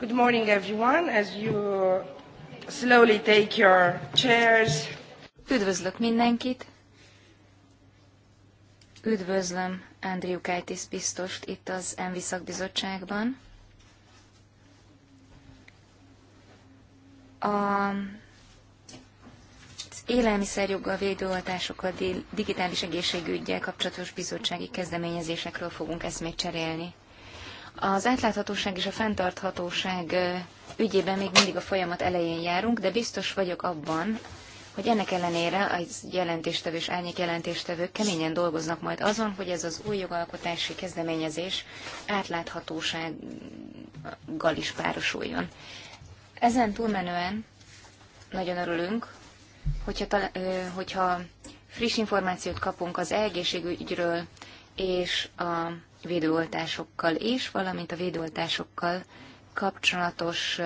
Good morning, everyone. As you slowly take your chairs. Üdvözlök mindenkit. Üdvözlöm Andrew Kaitis biztost itt az ENVI szakbizottságban. A élelmiszerjoggal, védőoltásokkal, digitális egészségügyel kapcsolatos bizottsági kezdeményezésekről fogunk eszmét cserélni. Az átláthatóság és a fenntarthatóság ügyében még mindig a folyamat elején járunk, de biztos vagyok abban, hogy ennek ellenére a jelentéstevő és árnyék jelentéstevők keményen dolgoznak majd azon, hogy ez az új jogalkotási kezdeményezés átláthatósággal is párosuljon. Ezen túlmenően nagyon örülünk, hogyha, ta, hogyha friss információt kapunk az egészségügyről és a védőoltásokkal és valamint a védőoltásokkal kapcsolatos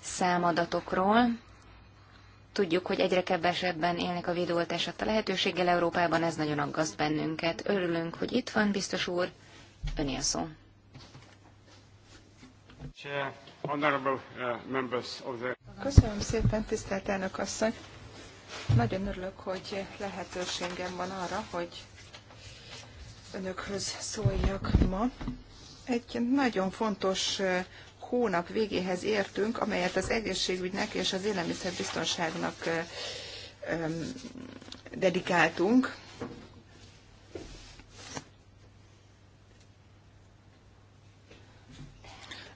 számadatokról. Tudjuk, hogy egyre kevesebben élnek a védőoltás adta lehetőséggel Európában, ez nagyon aggaszt bennünket. Örülünk, hogy itt van, biztos úr, a szó. Uh, Köszönöm szépen, tisztelt elnök asszony! Nagyon örülök, hogy lehetőségem van arra, hogy önökhöz szóljak ma. Egy nagyon fontos hónap végéhez értünk, amelyet az egészségügynek és az élelmiszerbiztonságnak dedikáltunk.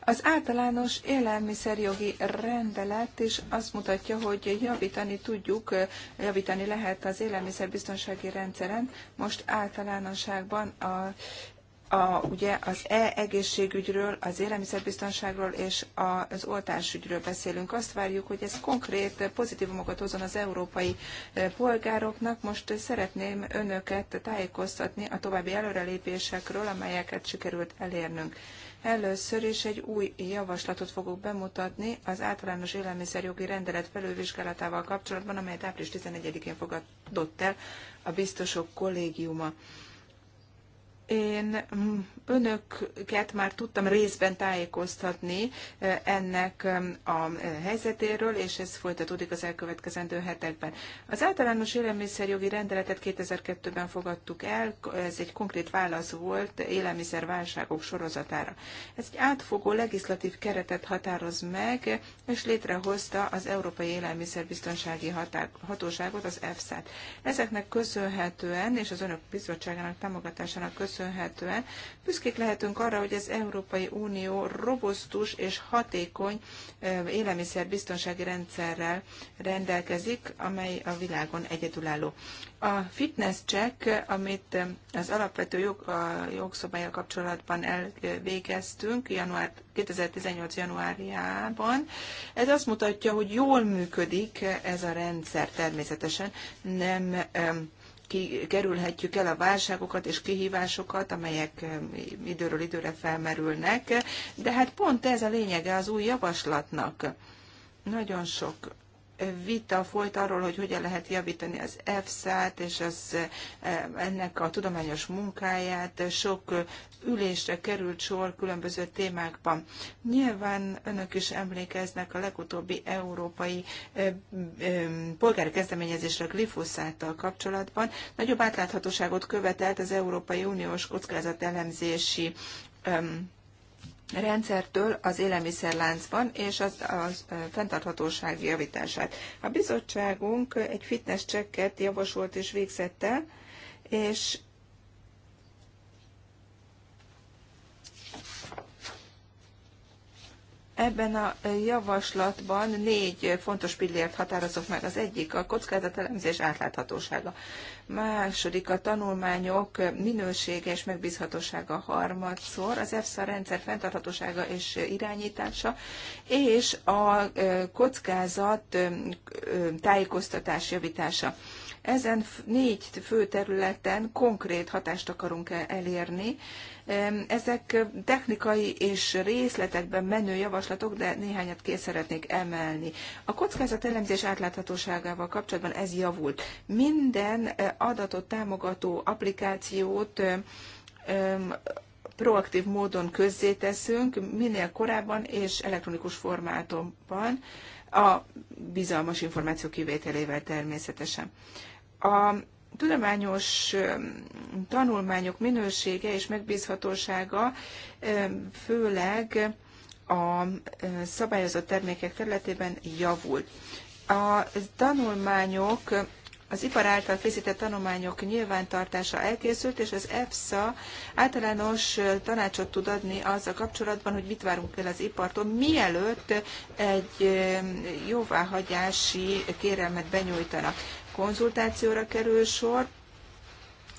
Az általános élelmiszerjogi rendelet is azt mutatja, hogy javítani tudjuk, javítani lehet az élelmiszerbiztonsági rendszeren. Most általánosságban a a, ugye az e-egészségügyről, az élelmiszerbiztonságról és az oltásügyről beszélünk. Azt várjuk, hogy ez konkrét pozitívumokat hozon az európai polgároknak. Most szeretném önöket tájékoztatni a további előrelépésekről, amelyeket sikerült elérnünk. Először is egy új javaslatot fogok bemutatni az általános élelmiszerjogi rendelet felülvizsgálatával kapcsolatban, amelyet április 11-én fogadott el a biztosok kollégiuma. Én mm, önöket már tudtam részben tájékoztatni eh, ennek mm, a eh, helyzetéről, és ez folytatódik az elkövetkezendő hetekben. Az általános élelmiszerjogi rendeletet 2002-ben fogadtuk el, ez egy konkrét válasz volt élelmiszerválságok sorozatára. Ez egy átfogó legislatív keretet határoz meg, és létrehozta az Európai Élelmiszerbiztonsági Hatóságot, az EFSA-t. Ezeknek köszönhetően, és az önök bizottságának támogatásának köszönhetően, köszönhetően büszkék lehetünk arra, hogy az Európai Unió robusztus és hatékony élelmiszerbiztonsági rendszerrel rendelkezik, amely a világon egyedülálló. A fitness check, amit az alapvető jog, a jogszabályjal kapcsolatban elvégeztünk január, 2018. januárjában, ez azt mutatja, hogy jól működik ez a rendszer természetesen, nem kerülhetjük el a válságokat és kihívásokat, amelyek eh, időről időre felmerülnek, de hát pont ez a lényege az új javaslatnak. Nagyon sok vita folyt arról, hogy hogyan lehet javítani az EFSA-t és az, e, ennek a tudományos munkáját. Sok ülésre került sor különböző témákban. Nyilván önök is emlékeznek a legutóbbi európai e, e, polgári kezdeményezésre glifoszáttal kapcsolatban. Nagyobb átláthatóságot követelt az Európai Uniós kockázatelemzési rendszertől az élelmiszerláncban és az, az fenntarthatóság javítását. A bizottságunk egy fitness csekket javasolt és végzett el, és Ebben a javaslatban négy fontos pillért határozok meg. Az egyik a kockázatelemzés átláthatósága. Második a tanulmányok minősége és megbízhatósága harmadszor, az EFSA rendszer fenntarthatósága és irányítása, és a kockázat tájékoztatás javítása. Ezen négy fő területen konkrét hatást akarunk elérni. Ezek technikai és részletekben menő javaslatok, de néhányat kész szeretnék emelni. A kockázat elemzés átláthatóságával kapcsolatban ez javult. Minden eh, adatot támogató applikációt proaktív módon közzéteszünk, minél korábban és elektronikus formátumban, a bizalmas információ kivételével természetesen. A tudományos tanulmányok minősége és megbízhatósága főleg a szabályozott termékek területében javul. A tanulmányok az ipar által készített tanulmányok nyilvántartása elkészült, és az EFSA általános tanácsot tud adni azzal kapcsolatban, hogy mit várunk el az ipartól, mielőtt egy jóváhagyási kérelmet benyújtanak konzultációra kerül sor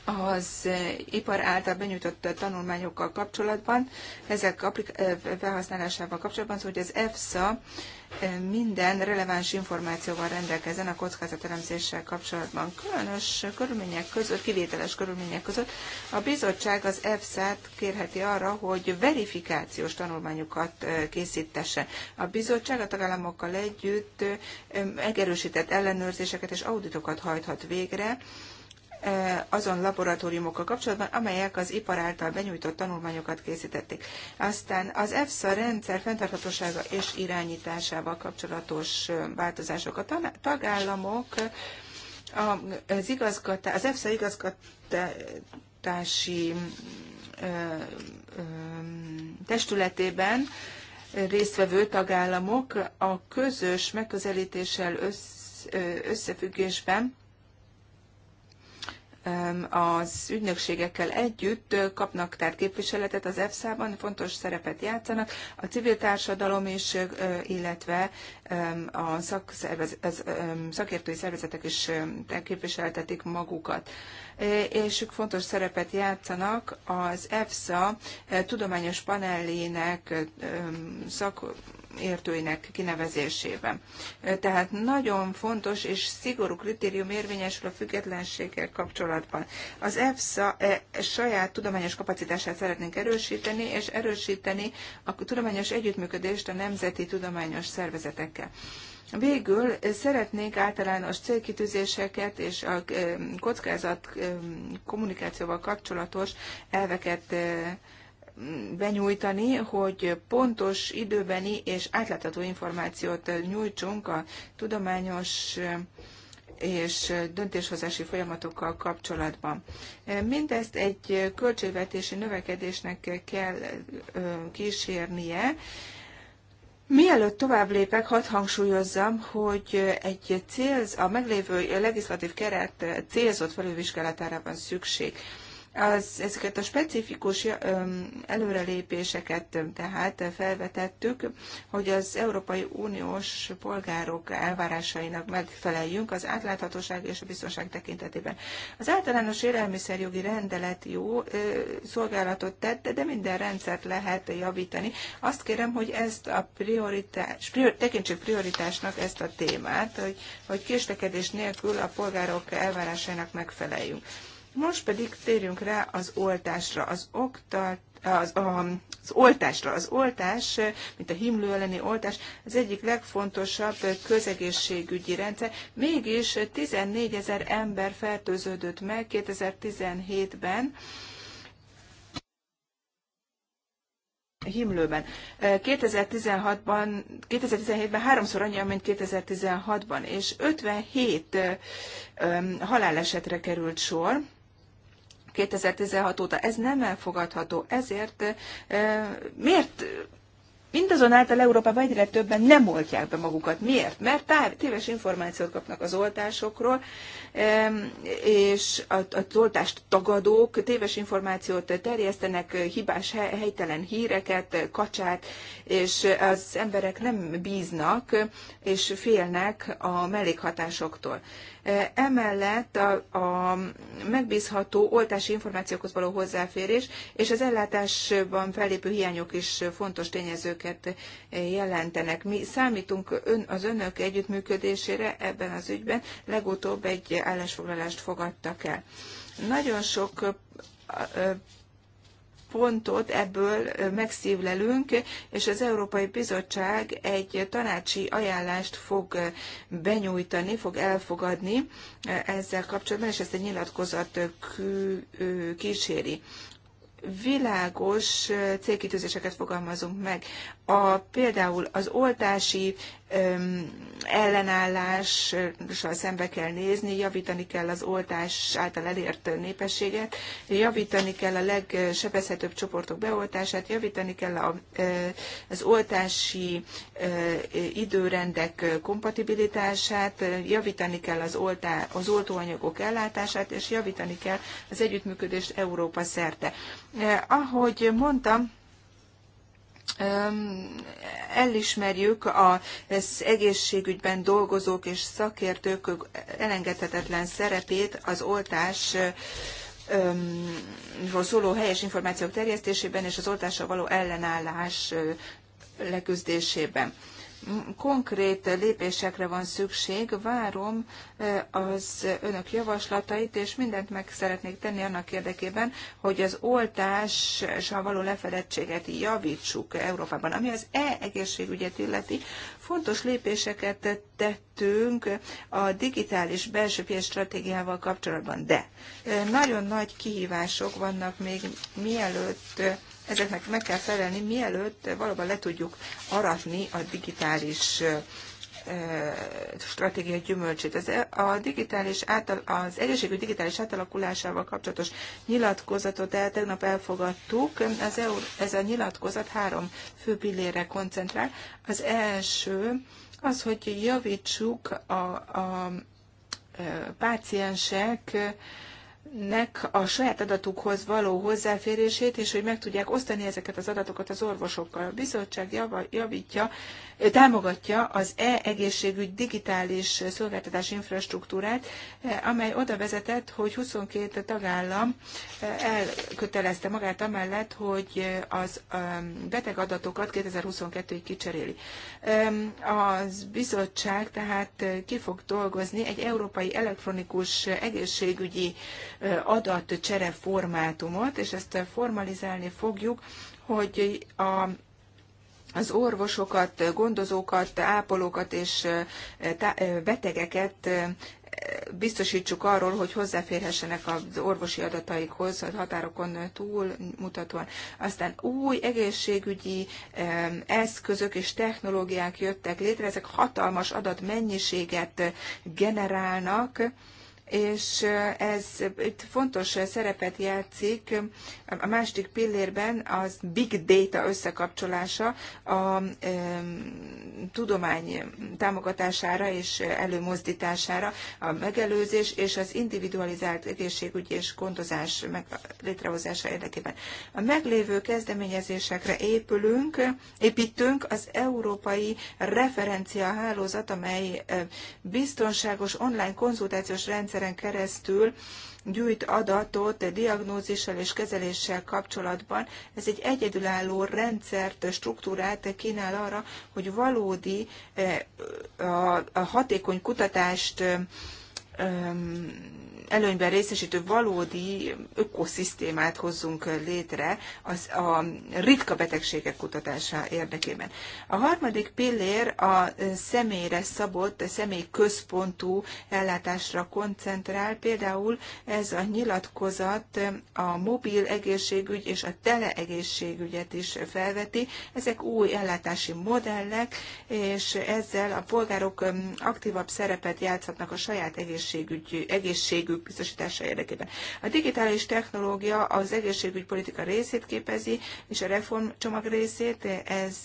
az ipar által benyújtott tanulmányokkal kapcsolatban, ezek eh, felhasználásával kapcsolatban, szóval, hogy az EFSA minden releváns információval rendelkezzen a kockázatelemzéssel kapcsolatban. Különös körülmények között, kivételes körülmények között a bizottság az EFSA-t kérheti arra, hogy verifikációs tanulmányokat készítesse. A bizottság a tagállamokkal együtt megerősített ellenőrzéseket és auditokat hajthat végre, azon laboratóriumokkal kapcsolatban, amelyek az ipar által benyújtott tanulmányokat készítették. Aztán az EFSA rendszer fenntarthatósága és irányításával kapcsolatos változások. A tagállamok az, igazgatá, az EFSA igazgatási testületében résztvevő tagállamok a közös megközelítéssel összefüggésben az ügynökségekkel együtt kapnak tehát képviseletet az EFSA-ban, fontos szerepet játszanak, a civil társadalom is, illetve a szakértői szervezetek is képviseltetik magukat. És ők fontos szerepet játszanak az EFSA e, tudományos panelének szak értőinek kinevezésében. Tehát nagyon fontos és szigorú kritérium érvényesül a függetlenséggel kapcsolatban. Az EFSA e, saját tudományos kapacitását szeretnénk erősíteni, és erősíteni a tudományos együttműködést a nemzeti tudományos szervezetekkel. Végül szeretnék általános célkitűzéseket és a kockázat kommunikációval kapcsolatos elveket benyújtani, hogy pontos, időbeni és átlátható információt nyújtsunk a tudományos és döntéshozási folyamatokkal kapcsolatban. Mindezt egy költségvetési növekedésnek kell kísérnie, Mielőtt tovább lépek, hadd hangsúlyozzam, hogy egy célz, a meglévő legislatív keret célzott felülvizsgálatára van szükség. Az, ezeket a specifikus előrelépéseket tehát felvetettük, hogy az Európai Uniós polgárok elvárásainak megfeleljünk az átláthatóság és a biztonság tekintetében. Az általános élelmiszerjogi rendelet jó szolgálatot tette, de minden rendszert lehet javítani. Azt kérem, hogy ezt a prioritás, prior, tekintsük prioritásnak ezt a témát, hogy, hogy késlekedés nélkül a polgárok elvárásainak megfeleljünk. Most pedig térjünk rá az oltásra, az oktat, az, az oltásra. Az oltás, mint a himlő elleni oltás, az egyik legfontosabb közegészségügyi rendszer. Mégis 14 ezer ember fertőződött meg 2017-ben, himlőben. 2016-ban, 2017-ben háromszor annyi, mint 2016-ban, és 57 halálesetre került sor. 2016 óta. Ez nem elfogadható. Ezért miért Mindazonáltal Európában egyre többen nem oltják be magukat. Miért? Mert téves információt kapnak az oltásokról, és az oltást tagadók téves információt terjesztenek, hibás, helytelen híreket, kacsát, és az emberek nem bíznak, és félnek a mellékhatásoktól. E, emellett a, a megbízható oltási információkhoz való hozzáférés és az ellátásban fellépő hiányok is fontos tényezőket jelentenek. Mi számítunk ön, az önök együttműködésére ebben az ügyben. Legutóbb egy állásfoglalást fogadtak el. Nagyon sok e, pontot ebből megszívlelünk, és az Európai Bizottság egy tanácsi ajánlást fog benyújtani, fog elfogadni ezzel kapcsolatban, és ezt a nyilatkozat kíséri világos célkitűzéseket fogalmazunk meg. A, például az oltási ellenállással szembe kell nézni, javítani kell az oltás által elért népességet, javítani kell a legsebezhetőbb csoportok beoltását, javítani kell az oltási időrendek kompatibilitását, javítani kell az, oltá, az oltóanyagok ellátását, és javítani kell az együttműködést Európa szerte. Ahogy mondtam, elismerjük az egészségügyben dolgozók és szakértők elengedhetetlen szerepét az oltás szóló helyes információk terjesztésében és az oltással való ellenállás leküzdésében konkrét lépésekre van szükség. Várom eh, az önök javaslatait, és mindent meg szeretnék tenni annak érdekében, hogy az oltással való lefedettséget javítsuk Európában. Ami az e-egészségügyet illeti, fontos lépéseket tettünk a digitális belső piac stratégiával kapcsolatban, de eh, nagyon nagy kihívások vannak még mielőtt eh, ezeknek meg kell felelni, mielőtt valóban le tudjuk aratni a digitális stratégiai gyümölcsét. Az, a digitális átal, az egészségügy digitális átalakulásával kapcsolatos nyilatkozatot el, tegnap elfogadtuk. Az EU, ez a nyilatkozat három fő pillére koncentrál. Az első az, hogy javítsuk a, a, a páciensek nek a saját adatukhoz való hozzáférését, és hogy meg tudják osztani ezeket az adatokat az orvosokkal. A bizottság javítja, támogatja az e-egészségügy digitális szolgáltatás infrastruktúrát, amely oda vezetett, hogy 22 tagállam elkötelezte magát amellett, hogy az beteg adatokat 2022-ig kicseréli. Az bizottság tehát ki fog dolgozni egy európai elektronikus egészségügyi adatcsere formátumot, és ezt formalizálni fogjuk, hogy a az orvosokat, gondozókat, ápolókat és betegeket biztosítsuk arról, hogy hozzáférhessenek az orvosi adataikhoz a határokon túl mutatóan. Aztán új egészségügyi eszközök és technológiák jöttek létre, ezek hatalmas adatmennyiséget generálnak, és ez itt fontos szerepet játszik a második pillérben az big data összekapcsolása a tudomány támogatására és előmozdítására, a megelőzés és az individualizált egészségügy és gondozás meg létrehozása érdekében. A meglévő kezdeményezésekre épülünk, építünk az európai referencia hálózat amely biztonságos online konzultációs rendszer rendszeren keresztül gyűjt adatot diagnózissal és kezeléssel kapcsolatban. Ez egy egyedülálló rendszert, struktúrát kínál arra, hogy valódi eh, a hatékony kutatást eh, előnyben részesítő valódi ökoszisztémát hozzunk létre az, a ritka betegségek kutatása érdekében. A harmadik pillér a személyre szabott, személy központú ellátásra koncentrál. Például ez a nyilatkozat a mobil egészségügy és a teleegészségügyet is felveti. Ezek új ellátási modellek, és ezzel a polgárok um, aktívabb szerepet játszhatnak a saját egészségügy, egészségügy függ biztosítása érdekében. A digitális technológia az politika részét képezi, és a reformcsomag részét. Ez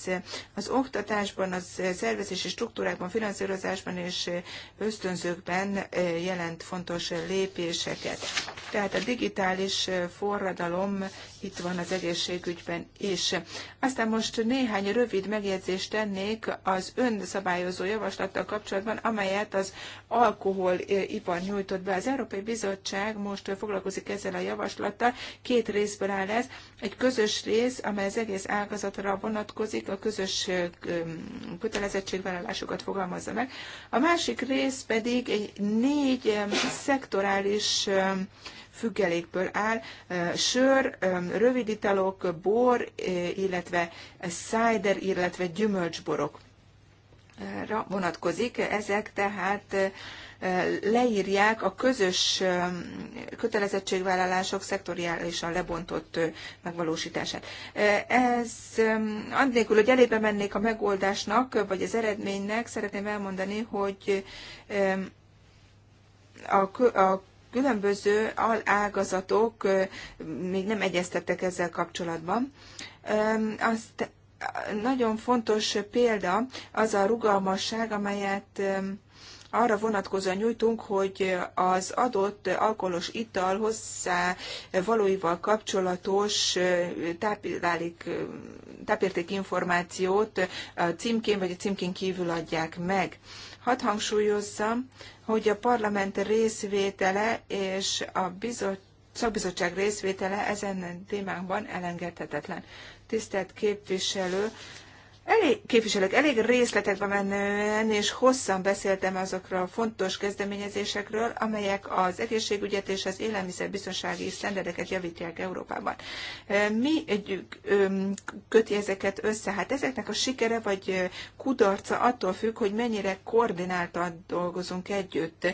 az oktatásban, az szervezési struktúrákban, finanszírozásban és ösztönzőkben jelent fontos lépéseket. Tehát a digitális forradalom itt van az egészségügyben is. Aztán most néhány rövid megjegyzést tennék az önszabályozó javaslattal kapcsolatban, amelyet az alkoholipar e, nyújtott be. Az Európai Bizottság most foglalkozik ezzel a javaslattal. Két részből áll ez. Egy közös rész, amely az egész ágazatra vonatkozik, a közös e, e, kötelezettségvállalásokat fogalmazza meg. A másik rész pedig egy négy szektorális függelékből áll, sör, rövidítalok, bor, illetve cider, illetve gyümölcsborok vonatkozik. Ezek tehát leírják a közös kötelezettségvállalások szektoriálisan lebontott megvalósítását. Ez annélkül, hogy elébe mennék a megoldásnak, vagy az eredménynek, szeretném elmondani, hogy a különböző ágazatok még nem egyeztettek ezzel kapcsolatban. Azt nagyon fontos példa az a rugalmasság, amelyet arra vonatkozóan nyújtunk, hogy az adott alkoholos ital hozzá valóival kapcsolatos táplálék, tápértéki információt a címkén vagy a címkén kívül adják meg. Hadd hangsúlyozzam, hogy a parlament részvétele és a bizott, szakbizottság részvétele ezen témánkban elengedhetetlen. Tisztelt képviselő, elég, képviselők, elég részletekbe menően és hosszan beszéltem azokról a fontos kezdeményezésekről, amelyek az egészségügyet és az élelmiszerbiztonsági sztenderdeket javítják Európában. Mi egy, köti ezeket össze? Hát ezeknek a sikere vagy kudarca attól függ, hogy mennyire koordináltan dolgozunk együtt.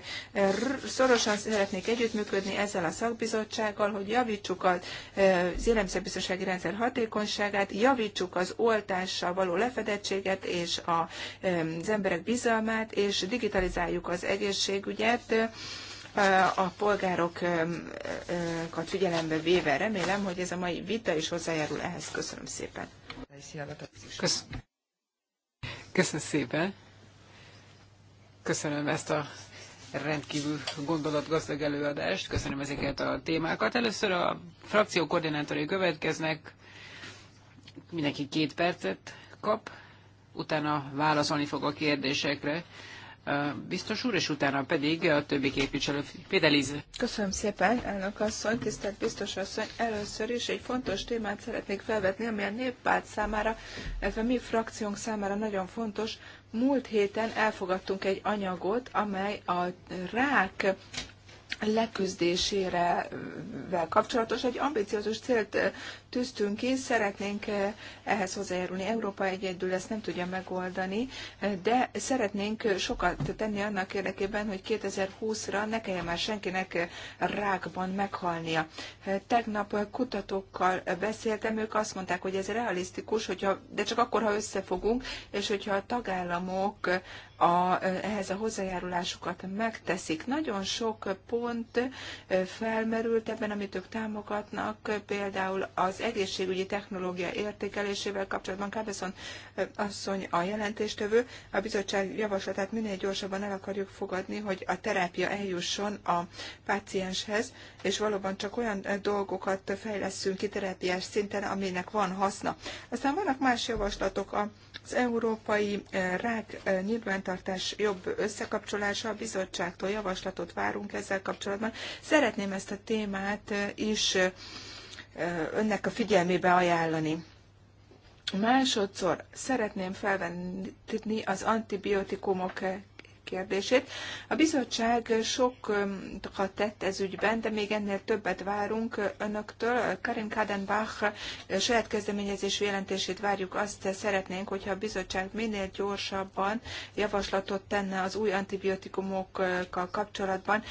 Szorosan szeretnék együttműködni ezzel a szakbizottsággal, hogy javítsuk az élelmiszerbiztonsági rendszer hatékonyságát, javítsuk az oltással való lefedettséget és a, az emberek bizalmát, és digitalizáljuk az egészségügyet a polgárokat figyelembe véve. Remélem, hogy ez a mai vita is hozzájárul ehhez. Köszönöm szépen. Köszönöm, szépen. Köszönöm ezt a rendkívül gondolatgazdag előadást. Köszönöm ezeket a témákat. Először a frakció koordinátorai következnek. Mindenki két percet kap, utána válaszolni fog a kérdésekre. Biztos úr, és utána pedig a többi képviselő. Péter Köszönöm szépen, elnök asszony, tisztelt biztos asszony. Először is egy fontos témát szeretnék felvetni, ami a néppárt számára, illetve mi frakciónk számára nagyon fontos. Múlt héten elfogadtunk egy anyagot, amely a rák leküzdésével kapcsolatos egy ambiciózus célt tűztünk ki, szeretnénk ehhez hozzájárulni. Európa egyedül ezt nem tudja megoldani, de szeretnénk sokat tenni annak érdekében, hogy 2020-ra ne kelljen már senkinek rákban meghalnia. Tegnap kutatókkal beszéltem, ők azt mondták, hogy ez realisztikus, hogyha, de csak akkor, ha összefogunk, és hogyha a tagállamok a, ehhez a hozzájárulásukat megteszik. Nagyon sok pont felmerült ebben, amit ők támogatnak, például az egészségügyi technológia értékelésével kapcsolatban Kábeszon asszony a jelentéstövő, A bizottság javaslatát minél gyorsabban el akarjuk fogadni, hogy a terápia eljusson a pácienshez, és valóban csak olyan dolgokat fejleszünk ki terápiás szinten, aminek van haszna. Aztán vannak más javaslatok a az európai eh, rák eh, nyilvántartás jobb összekapcsolása a bizottságtól javaslatot várunk ezzel kapcsolatban. Szeretném ezt a témát eh, is önnek a figyelmébe ajánlani. Másodszor szeretném felvenni az antibiotikumok kérdését. A bizottság sokat tett ez ügyben, de még ennél többet várunk önöktől. Karin Kadenbach saját kezdeményezésű jelentését várjuk. Azt szeretnénk, hogyha a bizottság minél gyorsabban javaslatot tenne az új antibiotikumokkal kapcsolatban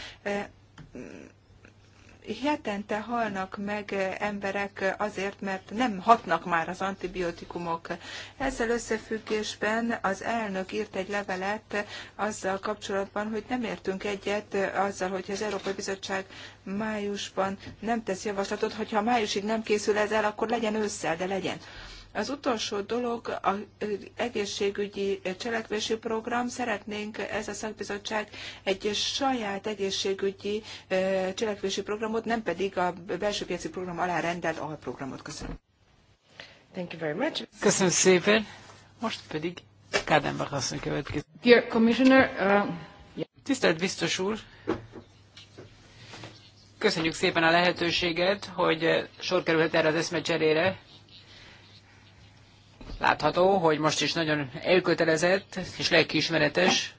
Hetente halnak meg emberek azért, mert nem hatnak már az antibiotikumok. Ezzel összefüggésben az elnök írt egy levelet azzal kapcsolatban, hogy nem értünk egyet azzal, hogy az Európai Bizottság májusban nem tesz javaslatot, hogyha májusig nem készül ez el, akkor legyen ősszel, de legyen. Az utolsó dolog, az egészségügyi cselekvési program. Szeretnénk ez a szakbizottság egy saját egészségügyi cselekvési programot, nem pedig a belső piaci program alá rendelt alprogramot. Köszönöm. Thank you very much. Köszönöm szépen. Most pedig Kádenbach asszony következik. Dear Commissioner, uh... Tisztelt biztos úr, köszönjük szépen a lehetőséget, hogy sor kerülhet erre az eszmecserére. Látható, hogy most is nagyon elkötelezett és lelkiismeretes.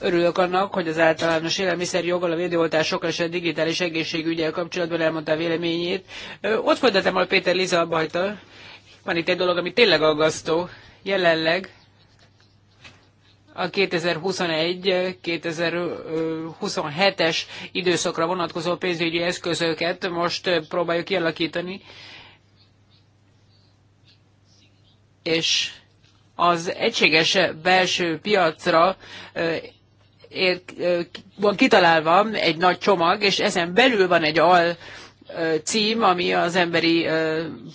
Örülök annak, hogy az általános élelmiszer joggal, a védőoltásokkal és a digitális egészségügyel kapcsolatban elmondta a véleményét. Ott folytatom, ahol Péter Liza abba hagyta. Van itt egy dolog, ami tényleg aggasztó. Jelenleg a 2021-2027-es időszakra vonatkozó pénzügyi eszközöket most próbáljuk kialakítani, és az egységes belső piacra eh, eh, van kitalálva egy nagy csomag, és ezen belül van egy al eh, cím, ami az emberi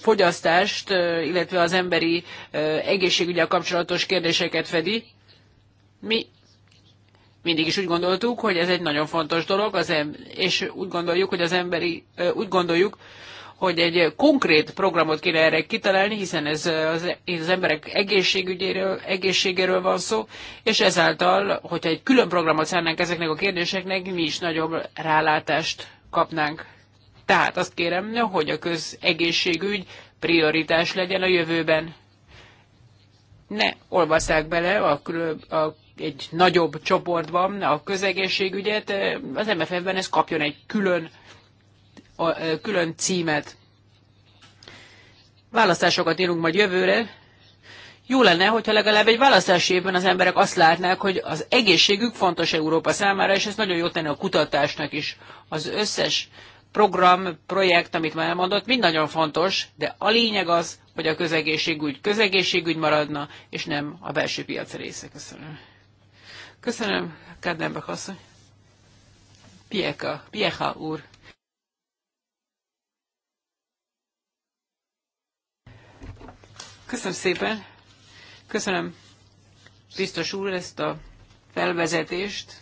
fogyasztást, illetve az emberi egészségügyel kapcsolatos kérdéseket fedi. Mi mindig is úgy gondoltuk, hogy ez egy nagyon fontos dolog, az em- és úgy gondoljuk, hogy az emberi, úgy gondoljuk, hogy egy konkrét programot kéne erre kitalálni, hiszen ez az, az emberek egészségügyéről, egészségéről van szó, és ezáltal, hogyha egy külön programot szánnánk ezeknek a kérdéseknek, mi is nagyobb rálátást kapnánk. Tehát azt kérem, hogy a közegészségügy prioritás legyen a jövőben. Ne olvasszák bele a, külön, a egy nagyobb csoportban a közegészségügyet, az MFF-ben ez kapjon egy külön, a, külön címet. Választásokat írunk majd jövőre. Jó lenne, hogyha legalább egy választási évben az emberek azt látnák, hogy az egészségük fontos Európa számára, és ez nagyon jót tenni a kutatásnak is. Az összes program, projekt, amit már elmondott, mind nagyon fontos, de a lényeg az, hogy a közegészségügy közegészségügy maradna, és nem a belső piac része. Köszönöm. Köszönöm, Kádnámbak asszony. Pieka, Pieka úr. Köszönöm szépen. Köszönöm, biztos úr, ezt a felvezetést.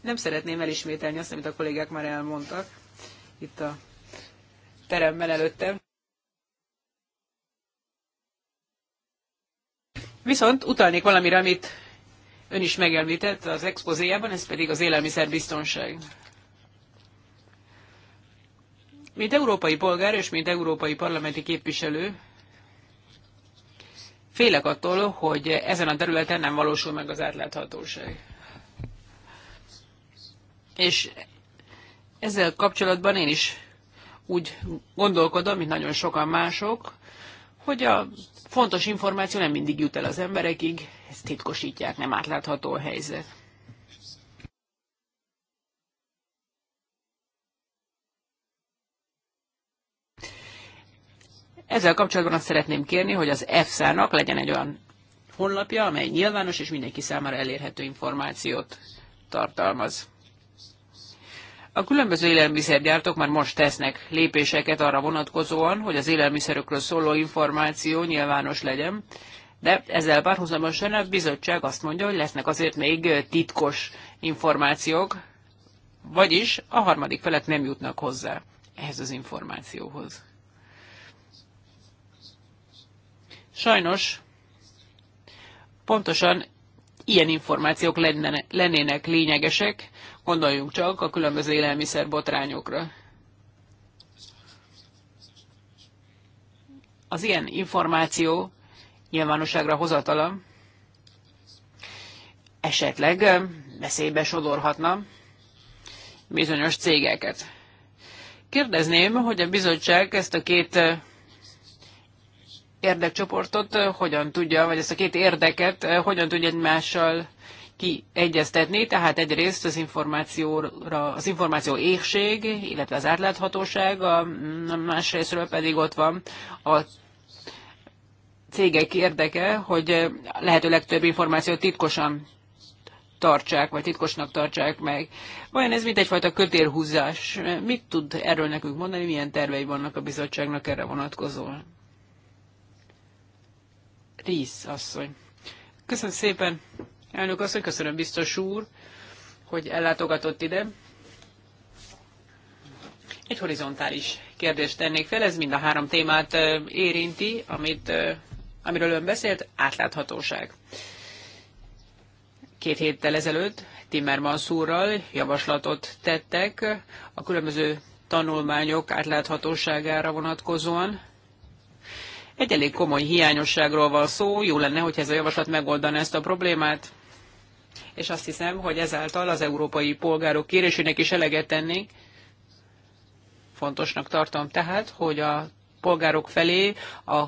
Nem szeretném elismételni azt, amit a kollégák már elmondtak itt a teremben előttem. Viszont utalnék valamire, amit ön is megemlített az expozéjában, ez pedig az élelmiszerbiztonság. Mint európai polgár és mint európai parlamenti képviselő, félek attól, hogy ezen a területen nem valósul meg az átláthatóság. És ezzel kapcsolatban én is úgy gondolkodom, mint nagyon sokan mások, hogy a fontos információ nem mindig jut el az emberekig, ezt titkosítják, nem átlátható a helyzet. Ezzel kapcsolatban azt szeretném kérni, hogy az EFSA-nak legyen egy olyan honlapja, amely nyilvános és mindenki számára elérhető információt tartalmaz. A különböző élelmiszergyártók már most tesznek lépéseket arra vonatkozóan, hogy az élelmiszerekről szóló információ nyilvános legyen, de ezzel párhuzamosan a bizottság azt mondja, hogy lesznek azért még titkos információk, vagyis a harmadik felek nem jutnak hozzá ehhez az információhoz. Sajnos pontosan ilyen információk lennének lényegesek, Gondoljunk csak a különböző élelmiszer botrányokra. Az ilyen információ nyilvánosságra hozatala esetleg veszélybe sodorhatna bizonyos cégeket. Kérdezném, hogy a bizottság ezt a két érdekcsoportot hogyan tudja, vagy ezt a két érdeket hogyan tudja egymással kiegyeztetni, tehát egyrészt az információra, az információ éhség, illetve az átláthatóság, a másrésztről pedig ott van a cégek érdeke, hogy lehető legtöbb információt titkosan tartsák, vagy titkosnak tartsák meg. Vajon ez mint egyfajta kötélhúzás? Mit tud erről nekünk mondani, milyen tervei vannak a bizottságnak erre vonatkozóan? Rész asszony. Köszönöm szépen, Elnök asszony, köszönöm biztos úr, hogy ellátogatott ide. Egy horizontális kérdést tennék fel, ez mind a három témát érinti, amit, amiről ön beszélt, átláthatóság. Két héttel ezelőtt Timmermans úrral javaslatot tettek a különböző tanulmányok átláthatóságára vonatkozóan. Egy elég komoly hiányosságról van szó, jó lenne, hogy ez a javaslat megoldaná ezt a problémát és azt hiszem, hogy ezáltal az európai polgárok kérésének is eleget tennénk. Fontosnak tartom tehát, hogy a polgárok felé a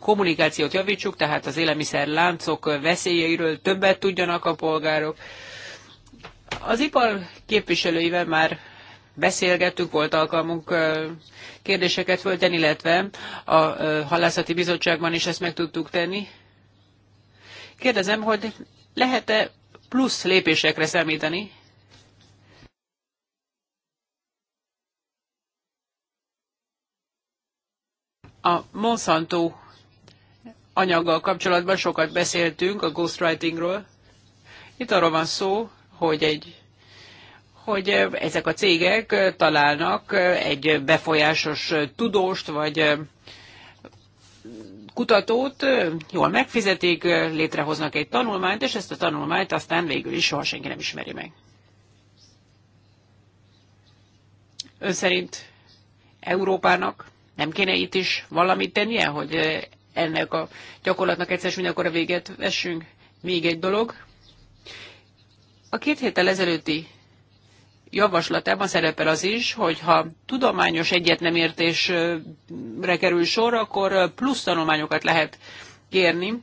kommunikációt javítsuk, tehát az élelmiszer láncok veszélyeiről többet tudjanak a polgárok. Az ipar képviselőivel már beszélgettünk, volt alkalmunk kérdéseket fölteni, illetve a halászati bizottságban is ezt meg tudtuk tenni. Kérdezem, hogy lehet-e plusz lépésekre számítani. A Monsanto anyaggal kapcsolatban sokat beszéltünk a ghostwritingról. Itt arról van szó, hogy egy hogy ezek a cégek találnak egy befolyásos tudóst, vagy kutatót jól megfizetik, létrehoznak egy tanulmányt, és ezt a tanulmányt aztán végül is soha senki nem ismeri meg. Ön szerint Európának nem kéne itt is valamit tennie, hogy ennek a gyakorlatnak egyszer mindenkor a véget vessünk? Még egy dolog. A két héttel ezelőtti javaslatában szerepel az is, hogy ha tudományos egyetnemértésre kerül sor, akkor plusz tanulmányokat lehet kérni.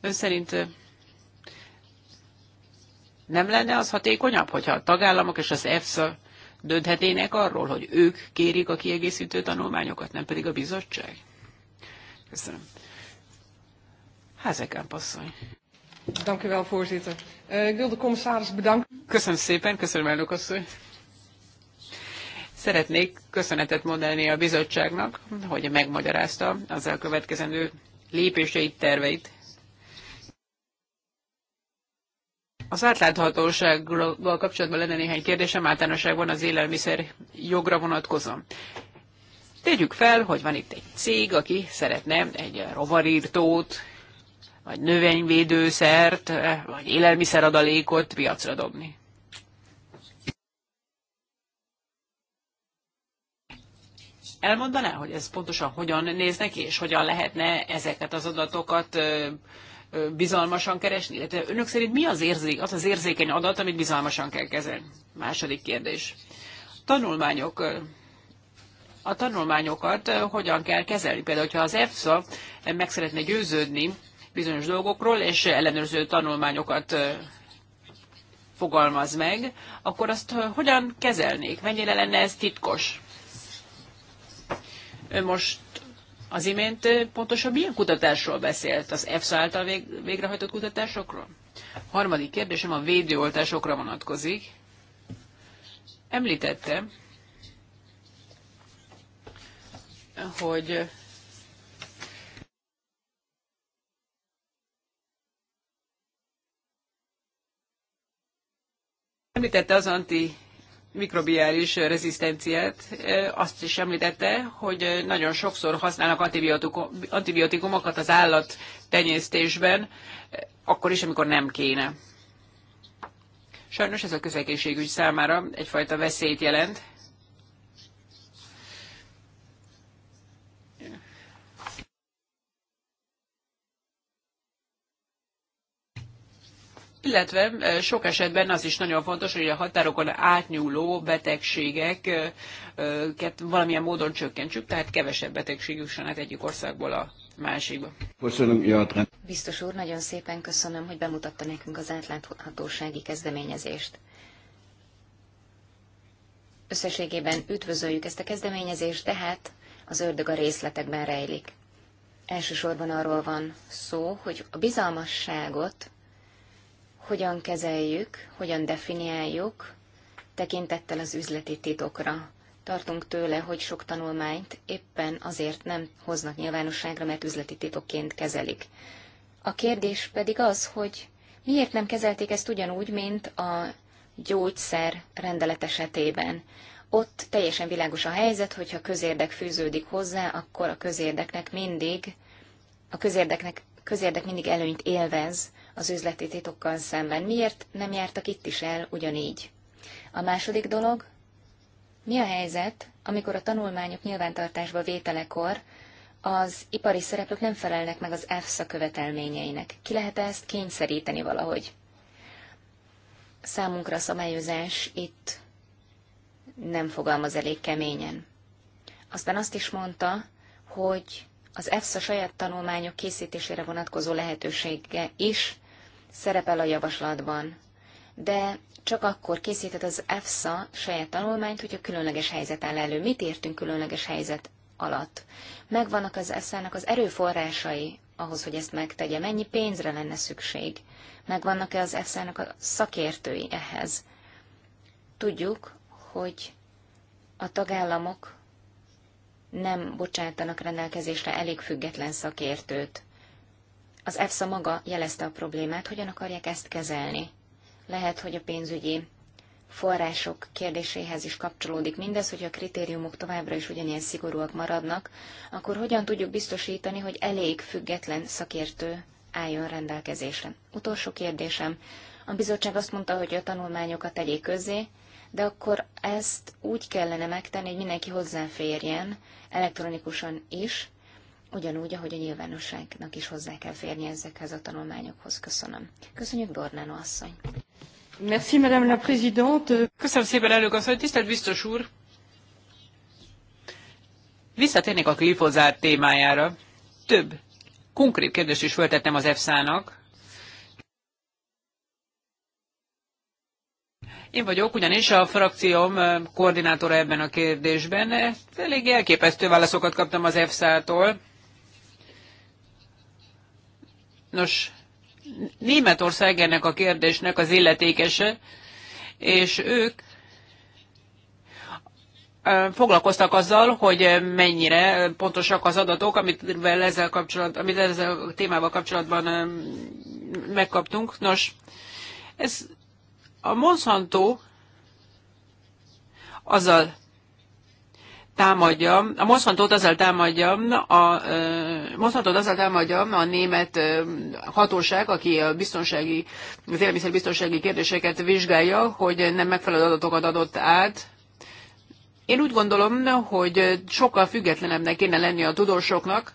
Ön szerint nem lenne az hatékonyabb, hogyha a tagállamok és az EFSA dönthetének arról, hogy ők kérik a kiegészítő tanulmányokat, nem pedig a bizottság? Köszönöm. Házekán passzony. Dank u wel, voorzitter. Uh, ik wil de commissaris bedanken. Köszönöm szépen, köszönöm elnök asszony. Szeretnék köszönetet mondani a bizottságnak, hogy megmagyarázta az elkövetkezendő lépéseit, terveit. Az átláthatósággal kapcsolatban lenne néhány kérdésem, általánosságban az élelmiszer jogra vonatkozom. Tegyük fel, hogy van itt egy cég, aki szeretne egy rovarírtót vagy növényvédőszert, eh, vagy élelmiszeradalékot piacra dobni. Elmondaná, hogy ez pontosan hogyan néznek és hogyan lehetne ezeket az adatokat eh, eh, bizalmasan keresni? Illetve önök szerint mi az, érzék, az az érzékeny adat, amit bizalmasan kell kezelni? Második kérdés. Tanulmányok a tanulmányokat hogyan kell kezelni. Például, hogyha az EFSA meg szeretne győződni bizonyos dolgokról, és ellenőrző tanulmányokat fogalmaz meg, akkor azt hogyan kezelnék? Mennyire lenne ez titkos? Ön most az imént pontosan milyen kutatásról beszélt? Az EFSA által végrehajtott kutatásokról? A harmadik kérdésem a védőoltásokra vonatkozik. Említette, hogy Említette az antimikrobiális rezisztenciát, azt is említette, hogy nagyon sokszor használnak antibiotikumokat az állat tenyésztésben, akkor is, amikor nem kéne. Sajnos ez a közegészségügy számára egyfajta veszélyt jelent, illetve sok esetben az is nagyon fontos, hogy a határokon átnyúló betegségeket valamilyen módon csökkentsük, tehát kevesebb betegség jusson át egyik országból a másikba. Köszönöm, Jadran. Biztos úr, nagyon szépen köszönöm, hogy bemutatta nekünk az átláthatósági kezdeményezést. Összességében üdvözöljük ezt a kezdeményezést, tehát az ördög a részletekben rejlik. Elsősorban arról van szó, hogy a bizalmasságot hogyan kezeljük, hogyan definiáljuk, tekintettel az üzleti titokra. Tartunk tőle, hogy sok tanulmányt éppen azért nem hoznak nyilvánosságra, mert üzleti titokként kezelik. A kérdés pedig az, hogy miért nem kezelték ezt ugyanúgy, mint a gyógyszer rendelet esetében. Ott teljesen világos a helyzet, hogyha közérdek fűződik hozzá, akkor a közérdeknek mindig, a közérdeknek, közérdek mindig előnyt élvez az üzleti titokkal szemben. Miért nem jártak itt is el ugyanígy? A második dolog, mi a helyzet, amikor a tanulmányok nyilvántartásba vételekor az ipari szereplők nem felelnek meg az EFSA követelményeinek? Ki lehet -e ezt kényszeríteni valahogy? Számunkra a szabályozás itt nem fogalmaz elég keményen. Aztán azt is mondta, hogy az EFSA saját tanulmányok készítésére vonatkozó lehetősége is szerepel a javaslatban, de csak akkor készíthet az EFSA saját tanulmányt, hogyha különleges helyzet áll elő. Mit értünk különleges helyzet alatt? Megvannak az EFSA-nak az erőforrásai ahhoz, hogy ezt megtegye? Mennyi pénzre lenne szükség? Megvannak-e az EFSA-nak a szakértői ehhez? Tudjuk, hogy a tagállamok nem bocsátanak rendelkezésre elég független szakértőt. Az EFSA maga jelezte a problémát, hogyan akarják ezt kezelni. Lehet, hogy a pénzügyi források kérdéséhez is kapcsolódik mindez, hogy a kritériumok továbbra is ugyanilyen szigorúak maradnak, akkor hogyan tudjuk biztosítani, hogy elég független szakértő álljon rendelkezésre. Utolsó kérdésem. A bizottság azt mondta, hogy a tanulmányokat tegyék közé, de akkor ezt úgy kellene megtenni, hogy mindenki hozzáférjen elektronikusan is, ugyanúgy, ahogy a nyilvánosságnak is hozzá kell férni ezekhez a tanulmányokhoz. Köszönöm. Köszönjük, Dornánó asszony. Merci, Madame la Présidente. Köszönöm szépen, elnök asszony. Tisztelt biztos úr! Visszatérnék a glifozát témájára. Több konkrét kérdést is föltettem az EFSA-nak. Én vagyok, ugyanis a frakcióm koordinátora ebben a kérdésben. Elég elképesztő válaszokat kaptam az EFSA-tól. Nos, Németország ennek a kérdésnek az illetékese, és ők foglalkoztak azzal, hogy mennyire pontosak az adatok, amit ezzel, kapcsolat, amit ezzel a témával kapcsolatban megkaptunk. Nos, ez a Monsanto azzal támadja, a Monsantot azzal támadja, a, Monsantot azzal támadja a német hatóság, aki a biztonsági, az élelmiszerbiztonsági kérdéseket vizsgálja, hogy nem megfelelő adatokat adott át. Én úgy gondolom, hogy sokkal függetlenebbnek kéne lenni a tudósoknak,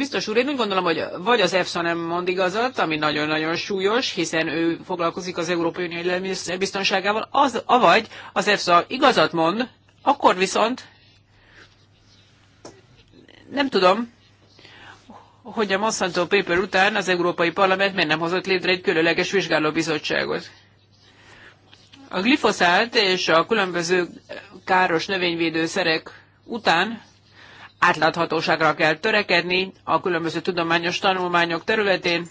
Biztos úr, én úgy gondolom, hogy vagy az EFSA nem mond igazat, ami nagyon-nagyon súlyos, hiszen ő foglalkozik az Európai Unió biztonságával. az, avagy az EFSA igazat mond, akkor viszont nem tudom, hogy a Monsanto Paper után az Európai Parlament miért nem hozott létre egy különleges vizsgálóbizottságot. A glifoszát és a különböző káros növényvédőszerek után átláthatóságra kell törekedni a különböző tudományos tanulmányok területén.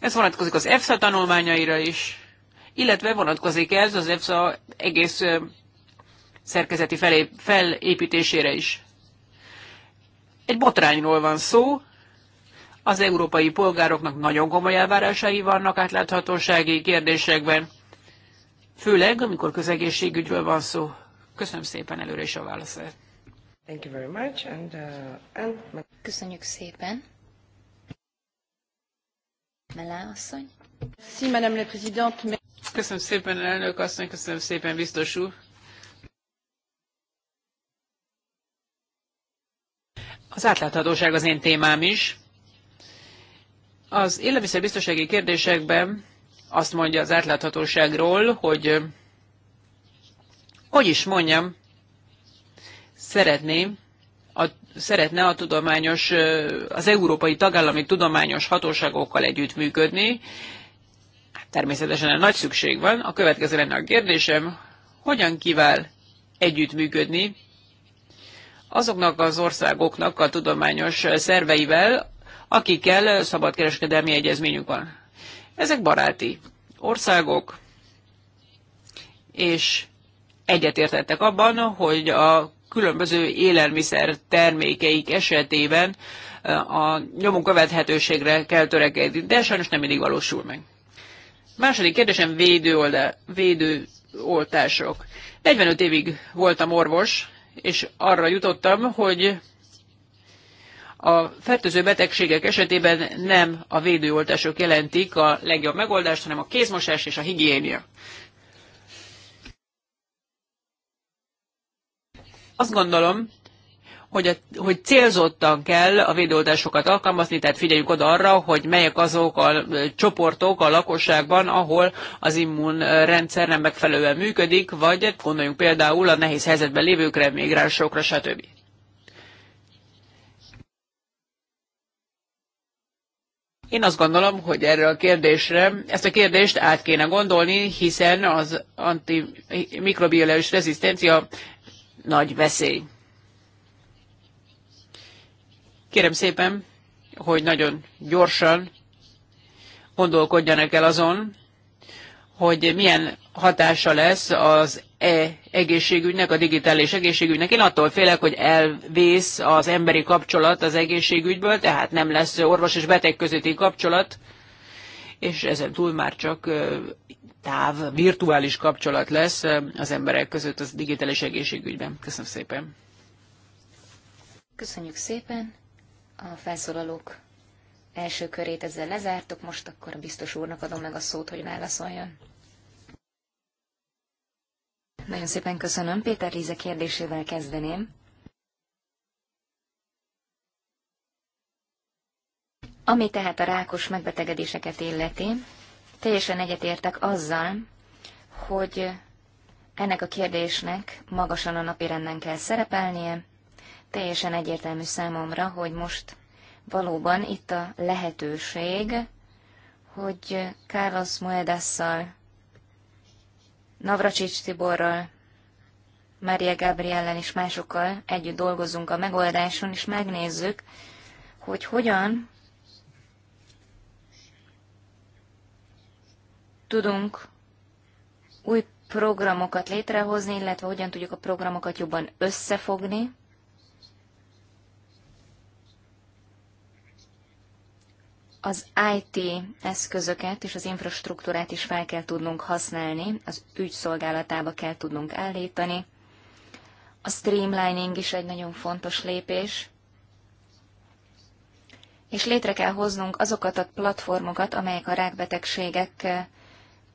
Ez vonatkozik az EFSA tanulmányaira is, illetve vonatkozik ez az EFSA egész szerkezeti felé, felépítésére is. Egy botrányról van szó, az európai polgároknak nagyon komoly elvárásai vannak átláthatósági kérdésekben, főleg amikor közegészségügyről van szó. Köszönöm szépen előre is a válaszát. Thank you very much, and, uh, and... Köszönjük szépen. Melá asszony. Si, Madame la Présidente. Köszönöm szépen, elnök asszony, köszönöm szépen, biztos úr. Az átláthatóság az én témám is. Az élelmiszerbiztonsági kérdésekben azt mondja az átláthatóságról, hogy hogy is mondjam, szeretném, a, szeretne a tudományos, az európai tagállami tudományos hatóságokkal együttműködni. Hát természetesen nagy szükség van. A következő lenne a kérdésem, hogyan kíván együttműködni azoknak az országoknak a tudományos szerveivel, akikkel szabadkereskedelmi egyezményünk van. Ezek baráti országok, és egyetértettek abban, hogy a különböző élelmiszer termékeik esetében eh, a nyomon követhetőségre kell törekedni, de sajnos nem mindig valósul meg. Második kérdésem védőolda, védőoltások. 45 évig voltam orvos, és arra jutottam, hogy a fertőző betegségek esetében nem a védőoltások jelentik a legjobb megoldást, hanem a kézmosás és a higiénia. Azt gondolom, hogy, a, hogy célzottan kell a védőoltásokat alkalmazni, tehát figyeljük oda arra, hogy melyek azok a csoportok a lakosságban, ahol az immunrendszer nem megfelelően működik, vagy gondoljunk például a nehéz helyzetben lévőkre, migránsokra, stb. Én azt gondolom, hogy erre a kérdésre, ezt a kérdést át kéne gondolni, hiszen az antimikrobiális rezisztencia nagy veszély. Kérem szépen, hogy nagyon gyorsan gondolkodjanak el azon, hogy milyen hatása lesz az e egészségügynek, a digitális egészségügynek. Én attól félek, hogy elvész az emberi kapcsolat az egészségügyből, tehát nem lesz orvos és beteg közötti kapcsolat, és ezen túl már csak táv, virtuális kapcsolat lesz az emberek között az digitális egészségügyben. Köszönöm szépen. Köszönjük szépen. A felszólalók első körét ezzel lezártuk, most akkor a biztos úrnak adom meg a szót, hogy válaszoljon. Nagyon szépen köszönöm. Péter Líze kérdésével kezdeném. Ami tehát a rákos megbetegedéseket illeti, Teljesen egyetértek azzal, hogy ennek a kérdésnek magasan a napirenden kell szerepelnie. Teljesen egyértelmű számomra, hogy most valóban itt a lehetőség, hogy Carlos Moedasszal, Navracsics Tiborral, Mária Gabriellen és másokkal együtt dolgozunk a megoldáson, és megnézzük, hogy hogyan tudunk új programokat létrehozni, illetve hogyan tudjuk a programokat jobban összefogni. Az IT eszközöket és az infrastruktúrát is fel kell tudnunk használni, az ügyszolgálatába kell tudnunk állítani. A streamlining is egy nagyon fontos lépés, és létre kell hoznunk azokat a platformokat, amelyek a rákbetegségek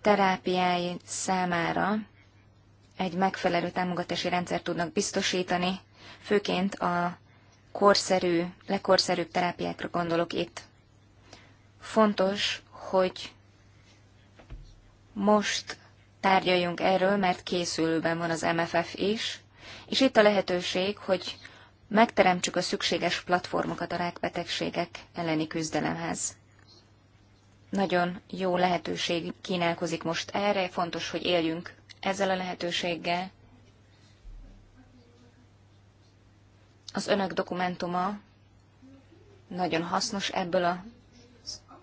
terápiái számára egy megfelelő támogatási rendszer tudnak biztosítani, főként a korszerű, legkorszerűbb terápiákra gondolok itt. Fontos, hogy most tárgyaljunk erről, mert készülőben van az MFF is, és itt a lehetőség, hogy megteremtsük a szükséges platformokat a rákbetegségek elleni küzdelemhez. Nagyon jó lehetőség kínálkozik most erre, fontos, hogy éljünk ezzel a lehetőséggel. Az önök dokumentuma nagyon hasznos ebből a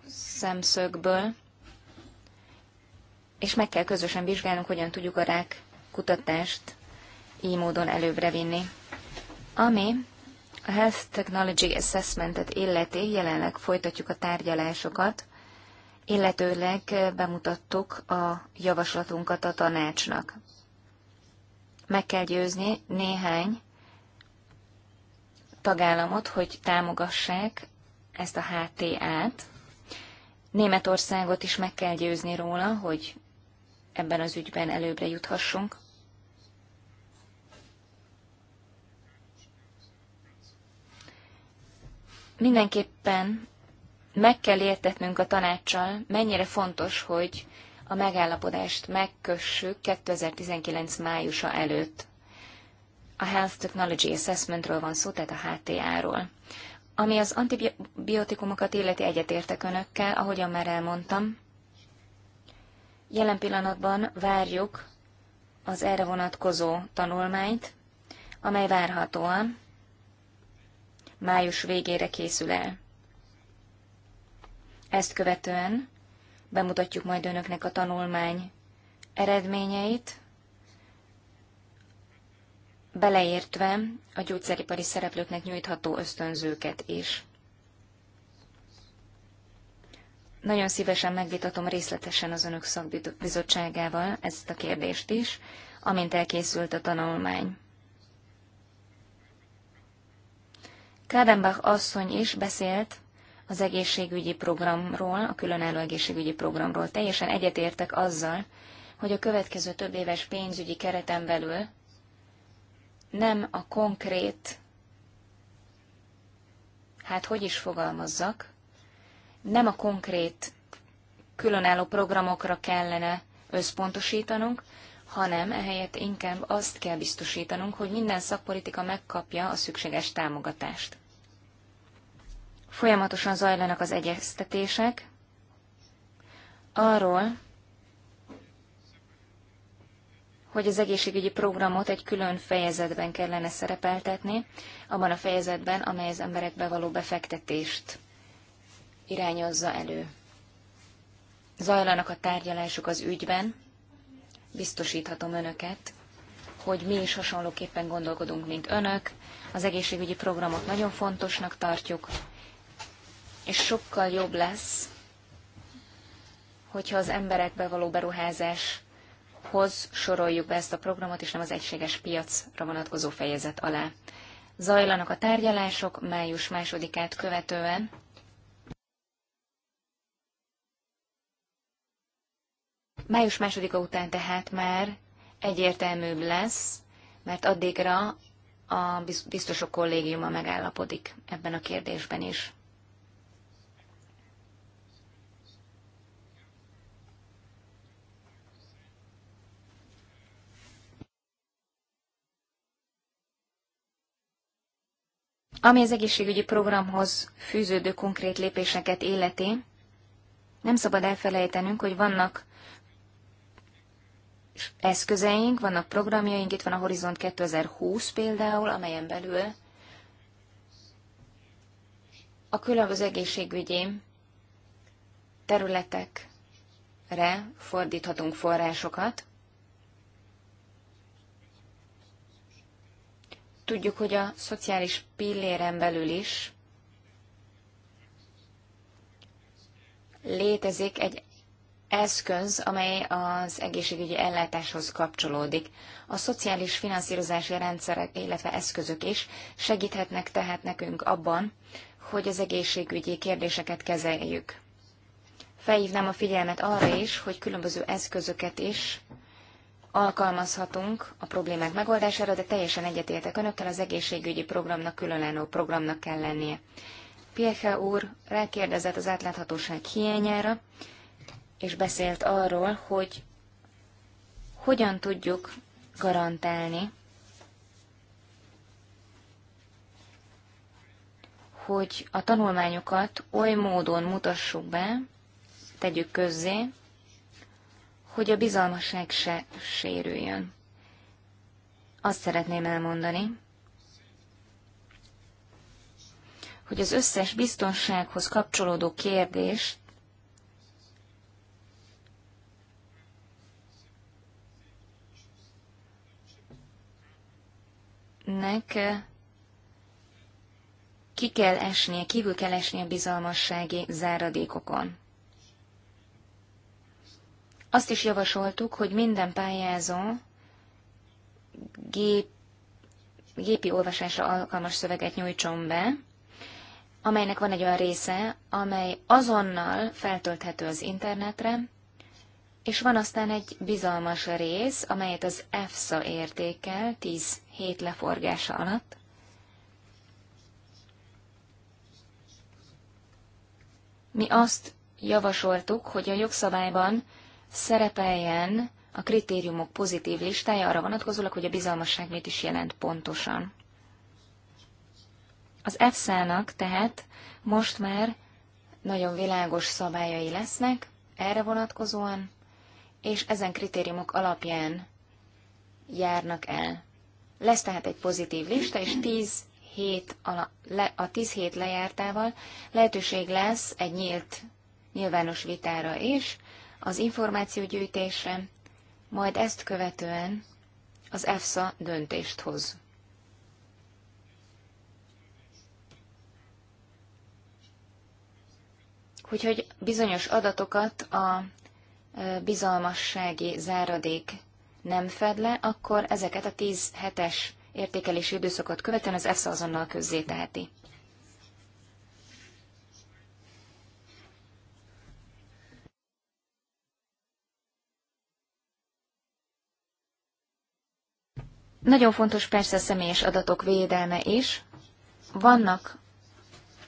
szemszögből, és meg kell közösen vizsgálnunk, hogyan tudjuk a rák kutatást így módon előbbre vinni. Ami a Health Technology Assessment-et illeti, jelenleg folytatjuk a tárgyalásokat illetőleg eh, bemutattuk a javaslatunkat a tanácsnak. Meg kell győzni néhány tagállamot, hogy támogassák ezt a HTA-t. Németországot is meg kell győzni róla, hogy ebben az ügyben előbbre juthassunk. Mindenképpen meg kell értetnünk a tanácssal, mennyire fontos, hogy a megállapodást megkössük 2019 májusa előtt. A Health Technology Assessmentről van szó, tehát a HTA-ról. Ami az antibiotikumokat illeti egyetértek önökkel, ahogyan már elmondtam. Jelen pillanatban várjuk az erre vonatkozó tanulmányt, amely várhatóan május végére készül el. Ezt követően bemutatjuk majd önöknek a tanulmány eredményeit, beleértve a gyógyszeripari szereplőknek nyújtható ösztönzőket is. Nagyon szívesen megvitatom részletesen az önök szakbizottságával ezt a kérdést is, amint elkészült a tanulmány. Kádenbach asszony is beszélt az egészségügyi programról, a különálló egészségügyi programról. Teljesen egyetértek azzal, hogy a következő több éves pénzügyi kereten belül nem a konkrét, hát hogy is fogalmazzak, nem a konkrét különálló programokra kellene összpontosítanunk, hanem ehelyett inkább azt kell biztosítanunk, hogy minden szakpolitika megkapja a szükséges támogatást. Folyamatosan zajlanak az egyeztetések arról, hogy az egészségügyi programot egy külön fejezetben kellene szerepeltetni, abban a fejezetben, amely az emberekbe való befektetést irányozza elő. Zajlanak a tárgyalások az ügyben, biztosíthatom önöket, hogy mi is hasonlóképpen gondolkodunk, mint önök. Az egészségügyi programot nagyon fontosnak tartjuk, és sokkal jobb lesz, hogyha az emberekbe való beruházáshoz soroljuk be ezt a programot, és nem az egységes piacra vonatkozó fejezet alá. Zajlanak a tárgyalások május másodikát követően. Május másodika után tehát már egyértelműbb lesz, mert addigra a biztosok kollégiuma megállapodik ebben a kérdésben is. Ami az egészségügyi programhoz fűződő konkrét lépéseket életé, nem szabad elfelejtenünk, hogy vannak eszközeink, vannak programjaink, itt van a Horizont 2020 például, amelyen belül a különböző egészségügyi területekre fordíthatunk forrásokat. Tudjuk, hogy a szociális pilléren belül is létezik egy eszköz, amely az egészségügyi ellátáshoz kapcsolódik. A szociális finanszírozási rendszerek, illetve eszközök is segíthetnek tehát nekünk abban, hogy az egészségügyi kérdéseket kezeljük. Felhívnám a figyelmet arra is, hogy különböző eszközöket is alkalmazhatunk a problémák megoldására, de teljesen egyetértek önökkel, az egészségügyi programnak különálló programnak kell lennie. Pieche úr rákérdezett az átláthatóság hiányára, és beszélt arról, hogy hogyan tudjuk garantálni, hogy a tanulmányokat oly módon mutassuk be, tegyük közzé, hogy a bizalmasság se sérüljön. Azt szeretném elmondani, hogy az összes biztonsághoz kapcsolódó kérdést nek eh, ki kell esnie, kívül kell esnie bizalmassági záradékokon. Azt is javasoltuk, hogy minden pályázó gép, gépi olvasásra alkalmas szöveget nyújtson be, amelynek van egy olyan része, amely azonnal feltölthető az internetre, és van aztán egy bizalmas rész, amelyet az EFSA értékel 10 hét leforgása alatt. Mi azt javasoltuk, hogy a jogszabályban szerepeljen a kritériumok pozitív listája arra vonatkozólag, hogy a bizalmasság mit is jelent pontosan. Az EFSA-nak tehát most már nagyon világos szabályai lesznek erre vonatkozóan, és ezen kritériumok alapján járnak el. Lesz tehát egy pozitív lista, és 10 hét ala, le, a 10 hét lejártával lehetőség lesz egy nyílt nyilvános vitára is, az információgyűjtésre, majd ezt követően az EFSA döntést hoz. Úgyhogy bizonyos adatokat a bizalmassági záradék nem fed le, akkor ezeket a 10 hetes értékelési időszakot követően az EFSA azonnal közzéteheti. Nagyon fontos persze a személyes adatok védelme is. Vannak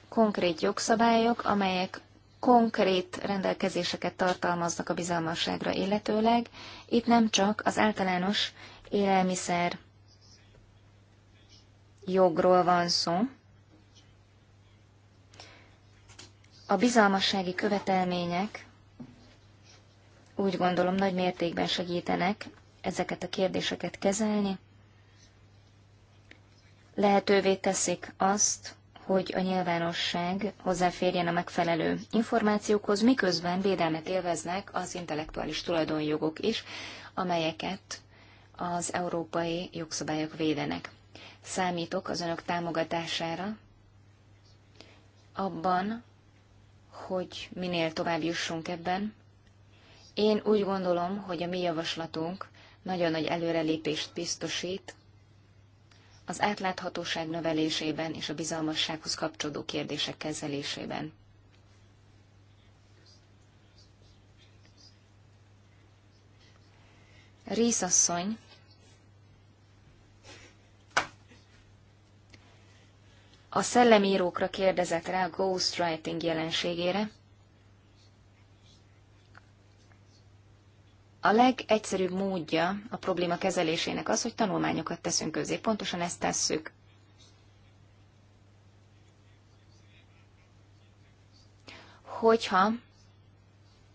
konkrét jogszabályok, amelyek konkrét rendelkezéseket tartalmaznak a bizalmasságra illetőleg. Itt nem csak az általános élelmiszer jogról van szó. A bizalmassági követelmények úgy gondolom nagy mértékben segítenek ezeket a kérdéseket kezelni lehetővé teszik azt, hogy a nyilvánosság hozzáférjen a megfelelő információkhoz, miközben védelmet élveznek az intellektuális tulajdonjogok is, amelyeket az európai jogszabályok védenek. Számítok az önök támogatására abban, hogy minél tovább jussunk ebben. Én úgy gondolom, hogy a mi javaslatunk nagyon nagy előrelépést biztosít az átláthatóság növelésében és a bizalmassághoz kapcsolódó kérdések kezelésében. Részasszony a szellemírókra kérdezett rá a ghostwriting jelenségére, A legegyszerűbb módja a probléma kezelésének az, hogy tanulmányokat teszünk közé. Pontosan ezt tesszük. Hogyha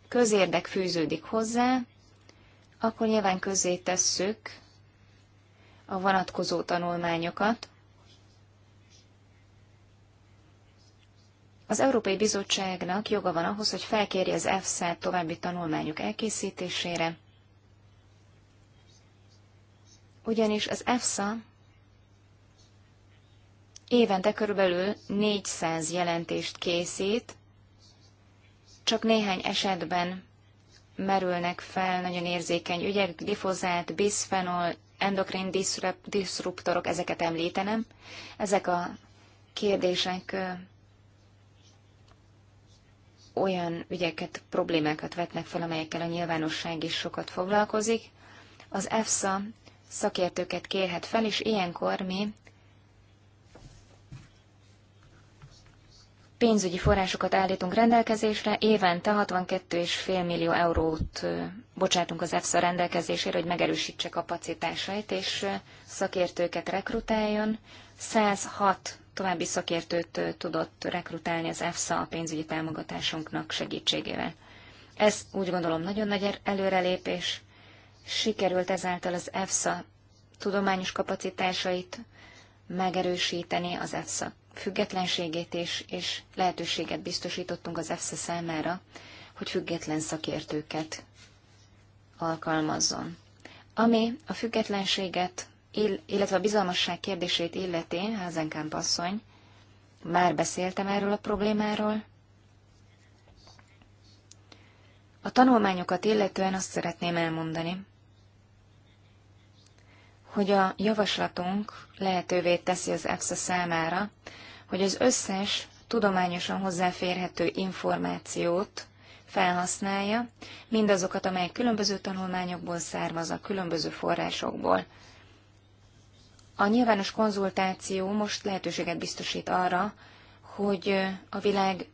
közérdek fűződik hozzá, akkor nyilván közé tesszük a vonatkozó tanulmányokat, Az Európai Bizottságnak joga van ahhoz, hogy felkérje az EFSA-t további tanulmányok elkészítésére, ugyanis az EFSA évente körülbelül 400 jelentést készít, csak néhány esetben merülnek fel nagyon érzékeny ügyek, glifozát, bisphenol, endokrin diszruptorok, ezeket említenem. Ezek a kérdések olyan ügyeket, problémákat vetnek fel, amelyekkel a nyilvánosság is sokat foglalkozik. Az EFSA szakértőket kérhet fel, és ilyenkor mi pénzügyi forrásokat állítunk rendelkezésre, évente 62,5 millió eurót bocsátunk az EFSA rendelkezésére, hogy megerősítse kapacitásait, és szakértőket rekrutáljon. 106 további szakértőt tudott rekrutálni az EFSA a pénzügyi támogatásunknak segítségével. Ez úgy gondolom nagyon nagy er- előrelépés. Sikerült ezáltal az EFSA tudományos kapacitásait megerősíteni, az EFSA függetlenségét is, és lehetőséget biztosítottunk az EFSA számára, hogy független szakértőket alkalmazzon. Ami a függetlenséget illetve a bizalmasság kérdését illeti, Házenkám asszony, már beszéltem erről a problémáról. A tanulmányokat illetően azt szeretném elmondani, hogy a javaslatunk lehetővé teszi az EFSA számára, hogy az összes tudományosan hozzáférhető információt felhasználja, mindazokat, amelyek különböző tanulmányokból származnak, különböző forrásokból. A nyilvános konzultáció most lehetőséget biztosít arra, hogy a világ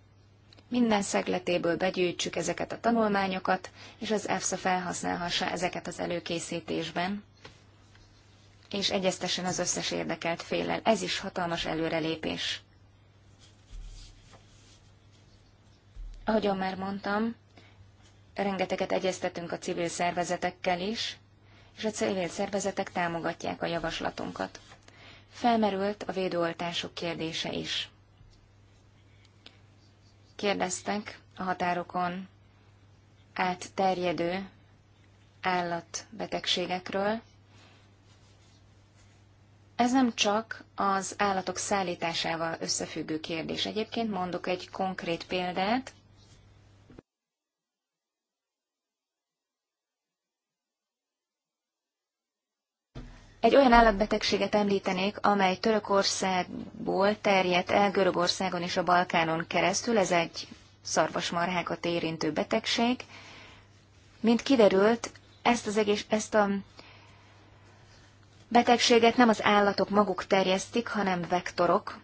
minden szegletéből begyűjtsük ezeket a tanulmányokat, és az EFSA felhasználhassa ezeket az előkészítésben, és egyeztessen az összes érdekelt félel. Ez is hatalmas előrelépés. Ahogyan már mondtam, rengeteget egyeztetünk a civil szervezetekkel is, és a civil szervezetek támogatják a javaslatunkat. Felmerült a védőoltások kérdése is. Kérdeztek a határokon átterjedő állatbetegségekről. Ez nem csak az állatok szállításával összefüggő kérdés. Egyébként mondok egy konkrét példát. Egy olyan állatbetegséget említenék, amely Törökországból terjedt el Görögországon és a Balkánon keresztül, ez egy szarvasmarhákat érintő betegség. Mint kiderült, ezt az egész, ezt a betegséget nem az állatok maguk terjesztik, hanem vektorok,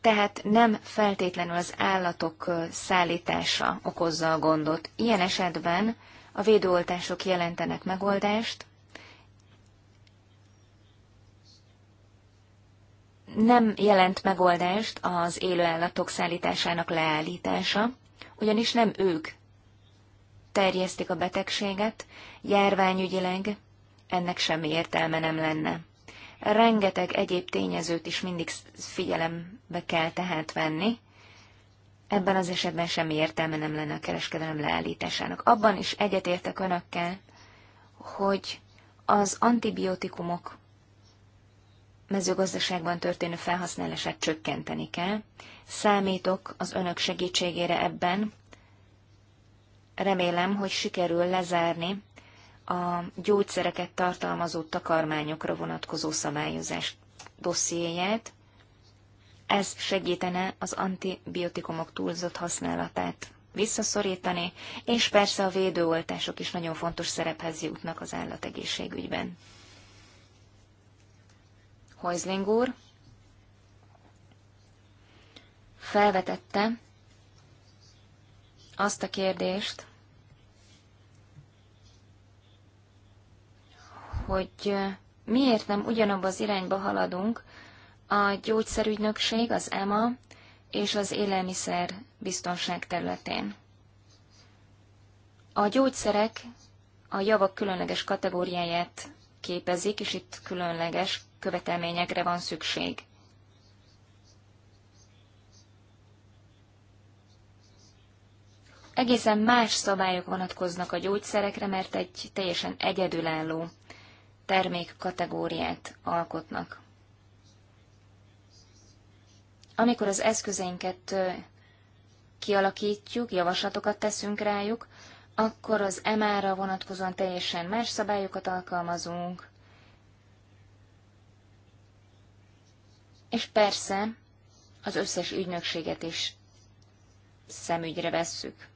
tehát nem feltétlenül az állatok szállítása okozza a gondot. Ilyen esetben a védőoltások jelentenek megoldást, nem jelent megoldást az élőállatok szállításának leállítása, ugyanis nem ők terjesztik a betegséget, járványügyileg ennek semmi értelme nem lenne. Rengeteg egyéb tényezőt is mindig figyelembe kell tehát venni, ebben az esetben semmi értelme nem lenne a kereskedelem leállításának. Abban is egyetértek önökkel, hogy az antibiotikumok mezőgazdaságban történő felhasználását csökkenteni kell. Számítok az önök segítségére ebben. Remélem, hogy sikerül lezárni a gyógyszereket tartalmazó takarmányokra vonatkozó szabályozás dossziéját. Ez segítene az antibiotikumok túlzott használatát visszaszorítani, és persze a védőoltások is nagyon fontos szerephez jutnak az állategészségügyben. Hojzling úr felvetette azt a kérdést, hogy miért nem ugyanabba az irányba haladunk a gyógyszerügynökség, az EMA és az élelmiszer biztonság területén. A gyógyszerek a javak különleges kategóriáját képezik, és itt különleges követelményekre van szükség. Egészen más szabályok vonatkoznak a gyógyszerekre, mert egy teljesen egyedülálló termék kategóriát alkotnak. Amikor az eszközeinket kialakítjuk, javaslatokat teszünk rájuk, akkor az MR-ra vonatkozóan teljesen más szabályokat alkalmazunk, és persze az összes ügynökséget is szemügyre vesszük.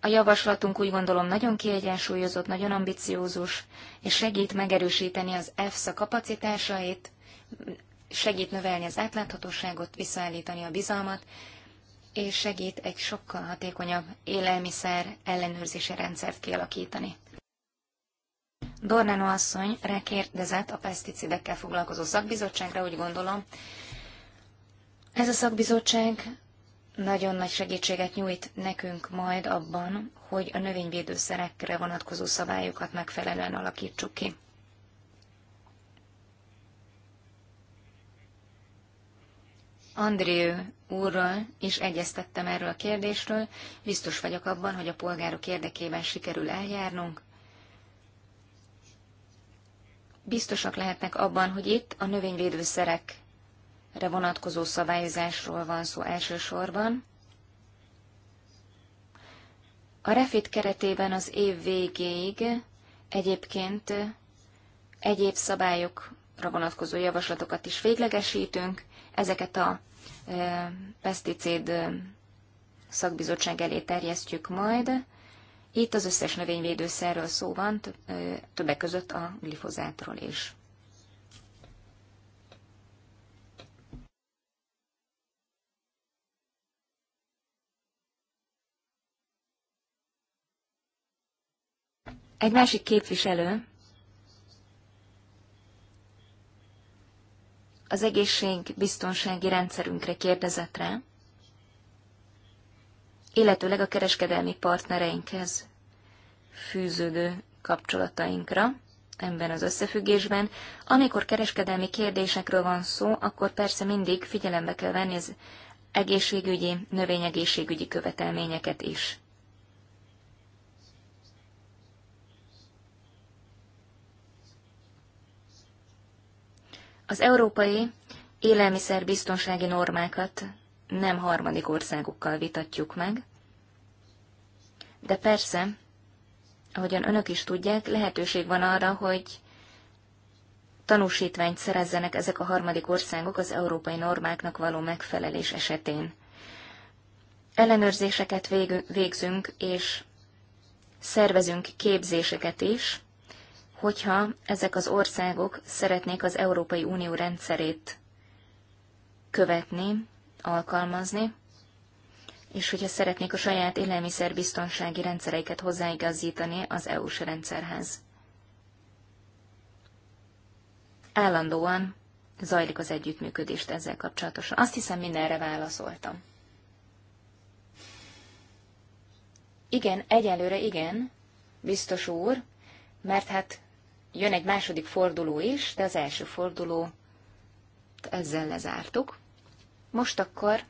A javaslatunk úgy gondolom nagyon kiegyensúlyozott, nagyon ambiciózus, és segít megerősíteni az EFSA kapacitásait, segít növelni az átláthatóságot, visszaállítani a bizalmat, és segít egy sokkal hatékonyabb élelmiszer ellenőrzési rendszert kialakítani. Dornano asszony rákérdezett a peszticidekkel foglalkozó szakbizottságra, úgy gondolom. Ez a szakbizottság nagyon nagy segítséget nyújt nekünk majd abban, hogy a növényvédőszerekre vonatkozó szabályokat megfelelően alakítsuk ki. Andrió úrral is egyeztettem erről a kérdésről, biztos vagyok abban, hogy a polgárok érdekében sikerül eljárnunk, biztosak lehetnek abban, hogy itt a növényvédőszerekre vonatkozó szabályozásról van szó elsősorban. A refit keretében az év végéig egyébként egyéb szabályokra vonatkozó javaslatokat is véglegesítünk, ezeket a e, peszticid szakbizottság elé terjesztjük majd, itt az összes növényvédőszerről szó van, többek között a glifozátról is. Egy másik képviselő az egészségbiztonsági rendszerünkre kérdezett rá, illetőleg a kereskedelmi partnereinkhez fűződő kapcsolatainkra ebben az összefüggésben. Amikor kereskedelmi kérdésekről van szó, akkor persze mindig figyelembe kell venni az egészségügyi, növényegészségügyi követelményeket is. Az európai élelmiszerbiztonsági normákat nem harmadik országokkal vitatjuk meg, de persze, ahogyan önök is tudják, lehetőség van arra, hogy tanúsítványt szerezzenek ezek a harmadik országok az európai normáknak való megfelelés esetén. Ellenőrzéseket végzünk, és szervezünk képzéseket is, hogyha ezek az országok szeretnék az Európai Unió rendszerét követni, alkalmazni, és hogyha szeretnék a saját élelmiszerbiztonsági rendszereiket hozzáigazítani az EU-s rendszerhez. Állandóan zajlik az együttműködést ezzel kapcsolatosan. Azt hiszem, mindenre válaszoltam. Igen, egyelőre igen, biztos úr, mert hát jön egy második forduló is, de az első forduló ezzel lezártuk. Most akkor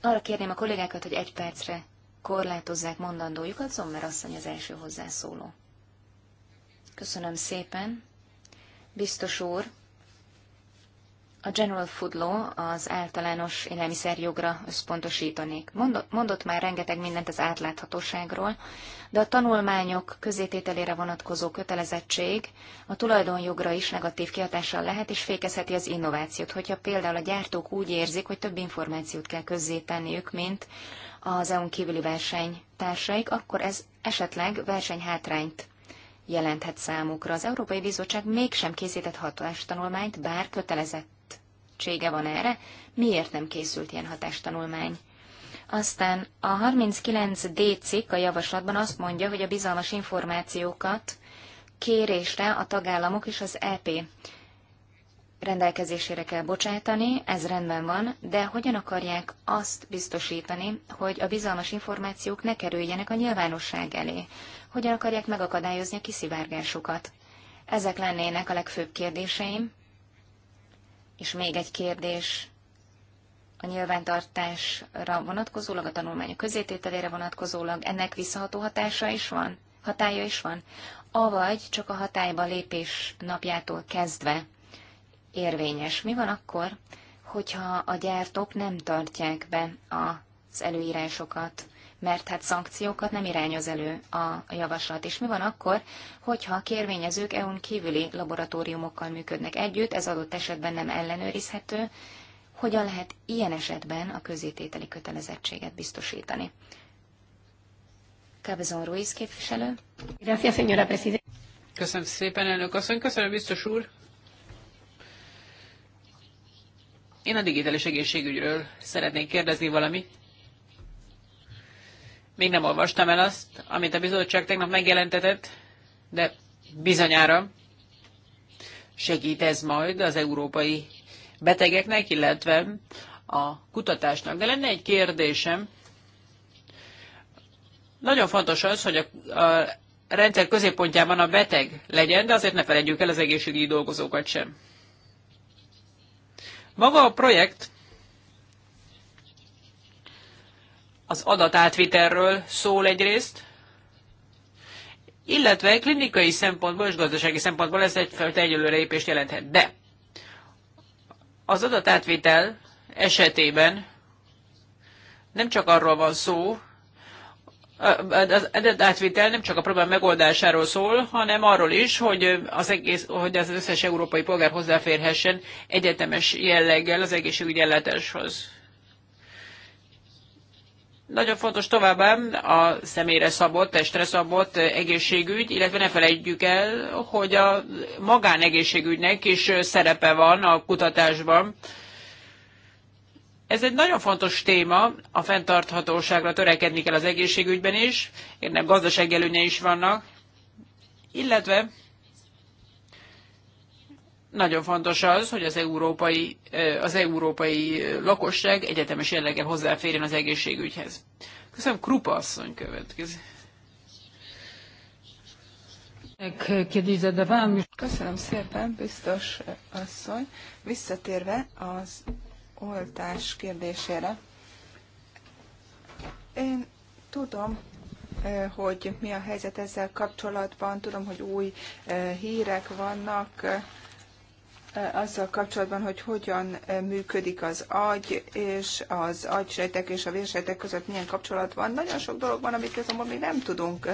arra kérném a kollégákat, hogy egy percre korlátozzák mondandójukat, Zommer asszony az első hozzászóló. Köszönöm szépen. Biztos úr, a General Food Law az általános élelmiszerjogra összpontosítanék. Mondott, mondott már rengeteg mindent az átláthatóságról, de a tanulmányok közétételére vonatkozó kötelezettség a tulajdonjogra is negatív kihatással lehet, és fékezheti az innovációt, hogyha például a gyártók úgy érzik, hogy több információt kell közzétenniük, mint az EU-n kívüli versenytársaik, akkor ez esetleg versenyhátrányt jelenthet számukra. Az Európai Bizottság mégsem készített hatástanulmányt, bár kötelezett szüksége van erre, miért nem készült ilyen hatástanulmány. Aztán a 39D cikk a javaslatban azt mondja, hogy a bizalmas információkat kérésre a tagállamok és az EP rendelkezésére kell bocsátani, ez rendben van, de hogyan akarják azt biztosítani, hogy a bizalmas információk ne kerüljenek a nyilvánosság elé? Hogyan akarják megakadályozni a kiszivárgásukat? Ezek lennének a legfőbb kérdéseim. És még egy kérdés a nyilvántartásra vonatkozólag, a tanulmányok közétételére vonatkozólag, ennek visszaható hatása is van? Hatája is van? Avagy csak a hatályba lépés napjától kezdve érvényes. Mi van akkor, hogyha a gyártók nem tartják be az előírásokat? mert hát szankciókat nem irányoz elő a javaslat. És mi van akkor, hogyha a kérvényezők EU-n kívüli laboratóriumokkal működnek együtt, ez adott esetben nem ellenőrizhető, hogyan lehet ilyen esetben a közétételi kötelezettséget biztosítani? Cabezon Ruiz képviselő. Köszönöm szépen, elnök asszony. Köszönöm, biztos úr. Én a digitális egészségügyről szeretnék kérdezni valamit. Még nem olvastam el azt, amit a bizottság tegnap megjelentetett, de bizonyára segít ez majd az európai betegeknek, illetve a kutatásnak. De lenne egy kérdésem. Nagyon fontos az, hogy a, a rendszer középpontjában a beteg legyen, de azért ne felejtjük el az egészségügyi dolgozókat sem. Maga a projekt az adatátvitelről szól egyrészt, illetve klinikai szempontból és gazdasági szempontból ez egyfajta lépést jelenthet. De az adatátvitel esetében nem csak arról van szó, az adatátvitel nem csak a problém megoldásáról szól, hanem arról is, hogy az, egész, hogy az összes európai polgár hozzáférhessen egyetemes jelleggel az egészségügyi ellátáshoz. Nagyon fontos továbbá a személyre szabott, testre szabott eh, egészségügy, illetve ne felejtjük el, hogy a magánegészségügynek is eh, szerepe van a kutatásban. Ez egy nagyon fontos téma, a fenntarthatóságra törekedni kell az egészségügyben is, ennek gazdasági előnye is vannak, illetve nagyon fontos az, hogy az európai, eh, az európai eh, lakosság egyetemes jelleggel hozzáférjen az egészségügyhez. Köszönöm, Krupa asszony következik. Köszönöm szépen, biztos asszony. Visszatérve az oltás kérdésére, én tudom, eh, hogy mi a helyzet ezzel kapcsolatban, tudom, hogy új hírek vannak, azzal kapcsolatban, hogy hogyan eh, működik az agy, és az agysejtek és a vérsejtek között milyen kapcsolat van. Nagyon sok dolog van, amit azonban mi nem tudunk,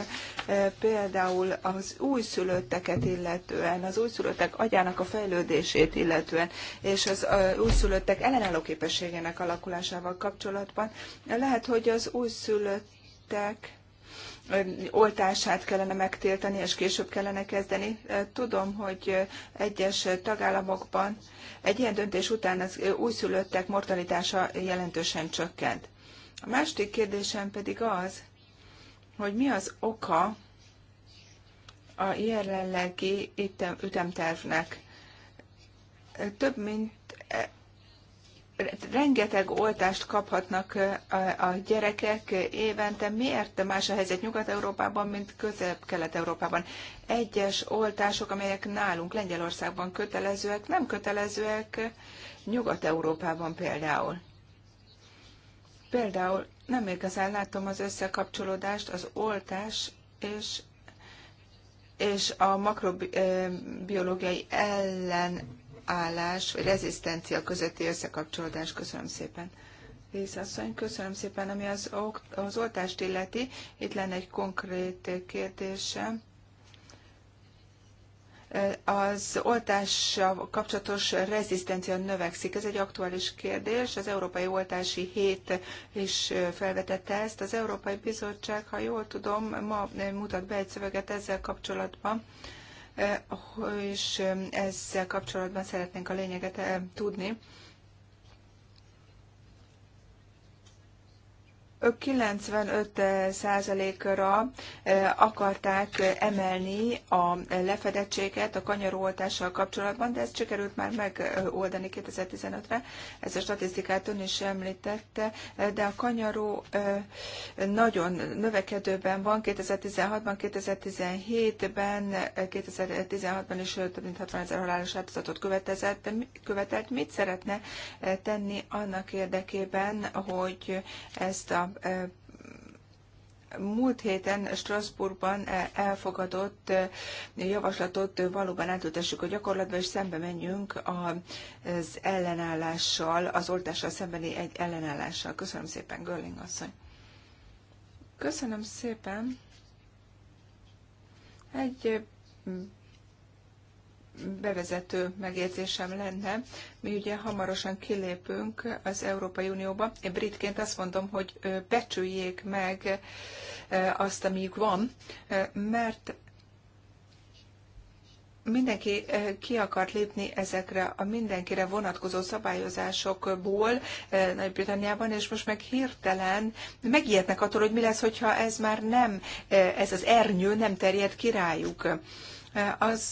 eh, például az újszülötteket illetően, az újszülöttek agyának a fejlődését illetően, és az eh, újszülöttek ellenálló képességének alakulásával kapcsolatban. Lehet, hogy az újszülöttek oltását kellene megtiltani, és később kellene kezdeni. Tudom, hogy egyes tagállamokban egy ilyen döntés után az újszülöttek mortalitása jelentősen csökkent. A másik kérdésem pedig az, hogy mi az oka a jelenlegi ütemtervnek. Több mint rengeteg oltást kaphatnak a gyerekek évente. Miért más a helyzet Nyugat-Európában, mint Közép-Kelet-Európában? Egyes oltások, amelyek nálunk Lengyelországban kötelezőek, nem kötelezőek Nyugat-Európában például. Például nem igazán látom az összekapcsolódást az oltás és, és a makrobiológiai ellen állás vagy rezisztencia közötti összekapcsolódás. Köszönöm szépen. Részasszony, köszönöm szépen, ami az, az oltást illeti. Itt lenne egy konkrét kérdésem az oltással kapcsolatos rezisztencia növekszik. Ez egy aktuális kérdés. Az Európai Oltási Hét is felvetette ezt. Az Európai Bizottság, ha jól tudom, ma mutat be egy szöveget ezzel kapcsolatban. Eh, és ezzel kapcsolatban szeretnénk a lényeget eh, tudni. 95%-ra eh, eh, akarták eh, emelni a lefedettséget a kanyaroltással kapcsolatban, de ezt sikerült már megoldani 2015-re. Ezt a statisztikát ön is említette, de a kanyaró nagyon növekedőben van 2016-ban, 2017-ben, 2016-ban is több mint 60 ezer halálos áldozatot követezett, követelt. Mit szeretne tenni annak érdekében, hogy ezt a múlt héten Strasbourgban elfogadott javaslatot valóban átültessük a gyakorlatba, és szembe menjünk az ellenállással, az oltással szembeni egy ellenállással. Köszönöm szépen, Görling asszony. Köszönöm szépen. Egy bevezető megjegyzésem lenne. Mi ugye hamarosan kilépünk az Európai Unióba. Én britként azt mondom, hogy becsüljék meg azt, amíg van, mert mindenki ki akart lépni ezekre a mindenkire vonatkozó szabályozásokból Nagy-Britanniában, és most meg hirtelen megijednek attól, hogy mi lesz, hogyha ez már nem, ez az ernyő nem terjed királyuk. Az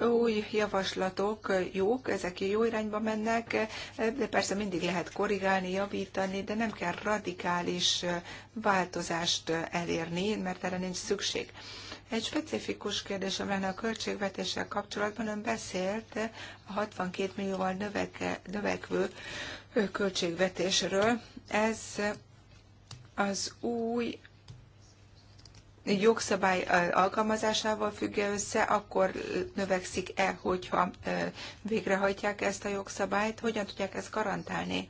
új javaslatok jók, ezek jó irányba mennek, de persze mindig lehet korrigálni, javítani, de nem kell radikális változást elérni, mert erre nincs szükség. Egy specifikus kérdésem lenne a költségvetéssel kapcsolatban. Ön beszélt a 62 millióval növeke, növekvő költségvetésről. Ez az új jogszabály alkalmazásával függ -e össze, akkor növekszik-e, hogyha végrehajtják ezt a jogszabályt, hogyan tudják ezt garantálni?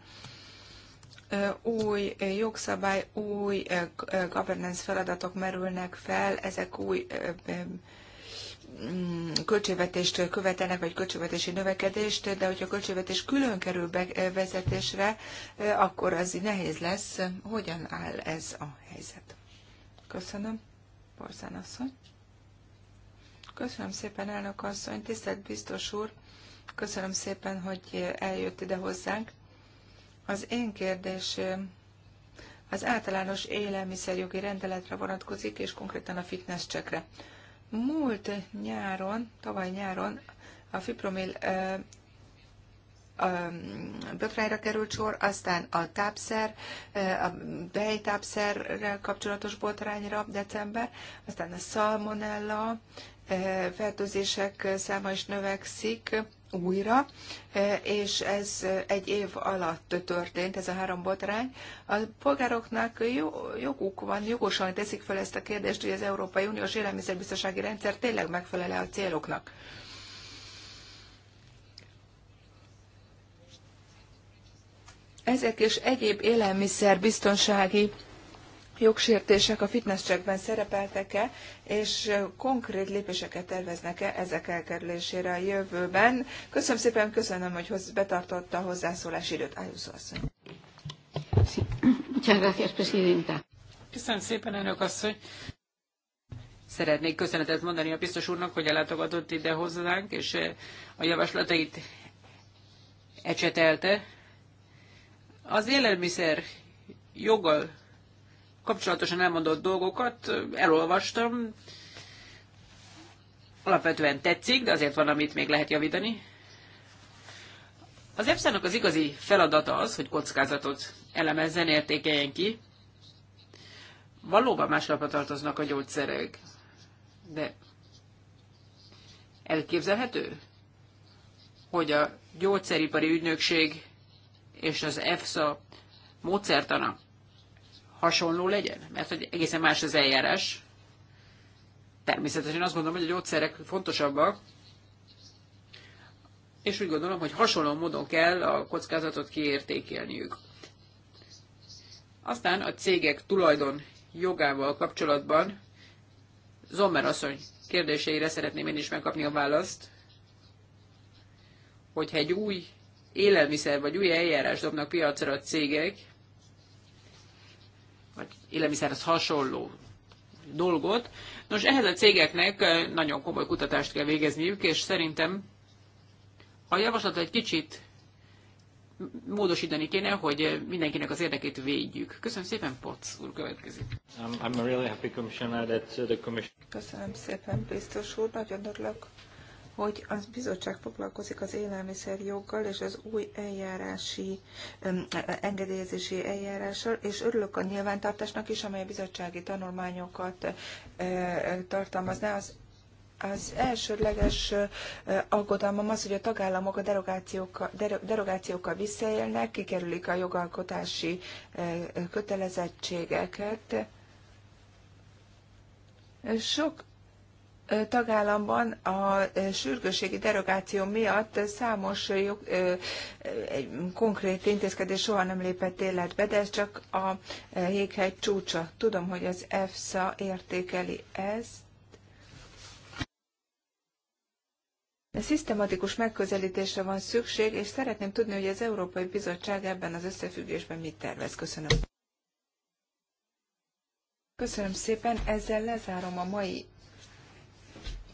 új jogszabály, új governance feladatok merülnek fel, ezek új mm, költségvetést követelnek, vagy költségvetési növekedést, de hogyha a költségvetés külön kerül bevezetésre, akkor az így nehéz lesz. Hogyan áll ez a helyzet? Köszönöm. Borzán asszony. Köszönöm szépen, elnök asszony, tisztelt biztos úr, köszönöm szépen, hogy eljött ide hozzánk. Az én kérdés az általános élelmiszerjogi rendeletre vonatkozik, és konkrétan a fitness csekre. Múlt nyáron, tavaly nyáron a Fipromil botrányra került sor, aztán a tápszer, a tápszerrel kapcsolatos botrányra december, aztán a szalmonella fertőzések száma is növekszik újra, és ez egy év alatt történt, ez a három botrány. A polgároknak jó, joguk van, jogosan teszik fel ezt a kérdést, hogy az Európai Uniós Élelmiszerbiztonsági Rendszer tényleg megfelele a céloknak. Ezek és egyéb biztonsági jogsértések a fitnesscheckben szerepeltek-e, és konkrét lépéseket terveznek-e ezek elkerülésére a jövőben. Köszönöm szépen, köszönöm, hogy hoz, betartotta a hozzászólási időt. Ájúzó asszony. Köszönöm szépen, önök asszony. Szeretnék köszönetet mondani a biztos úrnak, hogy ellátogatott ide hozzánk, és eh, a javaslatait ecsetelte. Az élelmiszer joggal kapcsolatosan elmondott dolgokat elolvastam, alapvetően tetszik, de azért van, amit még lehet javítani. Az epsa az igazi feladata az, hogy kockázatot elemezzen, értékeljen ki. Valóban más tartoznak a gyógyszerek, de elképzelhető, hogy a gyógyszeripari ügynökség és az EFSA módszertana hasonló legyen? Mert hogy egészen más az eljárás. Természetesen azt gondolom, hogy a gyógyszerek fontosabbak, és úgy gondolom, hogy hasonló módon kell a kockázatot kiértékelniük. Aztán a cégek tulajdon jogával kapcsolatban Zommer asszony kérdéseire szeretném én is megkapni a választ, hogyha egy új élelmiszer vagy új eljárás dobnak piacra a cégek, vagy élelmiszerhez hasonló dolgot. Nos, ehhez a cégeknek nagyon komoly kutatást kell végezniük, és szerintem a javaslat egy kicsit módosítani kéne, hogy mindenkinek az érdekét védjük. Köszönöm szépen, Potts úr következik. Um, I'm, I'm really happy, Commissioner, that uh, the commission... Köszönöm szépen, biztos úr, nagyon örülök hogy az bizottság foglalkozik az élelmiszerjoggal és az új eljárási, e, e, engedélyezési eljárással, és örülök a nyilvántartásnak is, amely a bizottsági tanulmányokat e, tartalmazná. Az az elsődleges aggodalmam az, hogy a tagállamok a derogációkkal, derogációkkal visszaélnek, kikerülik a jogalkotási kötelezettségeket. Sok tagállamban a sürgősségi derogáció miatt számos jog, egy konkrét intézkedés soha nem lépett életbe, de ez csak a jéghegy csúcsa. Tudom, hogy az EFSA értékeli ezt. De szisztematikus megközelítésre van szükség, és szeretném tudni, hogy az Európai Bizottság ebben az összefüggésben mit tervez. Köszönöm. Köszönöm szépen, ezzel lezárom a mai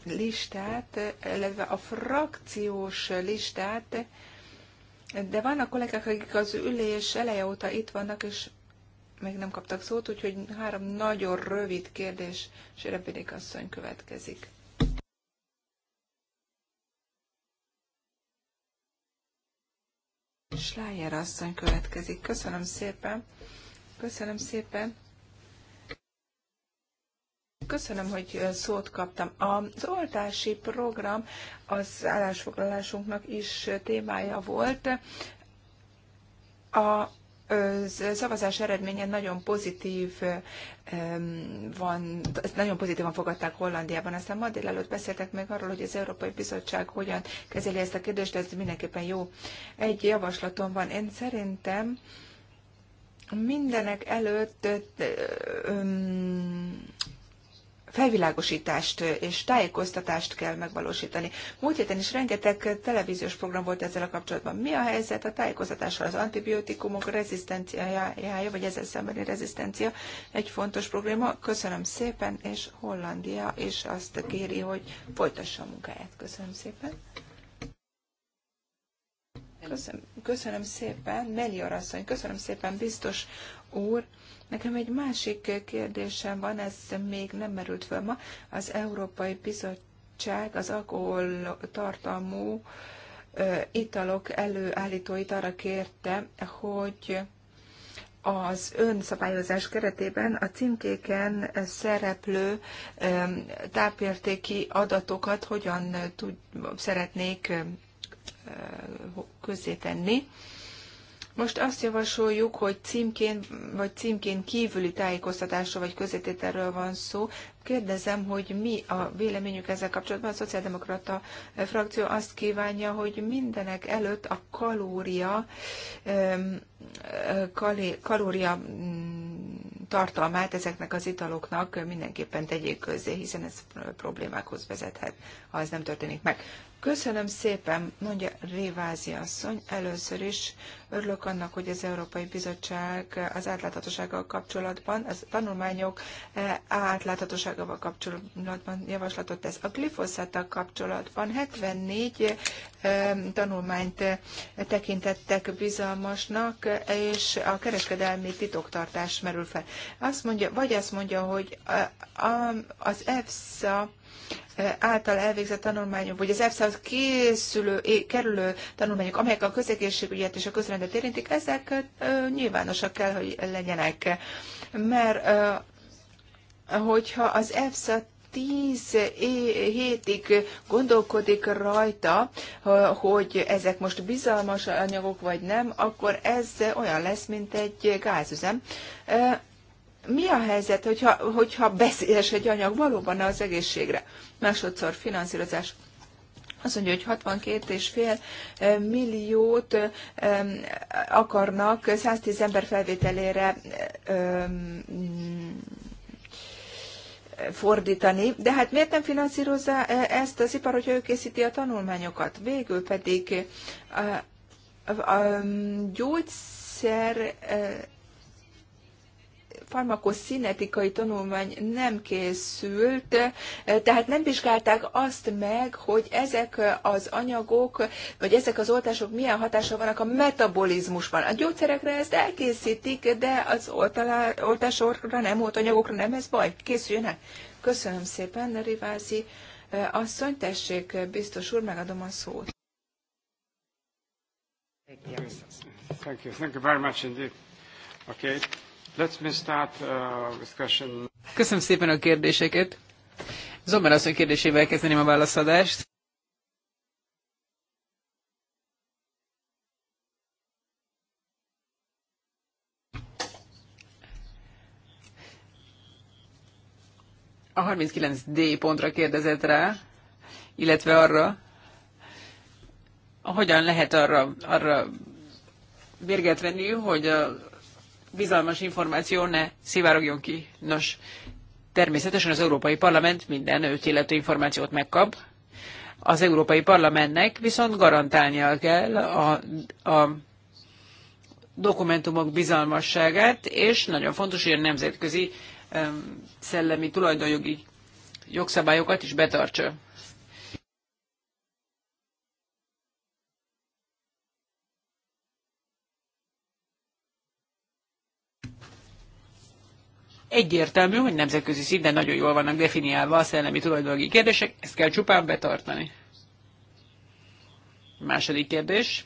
listát, illetve a frakciós listát, de vannak kollégák, akik az ülés eleje óta itt vannak, és még nem kaptak szót, úgyhogy három nagyon rövid kérdés, és Repedik asszony következik. Slájer asszony következik. Köszönöm szépen. Köszönöm szépen. Köszönöm, hogy szót kaptam. Az oltási program az állásfoglalásunknak is témája volt. A szavazás eredménye nagyon pozitív van, nagyon pozitívan fogadták Hollandiában. Aztán ma délelőtt beszéltek meg arról, hogy az Európai Bizottság hogyan kezeli ezt a kérdést, ez mindenképpen jó. Egy javaslatom van. Én szerintem mindenek előtt felvilágosítást és tájékoztatást kell megvalósítani. Múlt héten is rengeteg televíziós program volt ezzel a kapcsolatban. Mi a helyzet a tájékoztatással? Az antibiotikumok rezisztenciája, vagy ezzel szembeni rezisztencia egy fontos probléma. Köszönöm szépen, és Hollandia és azt kéri, hogy folytassa a munkáját. Köszönöm szépen. Köszönöm, köszönöm szépen, Meli Arasszony, köszönöm szépen, biztos úr Nekem egy másik kérdésem van, ez még nem merült föl ma. Az Európai Bizottság az alkohol tartalmú italok előállítóit arra kérte, hogy az önszabályozás keretében a címkéken szereplő tápértéki adatokat hogyan tud, szeretnék közzétenni. tenni most azt javasoljuk, hogy címként vagy címként kívüli tájékoztatásra vagy közétételről van szó. Kérdezem, hogy mi a véleményük ezzel kapcsolatban. A szociáldemokrata frakció azt kívánja, hogy mindenek előtt a kalória, kalé, kalória mm, tartalmát ezeknek az italoknak mindenképpen tegyék közzé, hiszen ez problémákhoz vezethet, ha ez nem történik meg. Köszönöm szépen, mondja Révázi asszony. Először is örülök annak, hogy az Európai Bizottság az átláthatósággal kapcsolatban, az tanulmányok eh, átláthatóságával kapcsolatban javaslatot tesz. A glifoszáttal kapcsolatban 74 eh, tanulmányt eh, tekintettek bizalmasnak, és a kereskedelmi titoktartás merül fel. Azt mondja, vagy azt mondja, hogy az EFSA Eh, által elvégzett tanulmányok, vagy az EFSA-hoz készülő, kerülő tanulmányok, amelyek a közegészségügyet és a közrendet érintik, ezek eh, nyilvánosak kell, hogy legyenek. Mert eh, hogyha az EFSA 10 hétig gondolkodik rajta, hogy ezek most bizalmas anyagok vagy nem, akkor ez olyan lesz, mint egy gázüzem mi a helyzet, hogyha, hogyha beszélyes egy anyag valóban az egészségre? Másodszor finanszírozás. Azt mondja, hogy 62,5 milliót akarnak 110 ember felvételére fordítani, de hát miért nem finanszírozza ezt az ipar, hogyha ő készíti a tanulmányokat? Végül pedig a, a, a gyógyszer farmakoszinetikai tanulmány nem készült, eh, tehát nem vizsgálták azt meg, hogy ezek az anyagok, vagy ezek az oltások milyen hatása vannak a metabolizmusban. A gyógyszerekre ezt elkészítik, de az oltásokra nem, oltanyagokra nem, ez baj, készüljön el. Köszönöm szépen, Rivázi eh, asszony, tessék, biztos úr, megadom a szót. Thank you. Thank you very much indeed. Okay. Uh, Köszönöm szépen a kérdéseket. Zomer asszony kérdésével kezdeném a válaszadást. A 39D pontra kérdezett rá, illetve arra, hogyan lehet arra, arra mérget venni, hogy a bizalmas információ ne szivárogjon ki. Nos, természetesen az Európai Parlament minden őt illető információt megkap. Az Európai Parlamentnek viszont garantálnia kell a, a dokumentumok bizalmasságát, és nagyon fontos, hogy a nemzetközi szellemi tulajdonjogi jogszabályokat is betartsa. egyértelmű, hogy nemzetközi szinten nagyon jól vannak definiálva a szellemi tulajdonjogi kérdések, ezt kell csupán betartani. Második kérdés.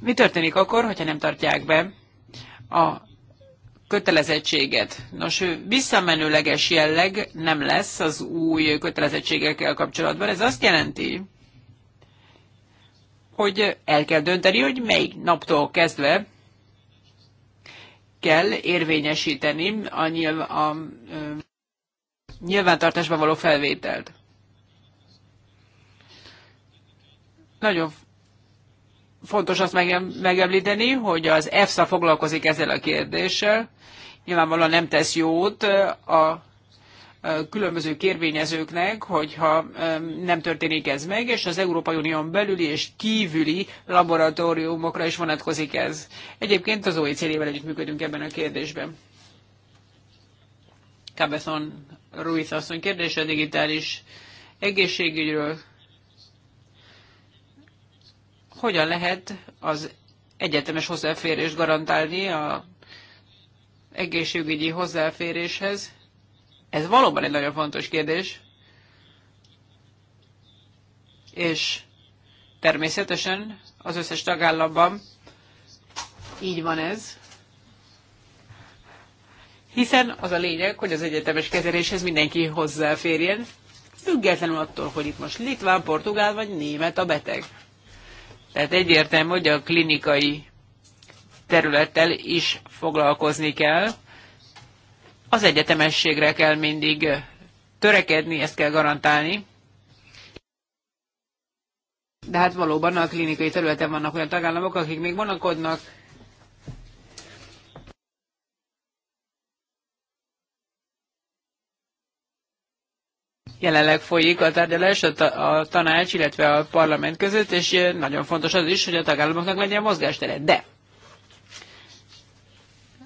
Mi történik akkor, hogyha nem tartják be a kötelezettséget? Nos, visszamenőleges jelleg nem lesz az új kötelezettségekkel kapcsolatban. Ez azt jelenti, hogy el kell dönteni, hogy melyik naptól kezdve kell érvényesíteni a, nyilv, a, a nyilvántartásba való felvételt. Nagyon fontos azt megemlíteni, hogy az EFSA foglalkozik ezzel a kérdéssel. Nyilvánvalóan nem tesz jót a különböző kérvényezőknek, hogyha nem történik ez meg, és az Európai Unión belüli és kívüli laboratóriumokra is vonatkozik ez. Egyébként az OECD-vel együttműködünk ebben a kérdésben. Cabezon Ruiz asszony kérdése a digitális egészségügyről. Hogyan lehet az egyetemes hozzáférést garantálni a egészségügyi hozzáféréshez? Ez valóban egy nagyon fontos kérdés, és természetesen az összes tagállamban így van ez, hiszen az a lényeg, hogy az egyetemes kezeléshez mindenki hozzáférjen, függetlenül attól, hogy itt most litván, portugál vagy német a beteg. Tehát egyértelmű, hogy a klinikai területtel is foglalkozni kell, az egyetemességre kell mindig törekedni, ezt kell garantálni. De hát valóban a klinikai területen vannak olyan tagállamok, akik még vonakodnak. Jelenleg folyik a tárgyalás a, ta a tanács, illetve a parlament között, és nagyon fontos az is, hogy a tagállamoknak legyen mozgástere. De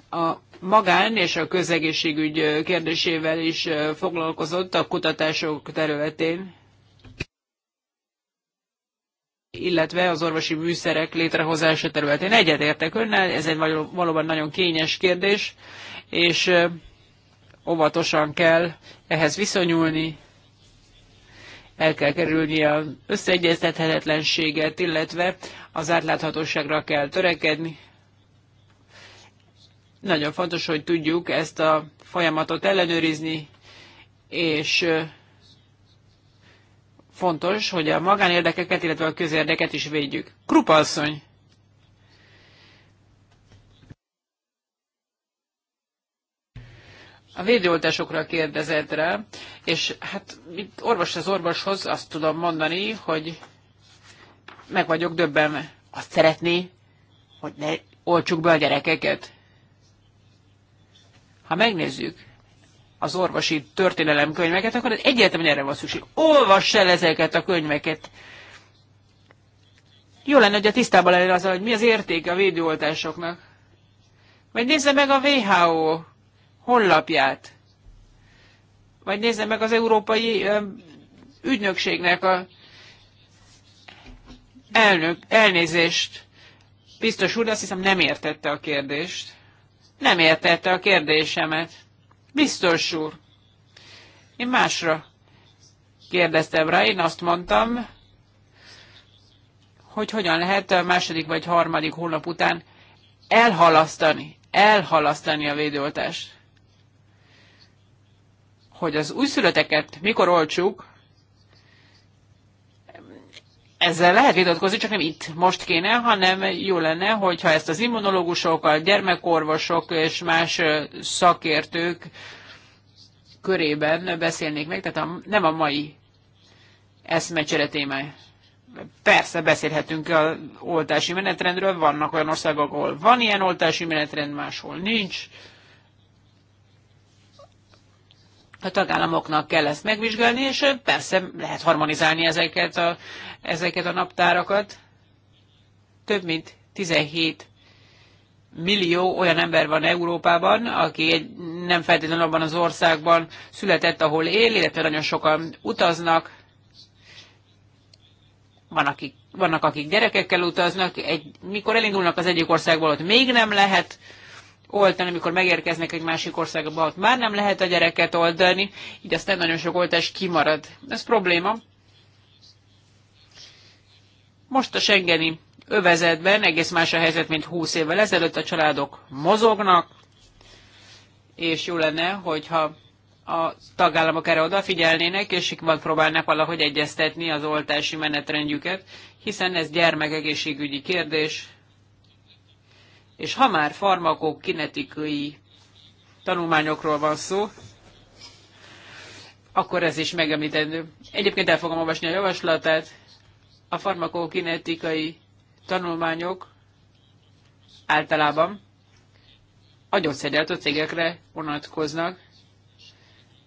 a magán és a közegészségügy kérdésével is foglalkozott a kutatások területén, illetve az orvosi műszerek létrehozása területén. Egyetértek önnel, ez egy valóban nagyon kényes kérdés, és óvatosan kell ehhez viszonyulni, el kell kerülni az összeegyeztethetetlenséget, illetve az átláthatóságra kell törekedni. Nagyon fontos, hogy tudjuk ezt a folyamatot ellenőrizni, és fontos, hogy a magánérdekeket, illetve a közérdeket is védjük. Krupalszony! A védőoltásokra kérdezett rá, és hát mint orvos az orvoshoz azt tudom mondani, hogy meg vagyok döbbenve. Azt szeretné, hogy ne oltsuk be a gyerekeket. Ha megnézzük az orvosi történelem könyveket, akkor egyértelműen erre van szükség. Olvass el ezeket a könyveket! Jó lenne, hogy a tisztában lenne azzal, hogy mi az értéke a védőoltásoknak. Vagy nézze meg a WHO honlapját. Vagy nézze meg az Európai Ügynökségnek a elnök, elnézést. Biztos úr, azt hiszem nem értette a kérdést nem értette a kérdésemet. Biztos úr. Én másra kérdeztem rá, én azt mondtam, hogy hogyan lehet a második vagy harmadik hónap után elhalasztani, elhalasztani a védőoltást. Hogy az újszülöteket mikor olcsuk, ezzel lehet vitatkozni, csak nem itt most kéne, hanem jó lenne, hogyha ezt az immunológusokkal, gyermekorvosok és más szakértők körében beszélnék meg, tehát a, nem a mai eszmecsere témája. Persze beszélhetünk a oltási menetrendről, vannak olyan országok, ahol van ilyen oltási menetrend, máshol nincs. A tagállamoknak kell ezt megvizsgálni, és persze lehet harmonizálni ezeket a, ezeket a naptárakat. Több mint 17 millió olyan ember van Európában, aki egy, nem feltétlenül abban az országban született, ahol él, illetve nagyon sokan utaznak. Van, akik, vannak, akik gyerekekkel utaznak, egy, mikor elindulnak az egyik országból, ott még nem lehet oltani, amikor megérkeznek egy másik országba, ott már nem lehet a gyereket oltani, így aztán nagyon sok oltás kimarad. Ez probléma. Most a Schengeni övezetben egész más a helyzet, mint 20 évvel ezelőtt, a családok mozognak, és jó lenne, hogyha a tagállamok erre odafigyelnének, és megpróbálnak valahogy egyeztetni az oltási menetrendjüket, hiszen ez gyermekegészségügyi kérdés, és ha már kinetikai tanulmányokról van szó, akkor ez is megemlítendő. Egyébként el fogom olvasni a javaslatát. A farmakokinetikai tanulmányok általában a gyógyszergyártó cégekre vonatkoznak,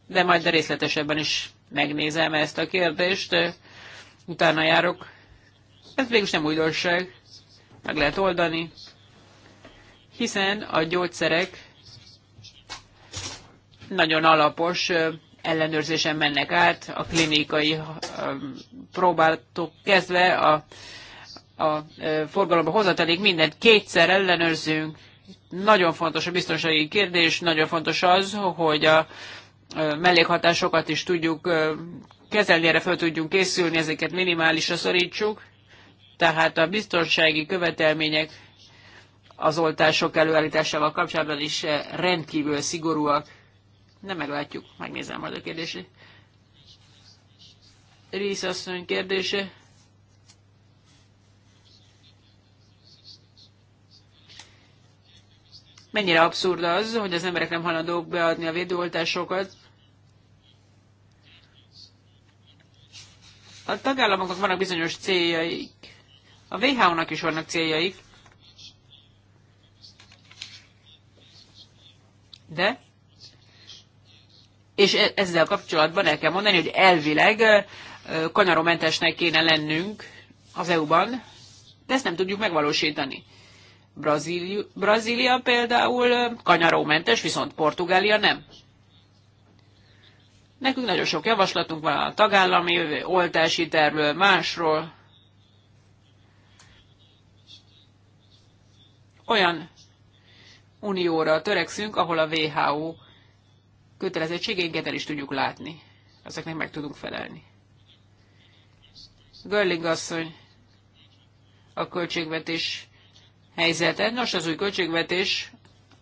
de majd részletesebben is megnézem ezt a kérdést, utána járok. Ez végülis nem újdonság, meg lehet oldani, hiszen a gyógyszerek nagyon alapos ellenőrzésen mennek át, a klinikai próbáltok kezdve a, a forgalomba hozatalék mindent kétszer ellenőrzünk. Nagyon fontos a biztonsági kérdés, nagyon fontos az, hogy a mellékhatásokat is tudjuk kezelni, erre fel tudjunk készülni, ezeket minimálisra szorítsuk. Tehát a biztonsági követelmények az oltások előállításával kapcsolatban is eh, rendkívül szigorúak. Nem meglátjuk, megnézem majd a kérdését. Részasszony kérdése. Mennyire abszurd az, hogy az emberek nem haladók beadni a védőoltásokat? A tagállamoknak vannak bizonyos céljaik. A WHO-nak is vannak céljaik. de és e- ezzel kapcsolatban el kell mondani, hogy elvileg kanyaromentesnek kéne lennünk az EU-ban, de ezt nem tudjuk megvalósítani. Brazíli- Brazília például kanyarómentes, viszont Portugália nem. Nekünk nagyon sok javaslatunk van a tagállami oltási tervről, másról. Olyan unióra törekszünk, ahol a WHO kötelezettségeinket el is tudjuk látni. Ezeknek meg tudunk felelni. Görling asszony a költségvetés helyzete, Nos, az új költségvetés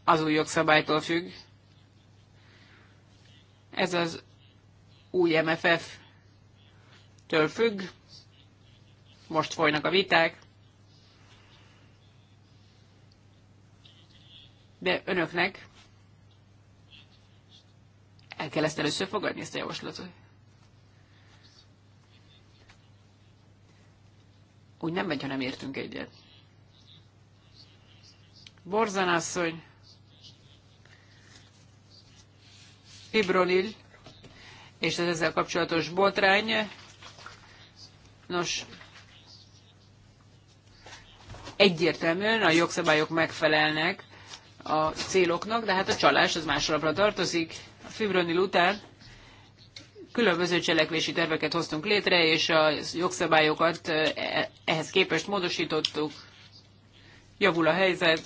az új jogszabálytól függ. Ez az új MFF-től függ. Most folynak a viták. de önöknek el kell ezt először fogadni, ezt a javaslatot. Úgy nem megy, ha nem értünk egyet. asszony. fibronil, és az ezzel kapcsolatos botrány. Nos, egyértelműen a jogszabályok megfelelnek a céloknak, de hát a csalás az más tartozik. A fibronil után különböző cselekvési terveket hoztunk létre, és a jogszabályokat e, ehhez képest módosítottuk. Javul a helyzet.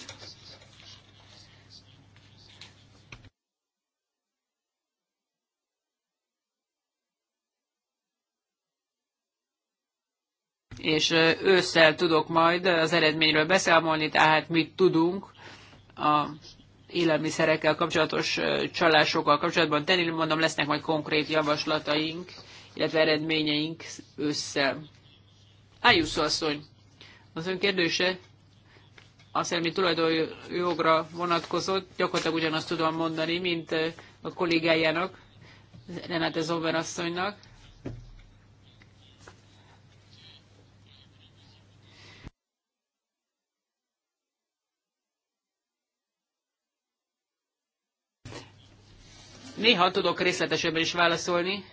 És ősszel tudok majd az eredményről beszámolni, tehát mit tudunk a élelmiszerekkel kapcsolatos csalásokkal kapcsolatban tenni. Mondom, lesznek majd konkrét javaslataink, illetve eredményeink össze. Ájusszó asszony, az ön kérdése a szellemi tulajdonjogra vonatkozott, gyakorlatilag ugyanazt tudom mondani, mint a kollégájának, Renate Zober asszonynak. Néha tudok részletesebben is válaszolni,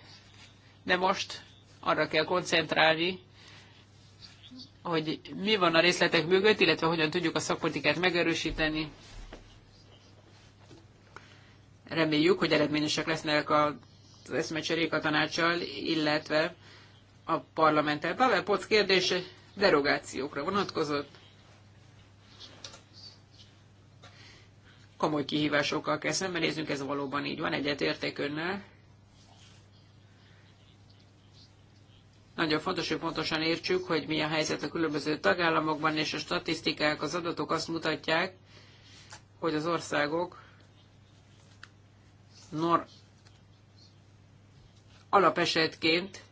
de most arra kell koncentrálni, hogy mi van a részletek mögött, illetve hogyan tudjuk a szakpolitikát megerősíteni. Reméljük, hogy eredményesek lesznek az eszmecserék a tanácssal, illetve a parlamenttel. Pavel Poc kérdése derogációkra vonatkozott. komoly kihívásokkal kell szembenéznünk, ez valóban így van, egyetértek önnel. Nagyon fontos, hogy pontosan értsük, hogy mi a helyzet a különböző tagállamokban, és a statisztikák, az adatok azt mutatják, hogy az országok nor alapesetként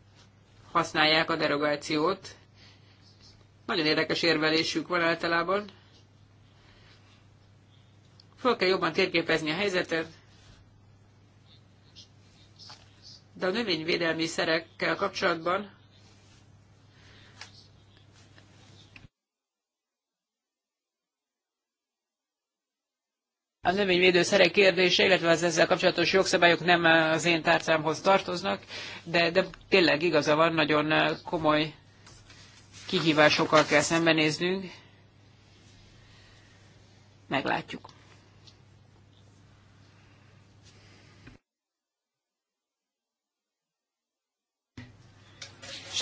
használják a derogációt. Nagyon érdekes érvelésük van általában. Föl kell jobban térképezni a helyzetet, de a növényvédelmi szerekkel kapcsolatban a növényvédőszerek kérdése, illetve az ezzel kapcsolatos jogszabályok nem az én tárcámhoz tartoznak, de, de tényleg igaza van, nagyon komoly kihívásokkal kell szembenéznünk. Meglátjuk.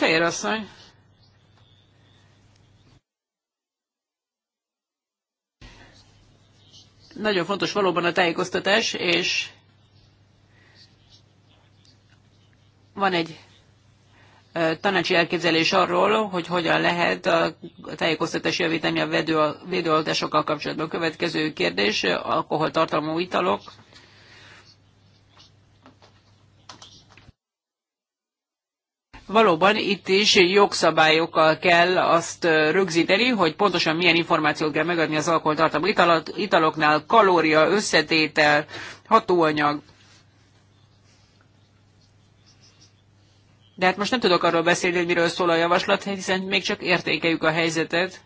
Fejér asszony. Nagyon fontos valóban a tájékoztatás, és van egy tanácsi elképzelés arról, hogy hogyan lehet a tájékoztatás javítani a védőoltásokkal kapcsolatban. Következő kérdés, alkoholtartalmú italok. valóban itt is jogszabályokkal kell azt rögzíteni, hogy pontosan milyen információt kell megadni az alkoholtartalmú italoknál, kalória, összetétel, hatóanyag. De hát most nem tudok arról beszélni, hogy miről szól a javaslat, hiszen még csak értékeljük a helyzetet.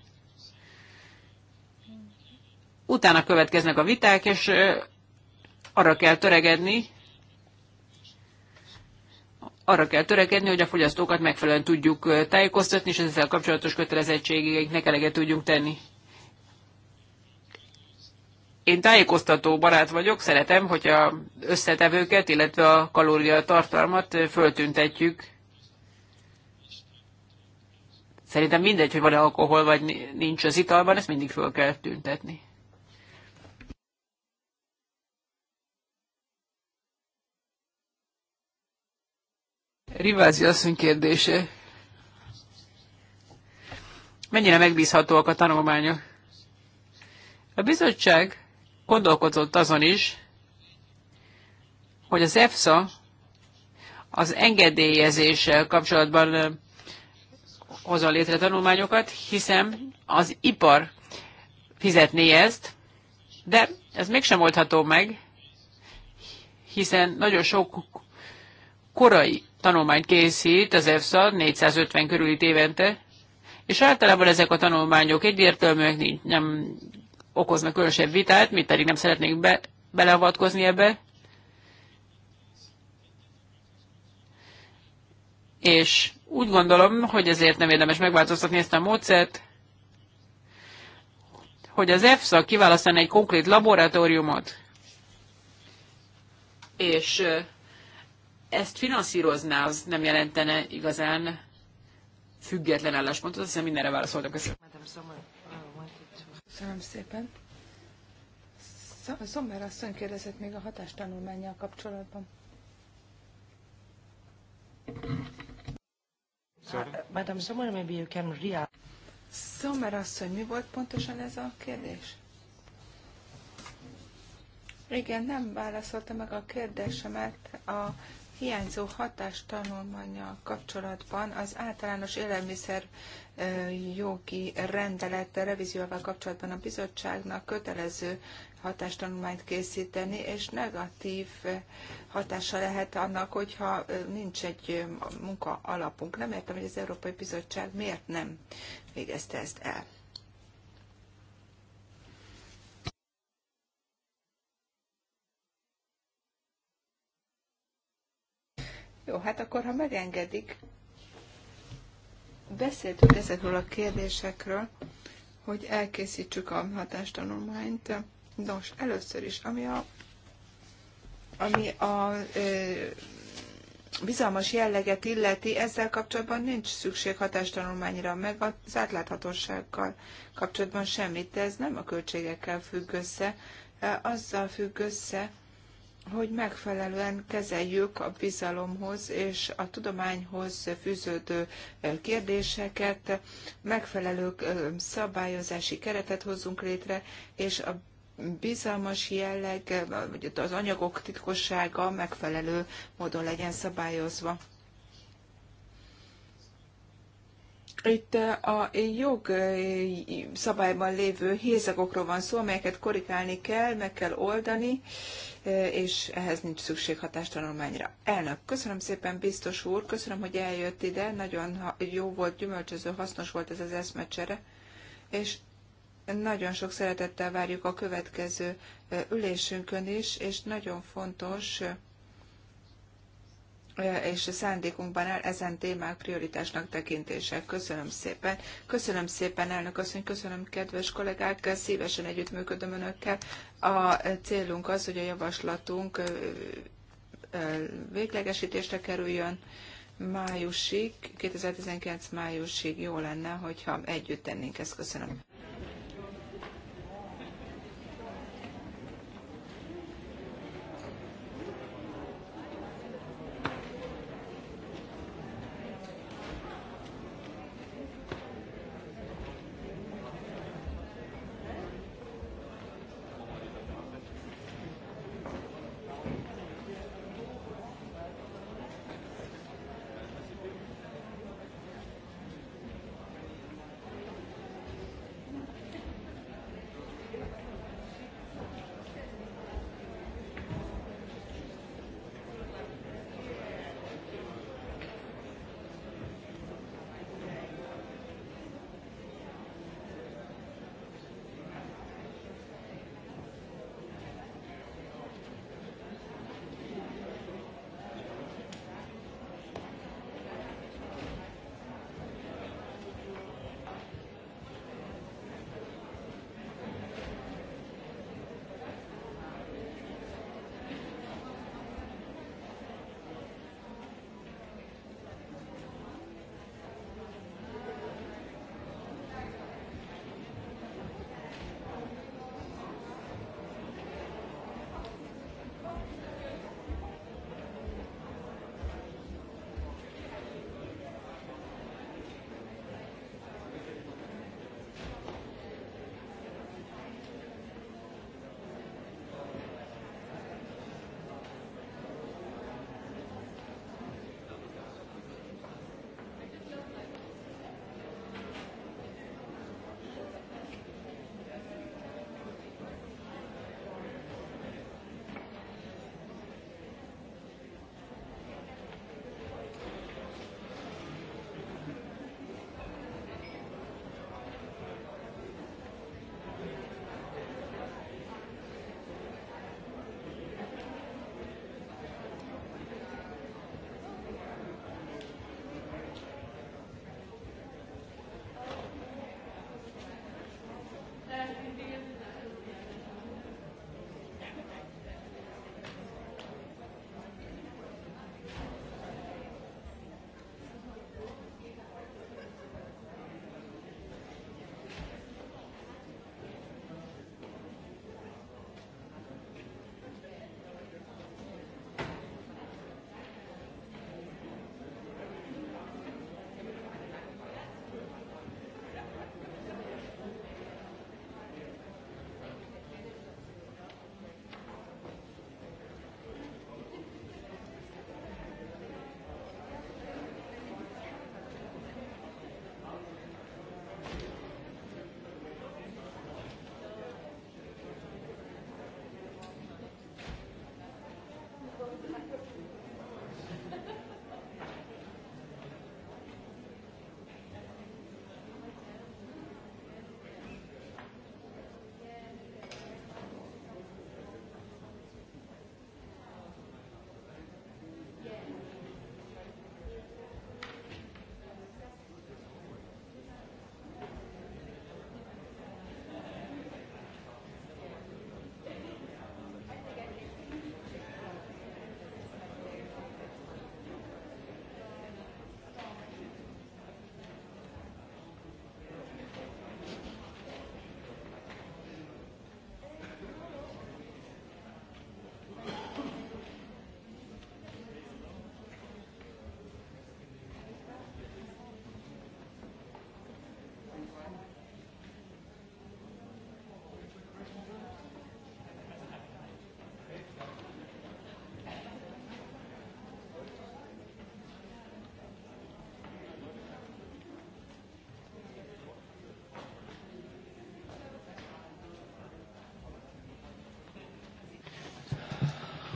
Utána következnek a viták, és arra kell töregedni, arra kell törekedni, hogy a fogyasztókat megfelelően tudjuk tájékoztatni, és ezzel kapcsolatos kötelezettségeinknek eleget tudjunk tenni. Én tájékoztató barát vagyok, szeretem, hogy a összetevőket, illetve a kalóriatartalmat föltüntetjük. Szerintem mindegy, hogy van-e alkohol, vagy nincs az italban, ezt mindig föl kell tüntetni. Rivázi asszony kérdése. Mennyire megbízhatóak a tanulmányok? A bizottság gondolkodott azon is, hogy az EFSA az engedélyezéssel kapcsolatban hozza létre tanulmányokat, hiszen az ipar fizetné ezt, de ez mégsem oldható meg, hiszen nagyon sok korai tanulmányt készít az EFSA 450 körüli évente, és általában ezek a tanulmányok egyértelműek, nem okoznak különösebb vitát, mi pedig nem szeretnénk be, beleavatkozni ebbe. És úgy gondolom, hogy ezért nem érdemes megváltoztatni ezt a módszert, hogy az EFSA kiválasztana egy konkrét laboratóriumot, és ezt finanszírozná, az nem jelentene igazán független álláspontot. Azt hiszem mindenre válaszoltam. Köszönöm. Uh, Köszönöm szépen. Szomber asszony kérdezett még a hatástanulmányjal kapcsolatban. Uh, Madame Sommer, maybe you can Sommer asszony, mi volt pontosan ez a kérdés? Igen, nem válaszolta meg a kérdésemet a hiányzó hatástanulmánya kapcsolatban az általános élelmiszer jogi rendelet revízióval kapcsolatban a bizottságnak kötelező hatástanulmányt készíteni, és negatív hatása lehet annak, hogyha nincs egy munka alapunk. Nem értem, hogy az Európai Bizottság miért nem végezte ezt el. Jó, hát akkor, ha megengedik, beszéltünk ezekről a kérdésekről, hogy elkészítsük a hatástanulmányt. Nos, először is, ami a, ami a ö, bizalmas jelleget illeti, ezzel kapcsolatban nincs szükség hatástanulmányra, meg az átláthatósággal kapcsolatban semmit, de ez nem a költségekkel függ össze, azzal függ össze, hogy megfelelően kezeljük a bizalomhoz és a tudományhoz fűződő kérdéseket, megfelelő szabályozási keretet hozzunk létre, és a bizalmas jelleg, vagy az anyagok titkossága megfelelő módon legyen szabályozva. Itt a jog szabályban lévő hézagokról van szó, amelyeket korrigálni kell, meg kell oldani, és ehhez nincs szükség hatástanulmányra. Elnök, köszönöm szépen, biztos úr, köszönöm, hogy eljött ide, nagyon jó volt, gyümölcsöző, hasznos volt ez az eszmecsere, és nagyon sok szeretettel várjuk a következő ülésünkön is, és nagyon fontos, és a szándékunkban áll ezen témák prioritásnak tekintése. Köszönöm szépen. Köszönöm szépen, elnök asszony, köszönöm kedves kollégák, szívesen együttműködöm önökkel. A célunk az, hogy a javaslatunk véglegesítésre kerüljön májusig, 2019 májusig jó lenne, hogyha együtt tennénk ezt. Köszönöm.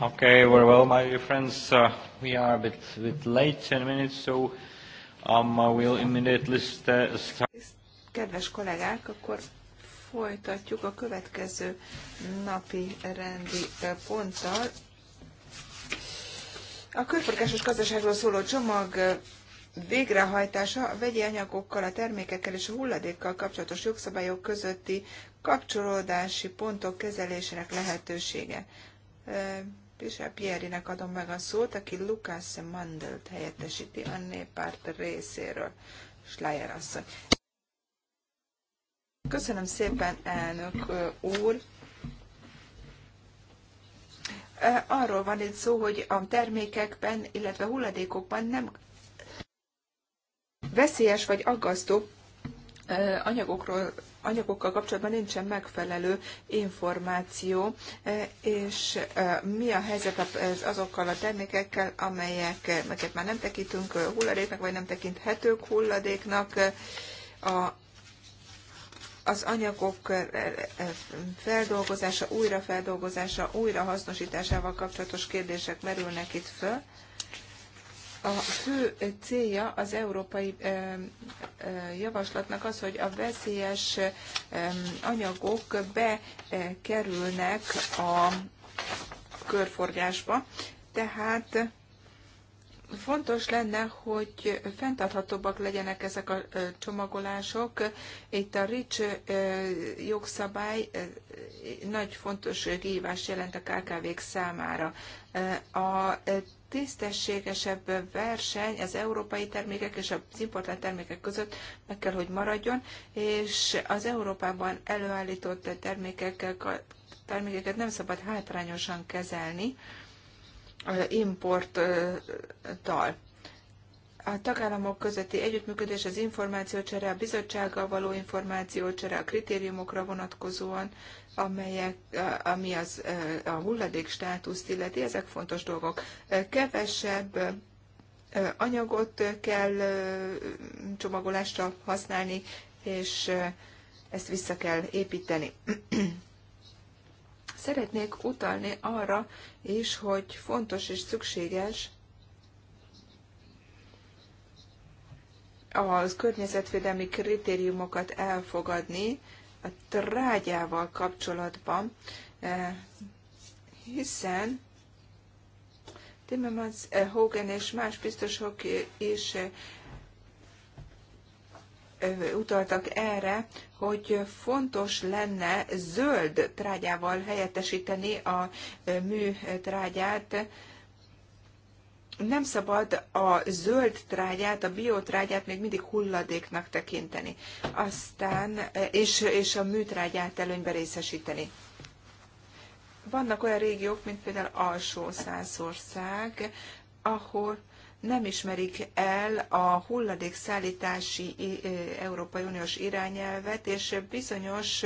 Okay, very well, my dear friends. Uh, we are a bit, bit late, 10 minutes, so um, I uh, will immediately start. Kedves kollégák, akkor folytatjuk a következő napi rendi uh, ponttal. A körforgásos gazdaságról szóló csomag uh, végrehajtása a vegyi anyagokkal, a termékekkel és a hulladékkal kapcsolatos jogszabályok közötti kapcsolódási pontok kezelésének lehetősége. Pisá Pierinek adom meg a szót, aki Lukács Mandelt helyettesíti a néppárt részéről. Schleyer asszony. Köszönöm szépen, elnök úr! Arról van itt szó, hogy a termékekben, illetve hulladékokban nem veszélyes vagy aggasztó anyagokról, anyagokkal kapcsolatban nincsen megfelelő információ, és mi a helyzet azokkal a termékekkel, amelyeket már nem tekintünk hulladéknak, vagy nem tekinthetők hulladéknak, a, az anyagok feldolgozása, újrafeldolgozása, újrahasznosításával kapcsolatos kérdések merülnek itt föl a fő célja az európai javaslatnak az, hogy a veszélyes anyagok bekerülnek a körforgásba, tehát fontos lenne, hogy fenntarthatóbbak legyenek ezek a csomagolások. Itt a RICS jogszabály nagy fontos kihívást jelent a KKV-k számára. A tisztességesebb verseny az európai termékek és az importált termékek között meg kell, hogy maradjon, és az Európában előállított termékeket nem szabad hátrányosan kezelni importtal. A tagállamok közötti együttműködés, az információcsere, a bizottsággal való információcsere, a kritériumokra vonatkozóan, amelyek, ami az, a hulladék státuszt illeti, ezek fontos dolgok. Kevesebb anyagot kell csomagolásra használni, és ezt vissza kell építeni. Szeretnék utalni arra is, hogy fontos és szükséges az környezetvédelmi kritériumokat elfogadni a trágyával kapcsolatban, eh, hiszen Timmermans, eh, Hogan és más biztosok is eh, utaltak erre, hogy fontos lenne zöld trágyával helyettesíteni a mű trágyát. Nem szabad a zöld trágyát, a biotrágyát még mindig hulladéknak tekinteni, aztán, és, és a műtrágyát előnybe részesíteni. Vannak olyan régiók, mint például Alsó Szászország, ahol nem ismerik el a hulladékszállítási Európai Uniós irányelvet, és bizonyos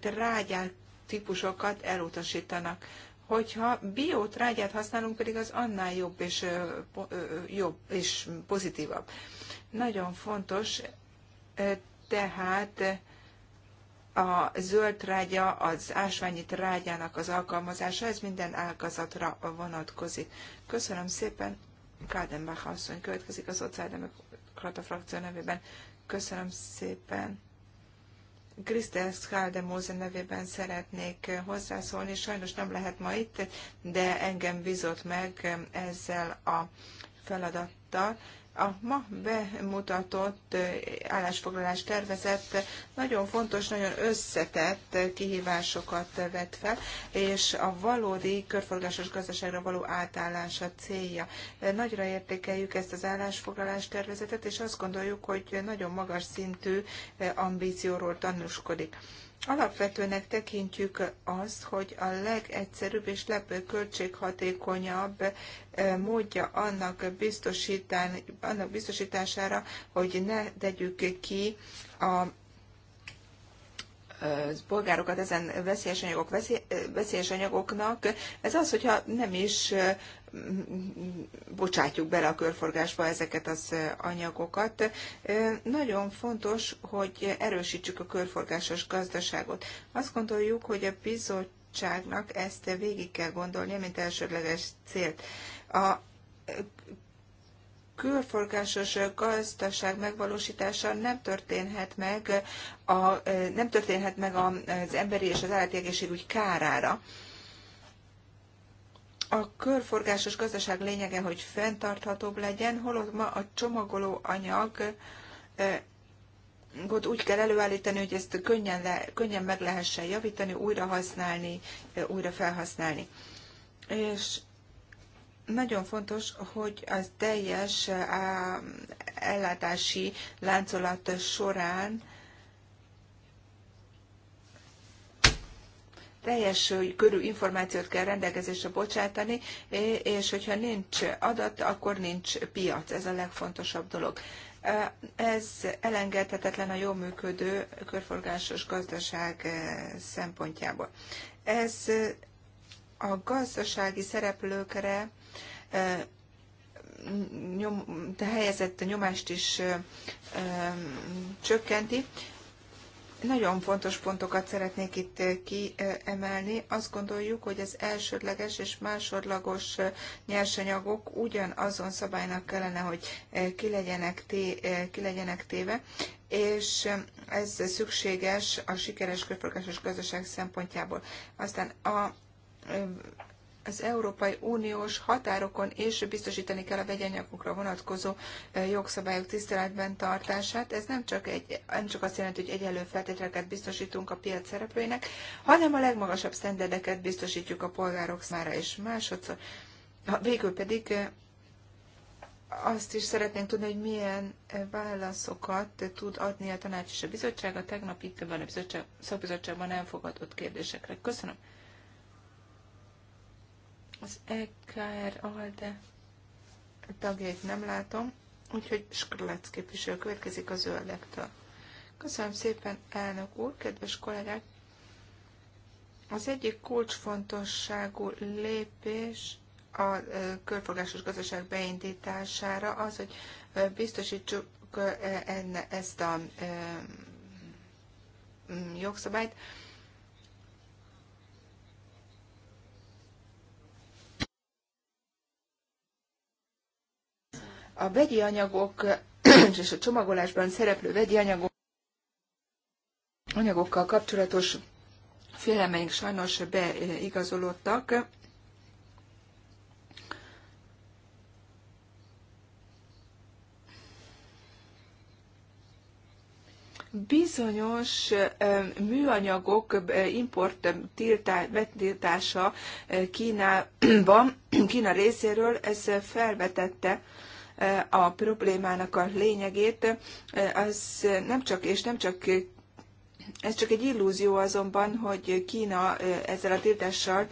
trágyák típusokat elutasítanak. Hogyha biotrágyát használunk, pedig az annál jobb és, jobb és pozitívabb. Nagyon fontos tehát a zöld trágya, az ásványi trágyának az alkalmazása, ez minden ágazatra vonatkozik. Köszönöm szépen, Kádenbach asszony következik a Szociáldemokrata frakció nevében. Köszönöm szépen. Krisztel Skáldemóze nevében szeretnék hozzászólni. Sajnos nem lehet ma itt, de engem bizott meg ezzel a feladattal. A ma bemutatott állásfoglalás tervezett nagyon fontos, nagyon összetett kihívásokat vet fel, és a valódi körforgásos gazdaságra való átállása célja. Nagyra értékeljük ezt az állásfoglalás tervezetet, és azt gondoljuk, hogy nagyon magas szintű ambícióról tanúskodik. Alapvetőnek tekintjük azt, hogy a legegyszerűbb és legköltséghatékonyabb eh, módja annak, annak biztosítására, hogy ne tegyük ki a eh, polgárokat ezen veszélyes, anyagok, eh, veszélyes anyagoknak, ez az, hogyha nem is bocsátjuk bele a körforgásba ezeket az anyagokat. Nagyon fontos, hogy erősítsük a körforgásos gazdaságot. Azt gondoljuk, hogy a bizottságnak ezt végig kell gondolnia, mint elsődleges célt. A körforgásos gazdaság megvalósítása nem történhet meg, a, nem történhet meg az emberi és az állati egészségügy kárára a körforgásos gazdaság lényege, hogy fenntarthatóbb legyen, holott ma a csomagoló anyag ott úgy kell előállítani, hogy ezt könnyen, le, könnyen meg lehessen javítani, újra használni, újra felhasználni. És nagyon fontos, hogy az teljes ellátási láncolat során teljes körű információt kell rendelkezésre bocsátani, és hogyha nincs adat, akkor nincs piac. Ez a legfontosabb dolog. Ez elengedhetetlen a jó működő körforgásos gazdaság szempontjából. Ez a gazdasági szereplőkre nyom, helyezett nyomást is ö, ö, csökkenti, nagyon fontos pontokat szeretnék itt eh, kiemelni. Azt gondoljuk, hogy az elsődleges és másodlagos eh, nyersanyagok ugyanazon szabálynak kellene, hogy eh, ki legyenek, té- ki legyenek téve, és ez szükséges a sikeres körforgásos gazdaság szempontjából. Aztán a az Európai Uniós határokon és biztosítani kell a vegyanyagokra vonatkozó jogszabályok tiszteletben tartását. Ez nem csak, egy, nem csak azt jelenti, hogy egyenlő feltételeket biztosítunk a piac szereplőinek, hanem a legmagasabb szendedeket biztosítjuk a polgárok számára és másodszor. Végül pedig azt is szeretnénk tudni, hogy milyen válaszokat tud adni a tanács és a bizottság a tegnap itt van a bizottság, szakbizottságban elfogadott kérdésekre. Köszönöm. Az EKR ALDE tagjait nem látom, úgyhogy Skrlec képviselő következik a zöldektől. Köszönöm szépen, elnök úr, kedves kollégák! Az egyik kulcsfontosságú lépés a körfogásos gazdaság beindítására az, hogy biztosítsuk e, ezt a jogszabályt, A vegyi anyagok és a csomagolásban szereplő vegyi anyagok, anyagokkal kapcsolatos félelmeink sajnos beigazolódtak. bizonyos műanyagok import tiltása Kínában, Kína részéről, ez felvetette a problémának a lényegét, az nem csak, és nem csak ez csak egy illúzió azonban, hogy Kína ezzel a tiltással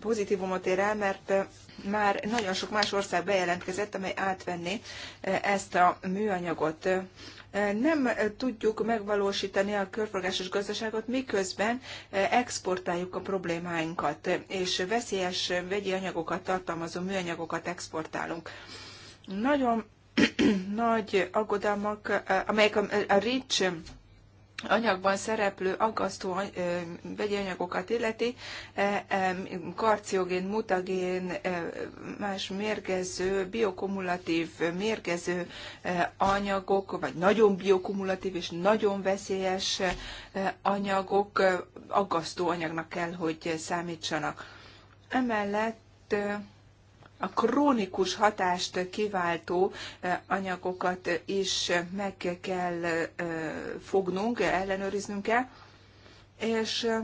pozitívumot ér el, mert már nagyon sok más ország bejelentkezett, amely átvenné ezt a műanyagot nem tudjuk megvalósítani a körforgásos gazdaságot, miközben exportáljuk a problémáinkat, és veszélyes vegyi anyagokat tartalmazó műanyagokat exportálunk. Nagyon nagy aggodalmak, amelyek a, a REACH anyagban szereplő aggasztó vegyi anyagokat illeti, e, e, karciogén, mutagén, e, más mérgező, biokumulatív, mérgező anyagok, vagy nagyon biokumulatív és nagyon veszélyes anyagok aggasztó anyagnak kell, hogy számítsanak. Emellett a krónikus hatást kiváltó eh, anyagokat is meg kell eh, fognunk, ellenőriznünk kell, és eh,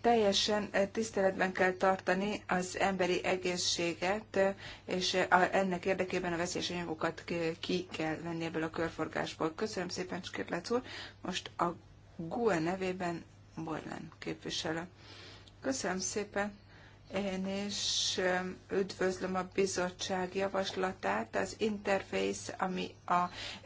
teljesen tiszteletben kell tartani az emberi egészséget, és ennek érdekében a veszélyes anyagokat ki kell venni ebből a körforgásból. Köszönöm szépen, Skirlec úr. Most a GUE nevében Borlán képviselő. Köszönöm szépen. Én is üdvözlöm a bizottság javaslatát, az interfész, ami a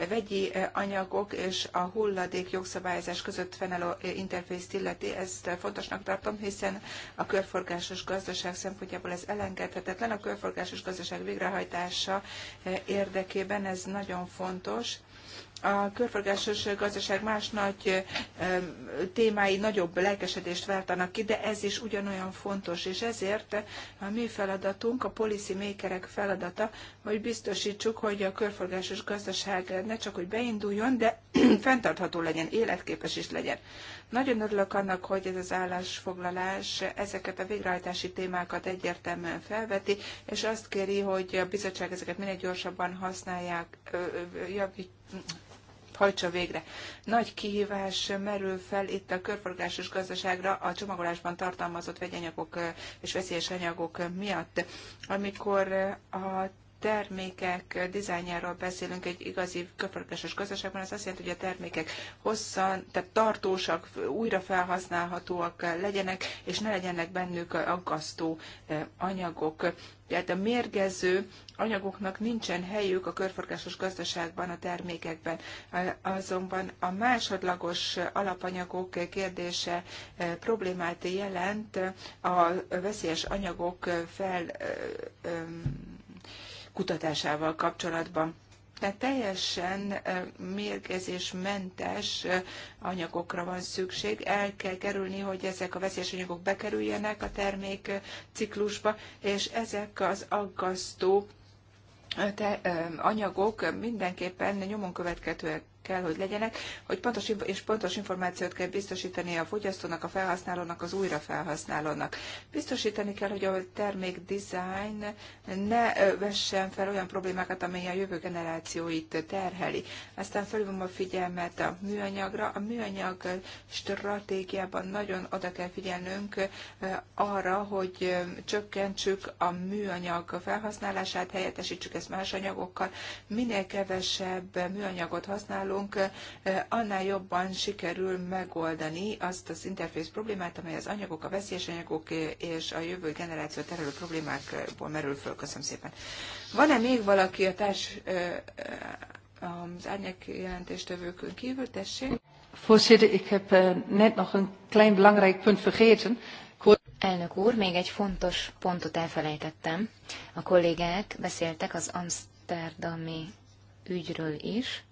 vegyi e, anyagok és a hulladék jogszabályozás között fennálló e, interfészt illeti. Ezt fontosnak tartom, hiszen a körforgásos gazdaság szempontjából ez elengedhetetlen. A körforgásos gazdaság végrehajtása e, érdekében ez nagyon fontos a körforgásos gazdaság más nagy témái nagyobb lelkesedést váltanak ki, de ez is ugyanolyan fontos, és ezért a mi feladatunk, a policy makerek feladata, hogy biztosítsuk, hogy a körforgásos gazdaság ne csak hogy beinduljon, de fenntartható legyen, életképes is legyen. Nagyon örülök annak, hogy ez az állásfoglalás ezeket a végrehajtási témákat egyértelműen felveti, és azt kéri, hogy a bizottság ezeket minél gyorsabban használják, javít, hajtsa végre. Nagy kihívás merül fel itt a körforgásos gazdaságra a csomagolásban tartalmazott vegyanyagok és veszélyes anyagok miatt. Amikor a termékek dizájnjáról beszélünk egy igazi köpörkösös gazdaságban, ez azt jelenti, hogy a termékek hosszan, tehát tartósak, újra felhasználhatóak legyenek, és ne legyenek bennük aggasztó eh, anyagok. Tehát a mérgező anyagoknak nincsen helyük a körforgásos gazdaságban, a termékekben. Eh, azonban a másodlagos alapanyagok kérdése eh, problémát jelent a veszélyes anyagok fel kutatásával kapcsolatban. Tehát teljesen mérgezésmentes anyagokra van szükség. El kell kerülni, hogy ezek a veszélyes anyagok bekerüljenek a termék ciklusba, és ezek az aggasztó te, anyagok mindenképpen nyomon következőek kell, hogy legyenek, hogy pontos és pontos információt kell biztosítani a fogyasztónak, a felhasználónak, az újrafelhasználónak. Biztosítani kell, hogy a termék design ne vessen fel olyan problémákat, amely a jövő generációit terheli. Aztán felhívom a figyelmet a műanyagra. A műanyag stratégiában nagyon oda kell figyelnünk arra, hogy csökkentsük a műanyag felhasználását, helyettesítsük ezt más anyagokkal. Minél kevesebb műanyagot használunk, gyakorlunk, eh, annál jobban sikerül megoldani azt az interfész problémát, amely az anyagok, a veszélyes anyagok eh, és a jövő generáció terelő problémákból merül föl. Köszönöm szépen. Van-e még valaki a társ eh, az árnyék jelentéstevőkön kívül? Tessék. Voorzitter, ik heb net nog een klein belangrijk punt vergeten. Elnök úr, még egy fontos pontot elfelejtettem. A kollégák beszéltek az Amsterdami ügyről is.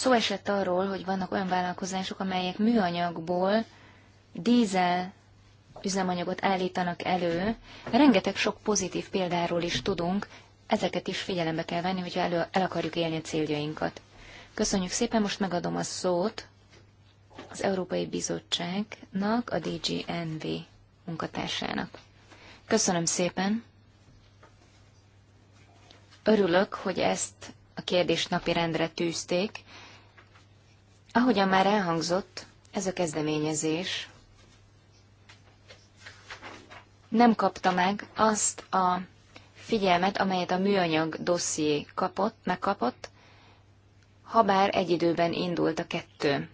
Szó esett arról, hogy vannak olyan vállalkozások, amelyek műanyagból dízel üzemanyagot állítanak elő. Rengeteg sok pozitív példáról is tudunk, ezeket is figyelembe kell venni, hogyha elő, el akarjuk élni a céljainkat. Köszönjük szépen, most megadom a szót az Európai Bizottságnak, a DGNV munkatársának. Köszönöm szépen! Örülök, hogy ezt a kérdést napirendre tűzték, Ahogyan már elhangzott, ez a kezdeményezés nem kapta meg azt a figyelmet, amelyet a műanyag dosszié kapott, megkapott, habár egy időben indult a kettő.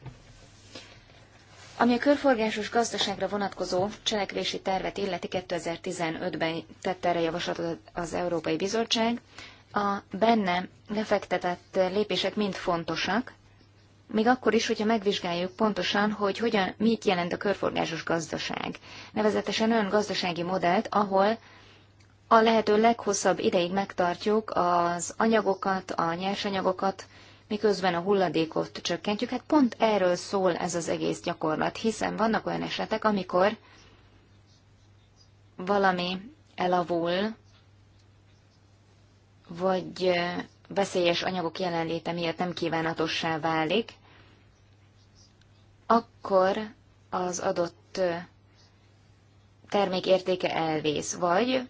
Ami a körforgásos gazdaságra vonatkozó cselekvési tervet illeti 2015-ben tette erre javaslatot az Európai Bizottság, a benne lefektetett lépések mind fontosak, még akkor is, hogyha megvizsgáljuk pontosan, hogy hogyan, mit jelent a körforgásos gazdaság. Nevezetesen olyan gazdasági modellt, ahol a lehető leghosszabb ideig megtartjuk az anyagokat, a nyersanyagokat, miközben a hulladékot csökkentjük. Hát pont erről szól ez az egész gyakorlat, hiszen vannak olyan esetek, amikor valami elavul, vagy veszélyes anyagok jelenléte miatt nem kívánatossá válik, akkor az adott termék értéke elvész, vagy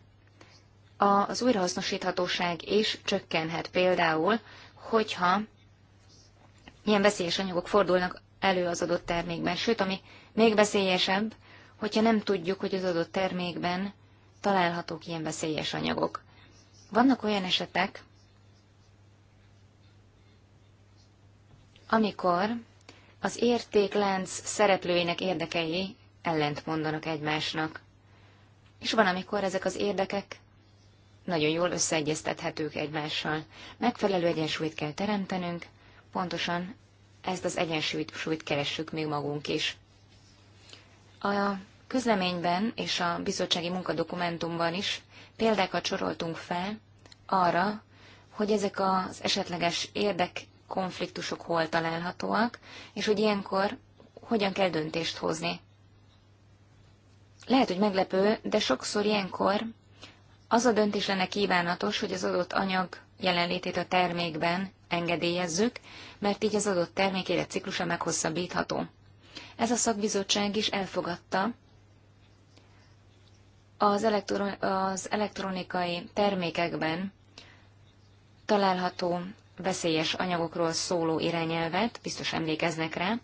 az újrahasznosíthatóság is csökkenhet például, hogyha ilyen veszélyes anyagok fordulnak elő az adott termékben. Sőt, ami még veszélyesebb, hogyha nem tudjuk, hogy az adott termékben találhatók ilyen veszélyes anyagok. Vannak olyan esetek, amikor az értéklánc szereplőinek érdekei ellent mondanak egymásnak. És van, amikor ezek az érdekek nagyon jól összeegyeztethetők egymással. Megfelelő egyensúlyt kell teremtenünk, pontosan ezt az egyensúlyt keressük még magunk is. A közleményben és a bizottsági munkadokumentumban is példákat soroltunk fel arra, hogy ezek az esetleges érdek konfliktusok hol találhatóak, és hogy ilyenkor hogyan kell döntést hozni. Lehet, hogy meglepő, de sokszor ilyenkor az a döntés lenne kívánatos, hogy az adott anyag jelenlétét a termékben engedélyezzük, mert így az adott termék életciklusa meghosszabbítható. Ez a szakbizottság is elfogadta az, elektro- az elektronikai termékekben található veszélyes anyagokról szóló irányelvet, biztos emlékeznek rá.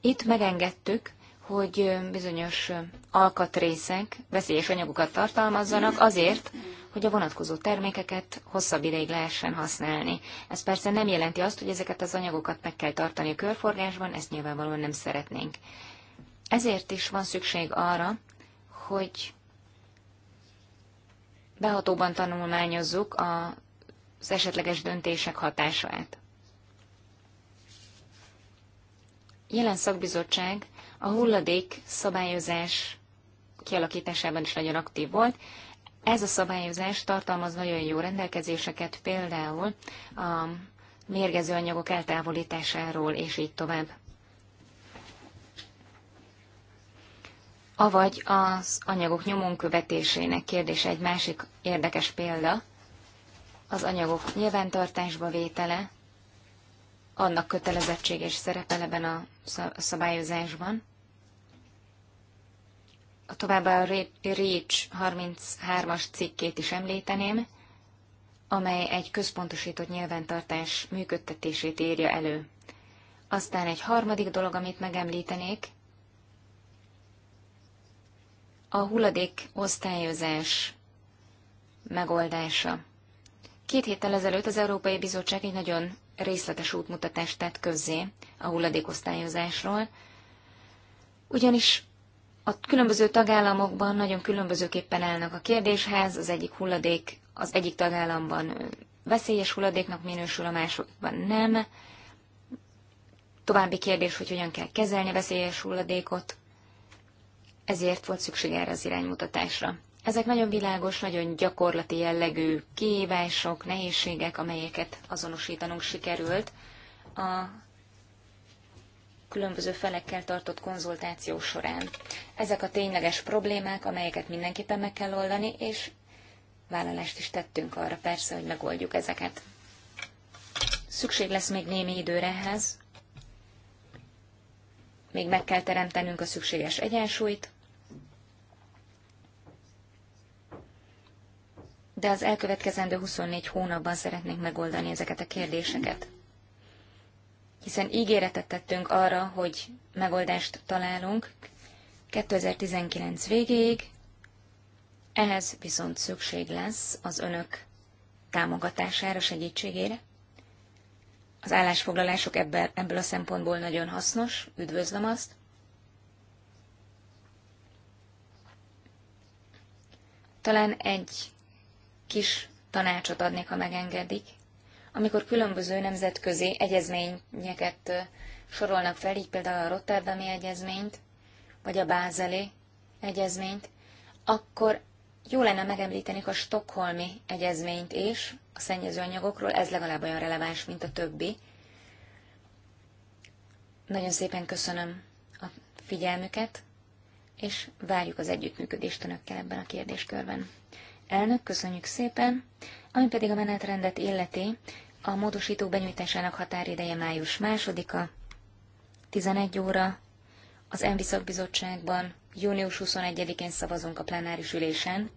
Itt megengedtük, hogy bizonyos alkatrészek veszélyes anyagokat tartalmazzanak azért, hogy a vonatkozó termékeket hosszabb ideig lehessen használni. Ez persze nem jelenti azt, hogy ezeket az anyagokat meg kell tartani a körforgásban, ezt nyilvánvalóan nem szeretnénk. Ezért is van szükség arra, hogy behatóban tanulmányozzuk a az esetleges döntések hatását. Jelen szakbizottság a hulladék szabályozás kialakításában is nagyon aktív volt. Ez a szabályozás tartalmaz nagyon jó rendelkezéseket, például a mérgező anyagok eltávolításáról, és így tovább. Avagy az anyagok nyomon követésének kérdése egy másik érdekes példa az anyagok nyilvántartásba vétele, annak kötelezettség és szerepel ebben a szabályozásban. A továbbá a REACH 33-as cikkét is említeném, amely egy központosított nyilvántartás működtetését írja elő. Aztán egy harmadik dolog, amit megemlítenék, a hulladék osztályozás megoldása. Két héttel ezelőtt az Európai Bizottság egy nagyon részletes útmutatást tett közzé a hulladékosztályozásról, ugyanis a különböző tagállamokban nagyon különbözőképpen állnak a kérdéshez, az egyik hulladék az egyik tagállamban veszélyes hulladéknak minősül, a másokban nem. További kérdés, hogy hogyan kell kezelni veszélyes hulladékot, ezért volt szükség erre az iránymutatásra. Ezek nagyon világos, nagyon gyakorlati jellegű kihívások, nehézségek, amelyeket azonosítanunk sikerült a különböző felekkel tartott konzultáció során. Ezek a tényleges problémák, amelyeket mindenképpen meg kell oldani, és vállalást is tettünk arra persze, hogy megoldjuk ezeket. Szükség lesz még némi időre ehhez. Még meg kell teremtenünk a szükséges egyensúlyt, de az elkövetkezendő 24 hónapban szeretnénk megoldani ezeket a kérdéseket. Hiszen ígéretet tettünk arra, hogy megoldást találunk 2019 végéig, ehhez viszont szükség lesz az önök támogatására, segítségére. Az állásfoglalások ebből, ebből a szempontból nagyon hasznos, üdvözlöm azt. Talán egy kis tanácsot adnék, ha megengedik. Amikor különböző nemzetközi egyezményeket sorolnak fel, így például a Rotterdami egyezményt, vagy a Bázeli egyezményt, akkor jó lenne megemlíteni a Stockholmi egyezményt is, a szennyezőanyagokról, ez legalább olyan releváns, mint a többi. Nagyon szépen köszönöm a figyelmüket, és várjuk az együttműködést önökkel ebben a kérdéskörben. Elnök, köszönjük szépen. Ami pedig a menetrendet illeti, a módosító benyújtásának határideje május másodika, 11 óra, az MV szakbizottságban június 21-én szavazunk a plenáris ülésen,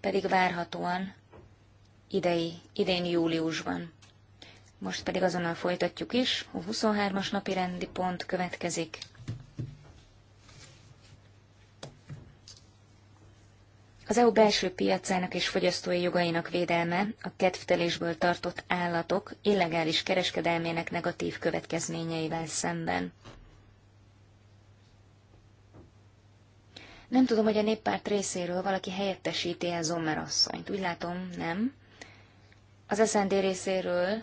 pedig várhatóan idei, idén júliusban. Most pedig azonnal folytatjuk is, a 23-as napi rendi pont következik – Az EU belső piacának és fogyasztói jogainak védelme a kedvtelésből tartott állatok illegális kereskedelmének negatív következményeivel szemben. Nem tudom, hogy a néppárt részéről valaki helyettesíti-e Zomer asszonyt. Úgy látom, nem. Az SZND részéről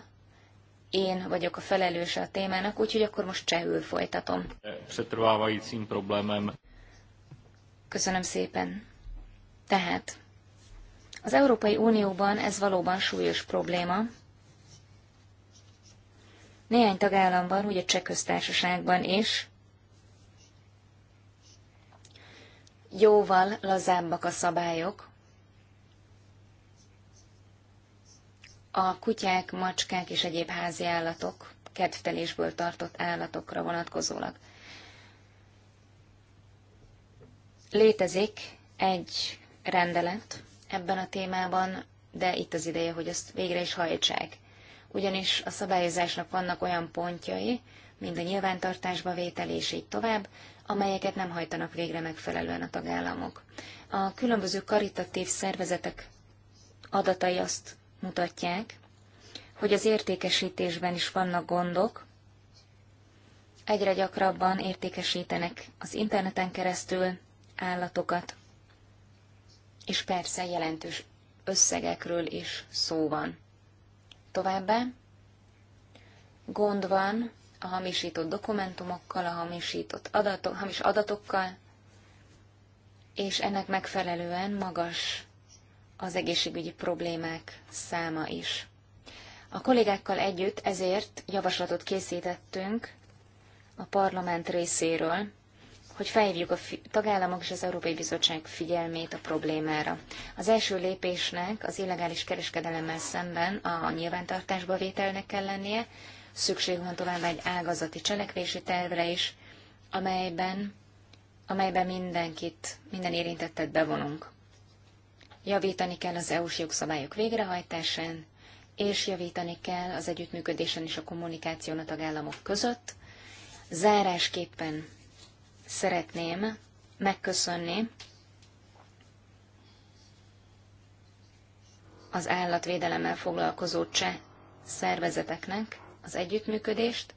én vagyok a felelőse a témának, úgyhogy akkor most csehül folytatom. Köszönöm szépen. Tehát az Európai Unióban ez valóban súlyos probléma. Néhány tagállamban, ugye Cseh köztársaságban is, jóval lazábbak a szabályok. A kutyák, macskák és egyéb házi állatok, kedvtelésből tartott állatokra vonatkozólag. Létezik egy rendelet ebben a témában, de itt az ideje, hogy ezt végre is hajtsák. Ugyanis a szabályozásnak vannak olyan pontjai, mint a nyilvántartásba vétel és így tovább, amelyeket nem hajtanak végre megfelelően a tagállamok. A különböző karitatív szervezetek adatai azt mutatják, hogy az értékesítésben is vannak gondok, egyre gyakrabban értékesítenek az interneten keresztül állatokat, és persze jelentős összegekről is szó van. Továbbá gond van a hamisított dokumentumokkal, a hamisított adatok, hamis adatokkal, és ennek megfelelően magas az egészségügyi problémák száma is. A kollégákkal együtt ezért javaslatot készítettünk a parlament részéről hogy felhívjuk a tagállamok és az Európai Bizottság figyelmét a problémára. Az első lépésnek az illegális kereskedelemmel szemben a nyilvántartásba vételnek kell lennie, szükség van továbbá egy ágazati cselekvési tervre is, amelyben, amelyben mindenkit, minden érintettet bevonunk. Javítani kell az EU-s jogszabályok végrehajtásán, és javítani kell az együttműködésen és a kommunikáción a tagállamok között. Zárásképpen szeretném megköszönni az állatvédelemmel foglalkozó cseh szervezeteknek az együttműködést,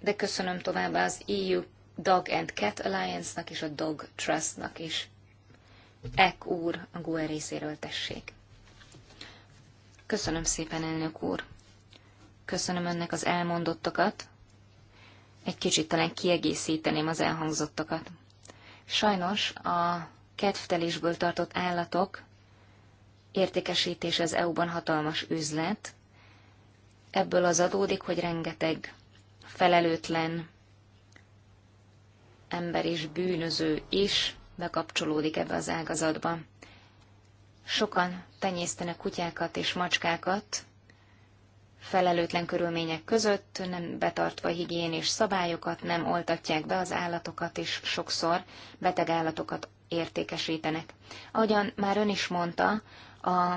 de köszönöm továbbá az EU Dog and Cat Alliance-nak és a Dog Trust-nak is. Ek úr, a GUE részéről tessék. Köszönöm szépen, elnök úr. Köszönöm önnek az elmondottakat egy kicsit talán kiegészíteném az elhangzottakat. Sajnos a kedvtelésből tartott állatok értékesítése az EU-ban hatalmas üzlet. Ebből az adódik, hogy rengeteg felelőtlen ember és bűnöző is bekapcsolódik ebbe az ágazatba. Sokan tenyésztenek kutyákat és macskákat, felelőtlen körülmények között, nem betartva higiénés szabályokat, nem oltatják be az állatokat, és sokszor beteg állatokat értékesítenek. Ahogyan már ön is mondta, a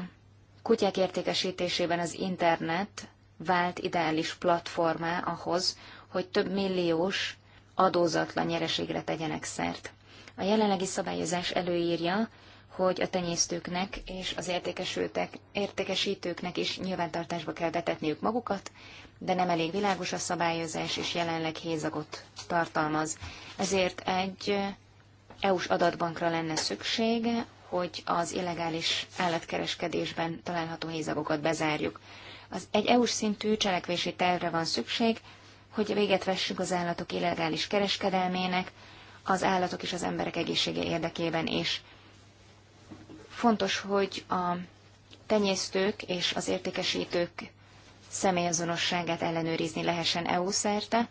kutyák értékesítésében az internet vált ideális platformá ahhoz, hogy több milliós adózatlan nyereségre tegyenek szert. A jelenlegi szabályozás előírja, hogy a tenyésztőknek és az értékesültek, értékesítőknek is nyilvántartásba kell vetetniük magukat, de nem elég világos a szabályozás, és jelenleg hézagot tartalmaz. Ezért egy EU-s adatbankra lenne szükség, hogy az illegális állatkereskedésben található hézagokat bezárjuk. Az egy EU-s szintű cselekvési tervre van szükség, hogy véget vessük az állatok illegális kereskedelmének, az állatok és az emberek egészsége érdekében is. Fontos, hogy a tenyésztők és az értékesítők személyazonosságát ellenőrizni lehessen EU szerte,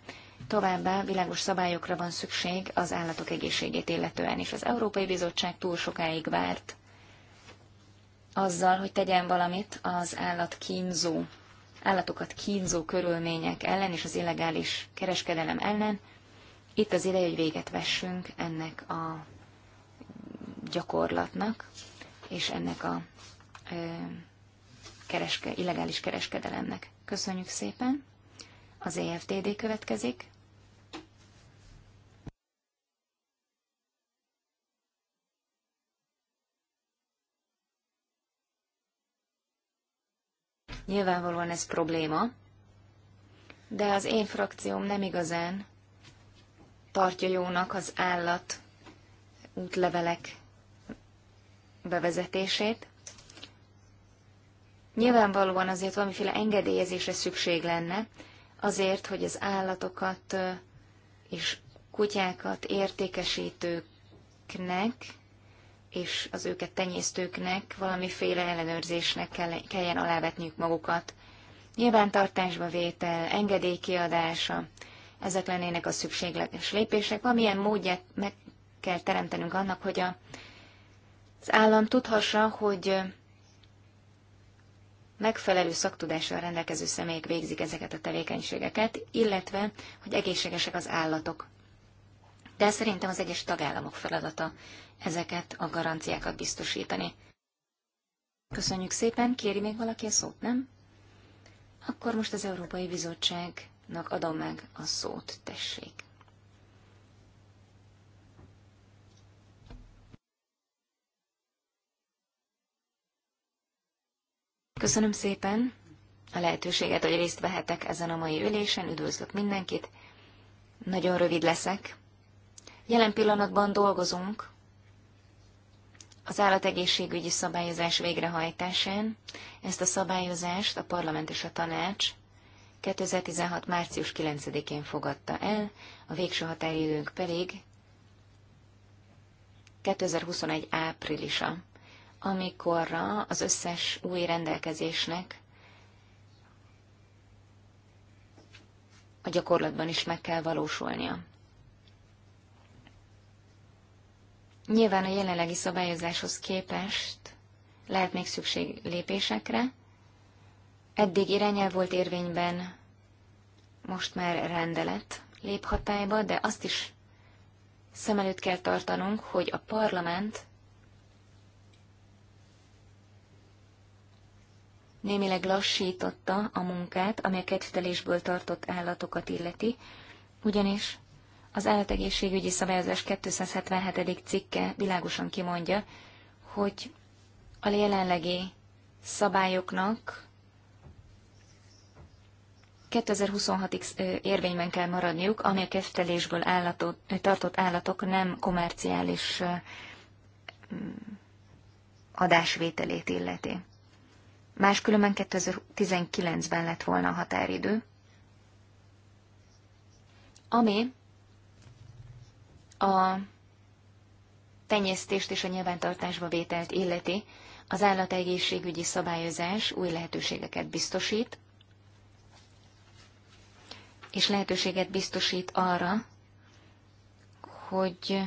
továbbá világos szabályokra van szükség az állatok egészségét illetően is. Az Európai Bizottság túl sokáig várt azzal, hogy tegyen valamit az állat kínzó állatokat kínzó körülmények ellen és az illegális kereskedelem ellen. Itt az ideje, hogy véget vessünk ennek a gyakorlatnak és ennek a kereske, illegális kereskedelemnek. Köszönjük szépen! Az EFTD következik. Nyilvánvalóan ez probléma, de az én frakcióm nem igazán tartja jónak az állat útlevelek bevezetését. Nyilvánvalóan azért valamiféle engedélyezésre szükség lenne, azért, hogy az állatokat és kutyákat értékesítőknek és az őket tenyésztőknek valamiféle ellenőrzésnek kell, kelljen alávetniük magukat. Nyilvántartásba vétel, engedély kiadása, ezek lennének a szükséges lépések. Valamilyen módját meg kell teremtenünk annak, hogy a az állam tudhassa, hogy megfelelő szaktudással rendelkező személyek végzik ezeket a tevékenységeket, illetve, hogy egészségesek az állatok. De szerintem az egyes tagállamok feladata ezeket a garanciákat biztosítani. Köszönjük szépen, kéri még valaki a szót, nem? Akkor most az Európai Bizottságnak adom meg a szót, tessék. Köszönöm szépen a lehetőséget, hogy részt vehetek ezen a mai ülésen. Üdvözlök mindenkit. Nagyon rövid leszek. Jelen pillanatban dolgozunk az állategészségügyi szabályozás végrehajtásán. Ezt a szabályozást a parlament és a tanács 2016. március 9-én fogadta el, a végső határidőnk pedig 2021. áprilisa amikorra az összes új rendelkezésnek a gyakorlatban is meg kell valósulnia. Nyilván a jelenlegi szabályozáshoz képest lehet még szükség lépésekre. Eddig irányel volt érvényben, most már rendelet lép hatályba, de azt is szem előtt kell tartanunk, hogy a parlament némileg lassította a munkát, ami a kedvtelésből tartott állatokat illeti, ugyanis az állategészségügyi szabályozás 277. cikke világosan kimondja, hogy a jelenlegi szabályoknak 2026-ig érvényben kell maradniuk, ami a keftelésből állatot, tartott állatok nem komerciális adásvételét illeti. Máskülönben 2019-ben lett volna a határidő, ami a tenyésztést és a nyilvántartásba vételt illeti, az állategészségügyi szabályozás új lehetőségeket biztosít, és lehetőséget biztosít arra, hogy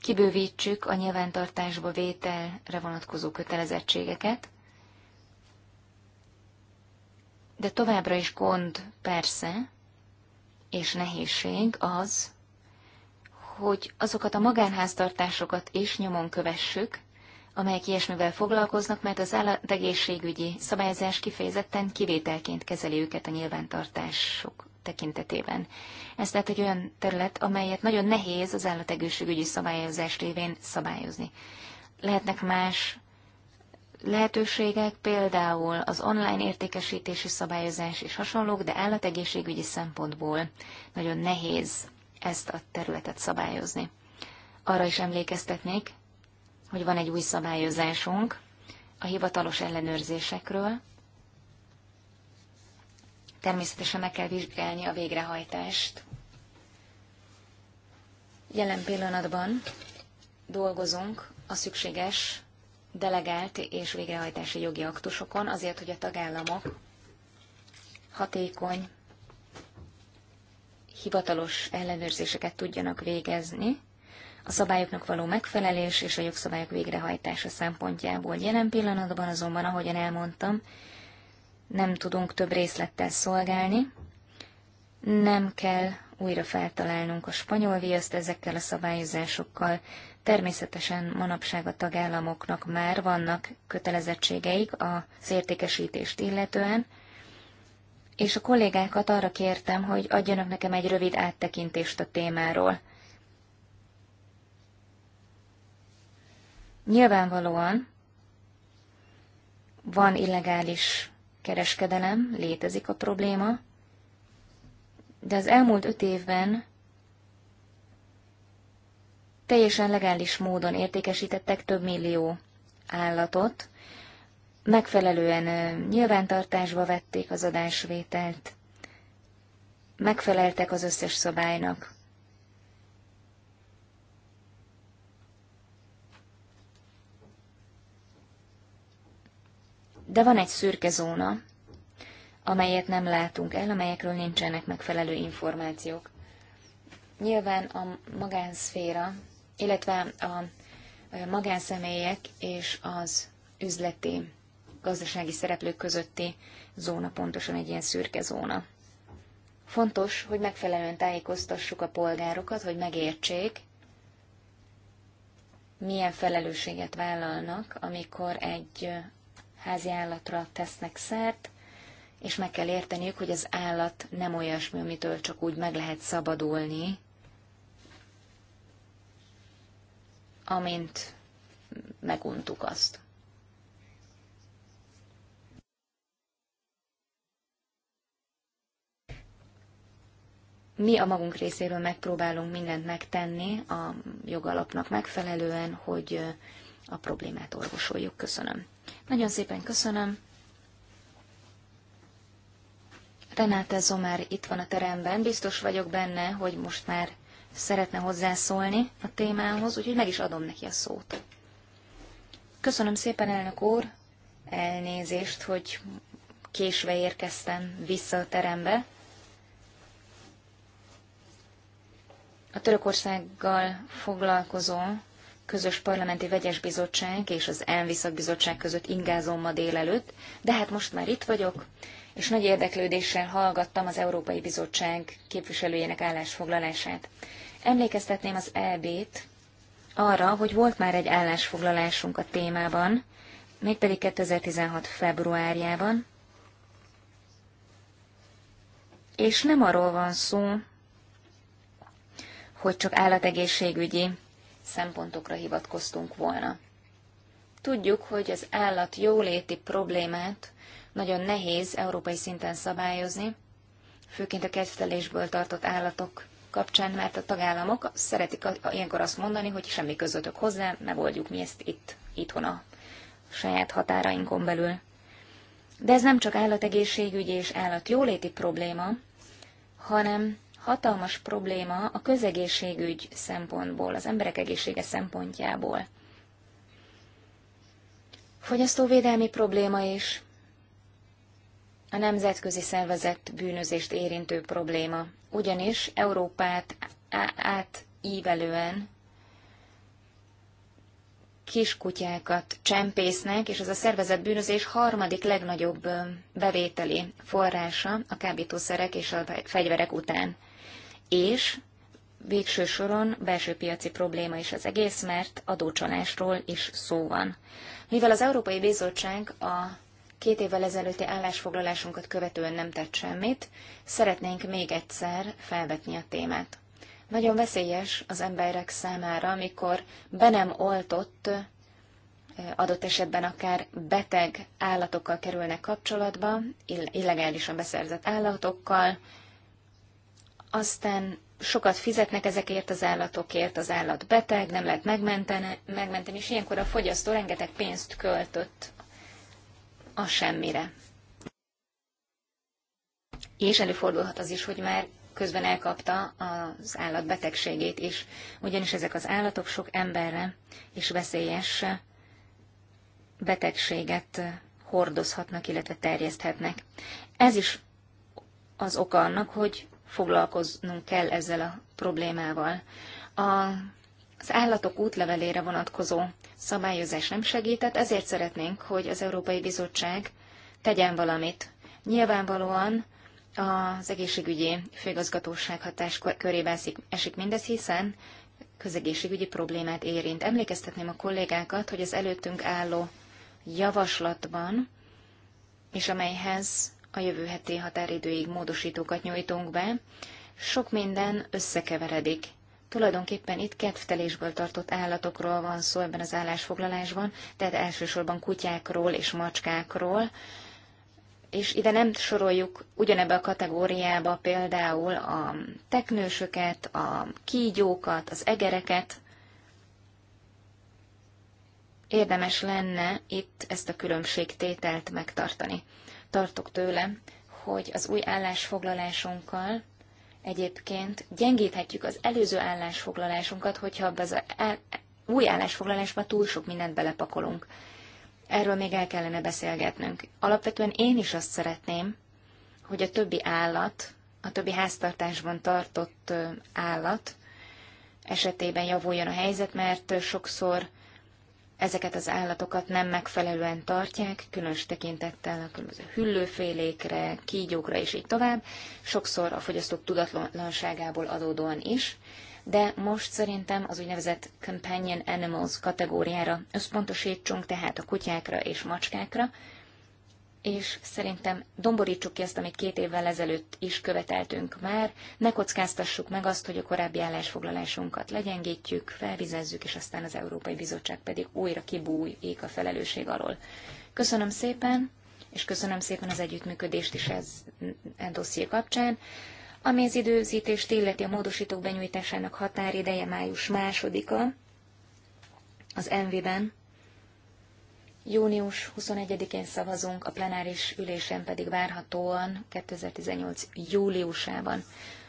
kibővítsük a nyilvántartásba vételre vonatkozó kötelezettségeket, de továbbra is gond persze, és nehézség az, hogy azokat a magánháztartásokat is nyomon kövessük, amelyek ilyesmivel foglalkoznak, mert az állategészségügyi szabályozás kifejezetten kivételként kezeli őket a nyilvántartások tekintetében. Ez tehát egy olyan terület, amelyet nagyon nehéz az állategészségügyi szabályozás révén szabályozni. Lehetnek más lehetőségek, például az online értékesítési szabályozás és hasonlók, de állategészségügyi szempontból nagyon nehéz ezt a területet szabályozni. Arra is emlékeztetnék, hogy van egy új szabályozásunk a hivatalos ellenőrzésekről. Természetesen meg kell vizsgálni a végrehajtást. Jelen pillanatban dolgozunk a szükséges delegált és végrehajtási jogi aktusokon, azért, hogy a tagállamok hatékony, hivatalos ellenőrzéseket tudjanak végezni, a szabályoknak való megfelelés és a jogszabályok végrehajtása szempontjából. Jelen pillanatban azonban, ahogyan elmondtam, nem tudunk több részlettel szolgálni, nem kell újra feltalálnunk a spanyol viaszt ezekkel a szabályozásokkal, Természetesen manapság a tagállamoknak már vannak kötelezettségeik a értékesítést illetően, és a kollégákat arra kértem, hogy adjanak nekem egy rövid áttekintést a témáról. Nyilvánvalóan van illegális kereskedelem, létezik a probléma, de az elmúlt öt évben teljesen legális módon értékesítettek több millió állatot, megfelelően nyilvántartásba vették az adásvételt, megfeleltek az összes szabálynak. De van egy szürke zóna, amelyet nem látunk el, amelyekről nincsenek megfelelő információk. Nyilván a magánszféra illetve a magánszemélyek és az üzleti, gazdasági szereplők közötti zóna pontosan egy ilyen szürke zóna. Fontos, hogy megfelelően tájékoztassuk a polgárokat, hogy megértsék, milyen felelősséget vállalnak, amikor egy házi állatra tesznek szert, és meg kell érteniük, hogy az állat nem olyasmi, amitől csak úgy meg lehet szabadulni, amint meguntuk azt. mi a magunk részéről megpróbálunk mindent megtenni a jogalapnak megfelelően, hogy a problémát orvosoljuk. Köszönöm. Nagyon szépen köszönöm. Renáta Zomár itt van a teremben. Biztos vagyok benne, hogy most már szeretne hozzászólni a témához, úgyhogy meg is adom neki a szót. Köszönöm szépen, elnök úr, elnézést, hogy késve érkeztem vissza a terembe. A Törökországgal foglalkozó közös parlamenti vegyes bizottság és az ENVI bizottság között ingázom ma délelőtt, de hát most már itt vagyok, és nagy érdeklődéssel hallgattam az Európai Bizottság képviselőjének állásfoglalását. Emlékeztetném az EB-t arra, hogy volt már egy állásfoglalásunk a témában, mégpedig 2016. februárjában, és nem arról van szó, hogy csak állategészségügyi szempontokra hivatkoztunk volna. Tudjuk, hogy az állat jóléti problémát nagyon nehéz európai szinten szabályozni, főként a kettelésből tartott állatok kapcsán, mert a tagállamok szeretik a, ilyenkor azt mondani, hogy semmi közöttök hozzá, megoldjuk mi ezt itt, itthon a saját határainkon belül. De ez nem csak állategészségügyi és állatjóléti probléma, hanem hatalmas probléma a közegészségügy szempontból, az emberek egészsége szempontjából. Fogyasztóvédelmi probléma is, a nemzetközi szervezet bűnözést érintő probléma ugyanis Európát átívelően kiskutyákat csempésznek, és ez a szervezett bűnözés harmadik legnagyobb bevételi forrása a kábítószerek és a fegyverek után. És végső soron belső piaci probléma is az egész, mert adócsalásról is szó van. Mivel az Európai Bizottság a két évvel ezelőtti állásfoglalásunkat követően nem tett semmit, szeretnénk még egyszer felvetni a témát. Nagyon veszélyes az emberek számára, amikor be nem oltott, adott esetben akár beteg állatokkal kerülnek kapcsolatba, illegálisan beszerzett állatokkal, aztán sokat fizetnek ezekért az állatokért, az állat beteg, nem lehet megmenteni, megmenteni és ilyenkor a fogyasztó rengeteg pénzt költött a semmire. És előfordulhat az is, hogy már közben elkapta az állat betegségét is, ugyanis ezek az állatok sok emberre és veszélyes betegséget hordozhatnak, illetve terjeszthetnek. Ez is az oka annak, hogy foglalkoznunk kell ezzel a problémával. A az állatok útlevelére vonatkozó szabályozás nem segített, ezért szeretnénk, hogy az Európai Bizottság tegyen valamit. Nyilvánvalóan az egészségügyi főigazgatóság hatás körébe esik mindez, hiszen közegészségügyi problémát érint. Emlékeztetném a kollégákat, hogy az előttünk álló javaslatban, és amelyhez a jövő heti határidőig módosítókat nyújtunk be, sok minden összekeveredik. Tulajdonképpen itt kedvtelésből tartott állatokról van szó ebben az állásfoglalásban, tehát elsősorban kutyákról és macskákról, és ide nem soroljuk ugyanebbe a kategóriába például a teknősöket, a kígyókat, az egereket. Érdemes lenne itt ezt a különbségtételt megtartani. Tartok tőle, hogy az új állásfoglalásunkkal egyébként gyengíthetjük az előző állásfoglalásunkat, hogyha abba az új állásfoglalásba túl sok mindent belepakolunk. Erről még el kellene beszélgetnünk. Alapvetően én is azt szeretném, hogy a többi állat, a többi háztartásban tartott állat esetében javuljon a helyzet, mert sokszor ezeket az állatokat nem megfelelően tartják, különös tekintettel a különböző hüllőfélékre, kígyókra és így tovább, sokszor a fogyasztók tudatlanságából adódóan is, de most szerintem az úgynevezett companion animals kategóriára összpontosítsunk, tehát a kutyákra és macskákra, és szerintem domborítsuk ki ezt, amit két évvel ezelőtt is követeltünk már, ne kockáztassuk meg azt, hogy a korábbi állásfoglalásunkat legyengítjük, felvizezzük, és aztán az Európai Bizottság pedig újra kibújik a felelősség alól. Köszönöm szépen, és köszönöm szépen az együttműködést is ez e dosszié kapcsán. A az illeti a módosítók benyújtásának határideje május másodika az nv ben Június 21-én szavazunk, a plenáris ülésen pedig várhatóan 2018. júliusában.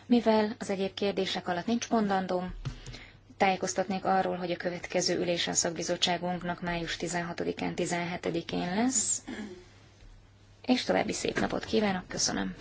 Mivel az egyéb kérdések alatt nincs mondandóm, tájékoztatnék arról, hogy a következő ülés a szakbizottságunknak május 16-án, 17-én lesz, és további szép napot kívánok, köszönöm.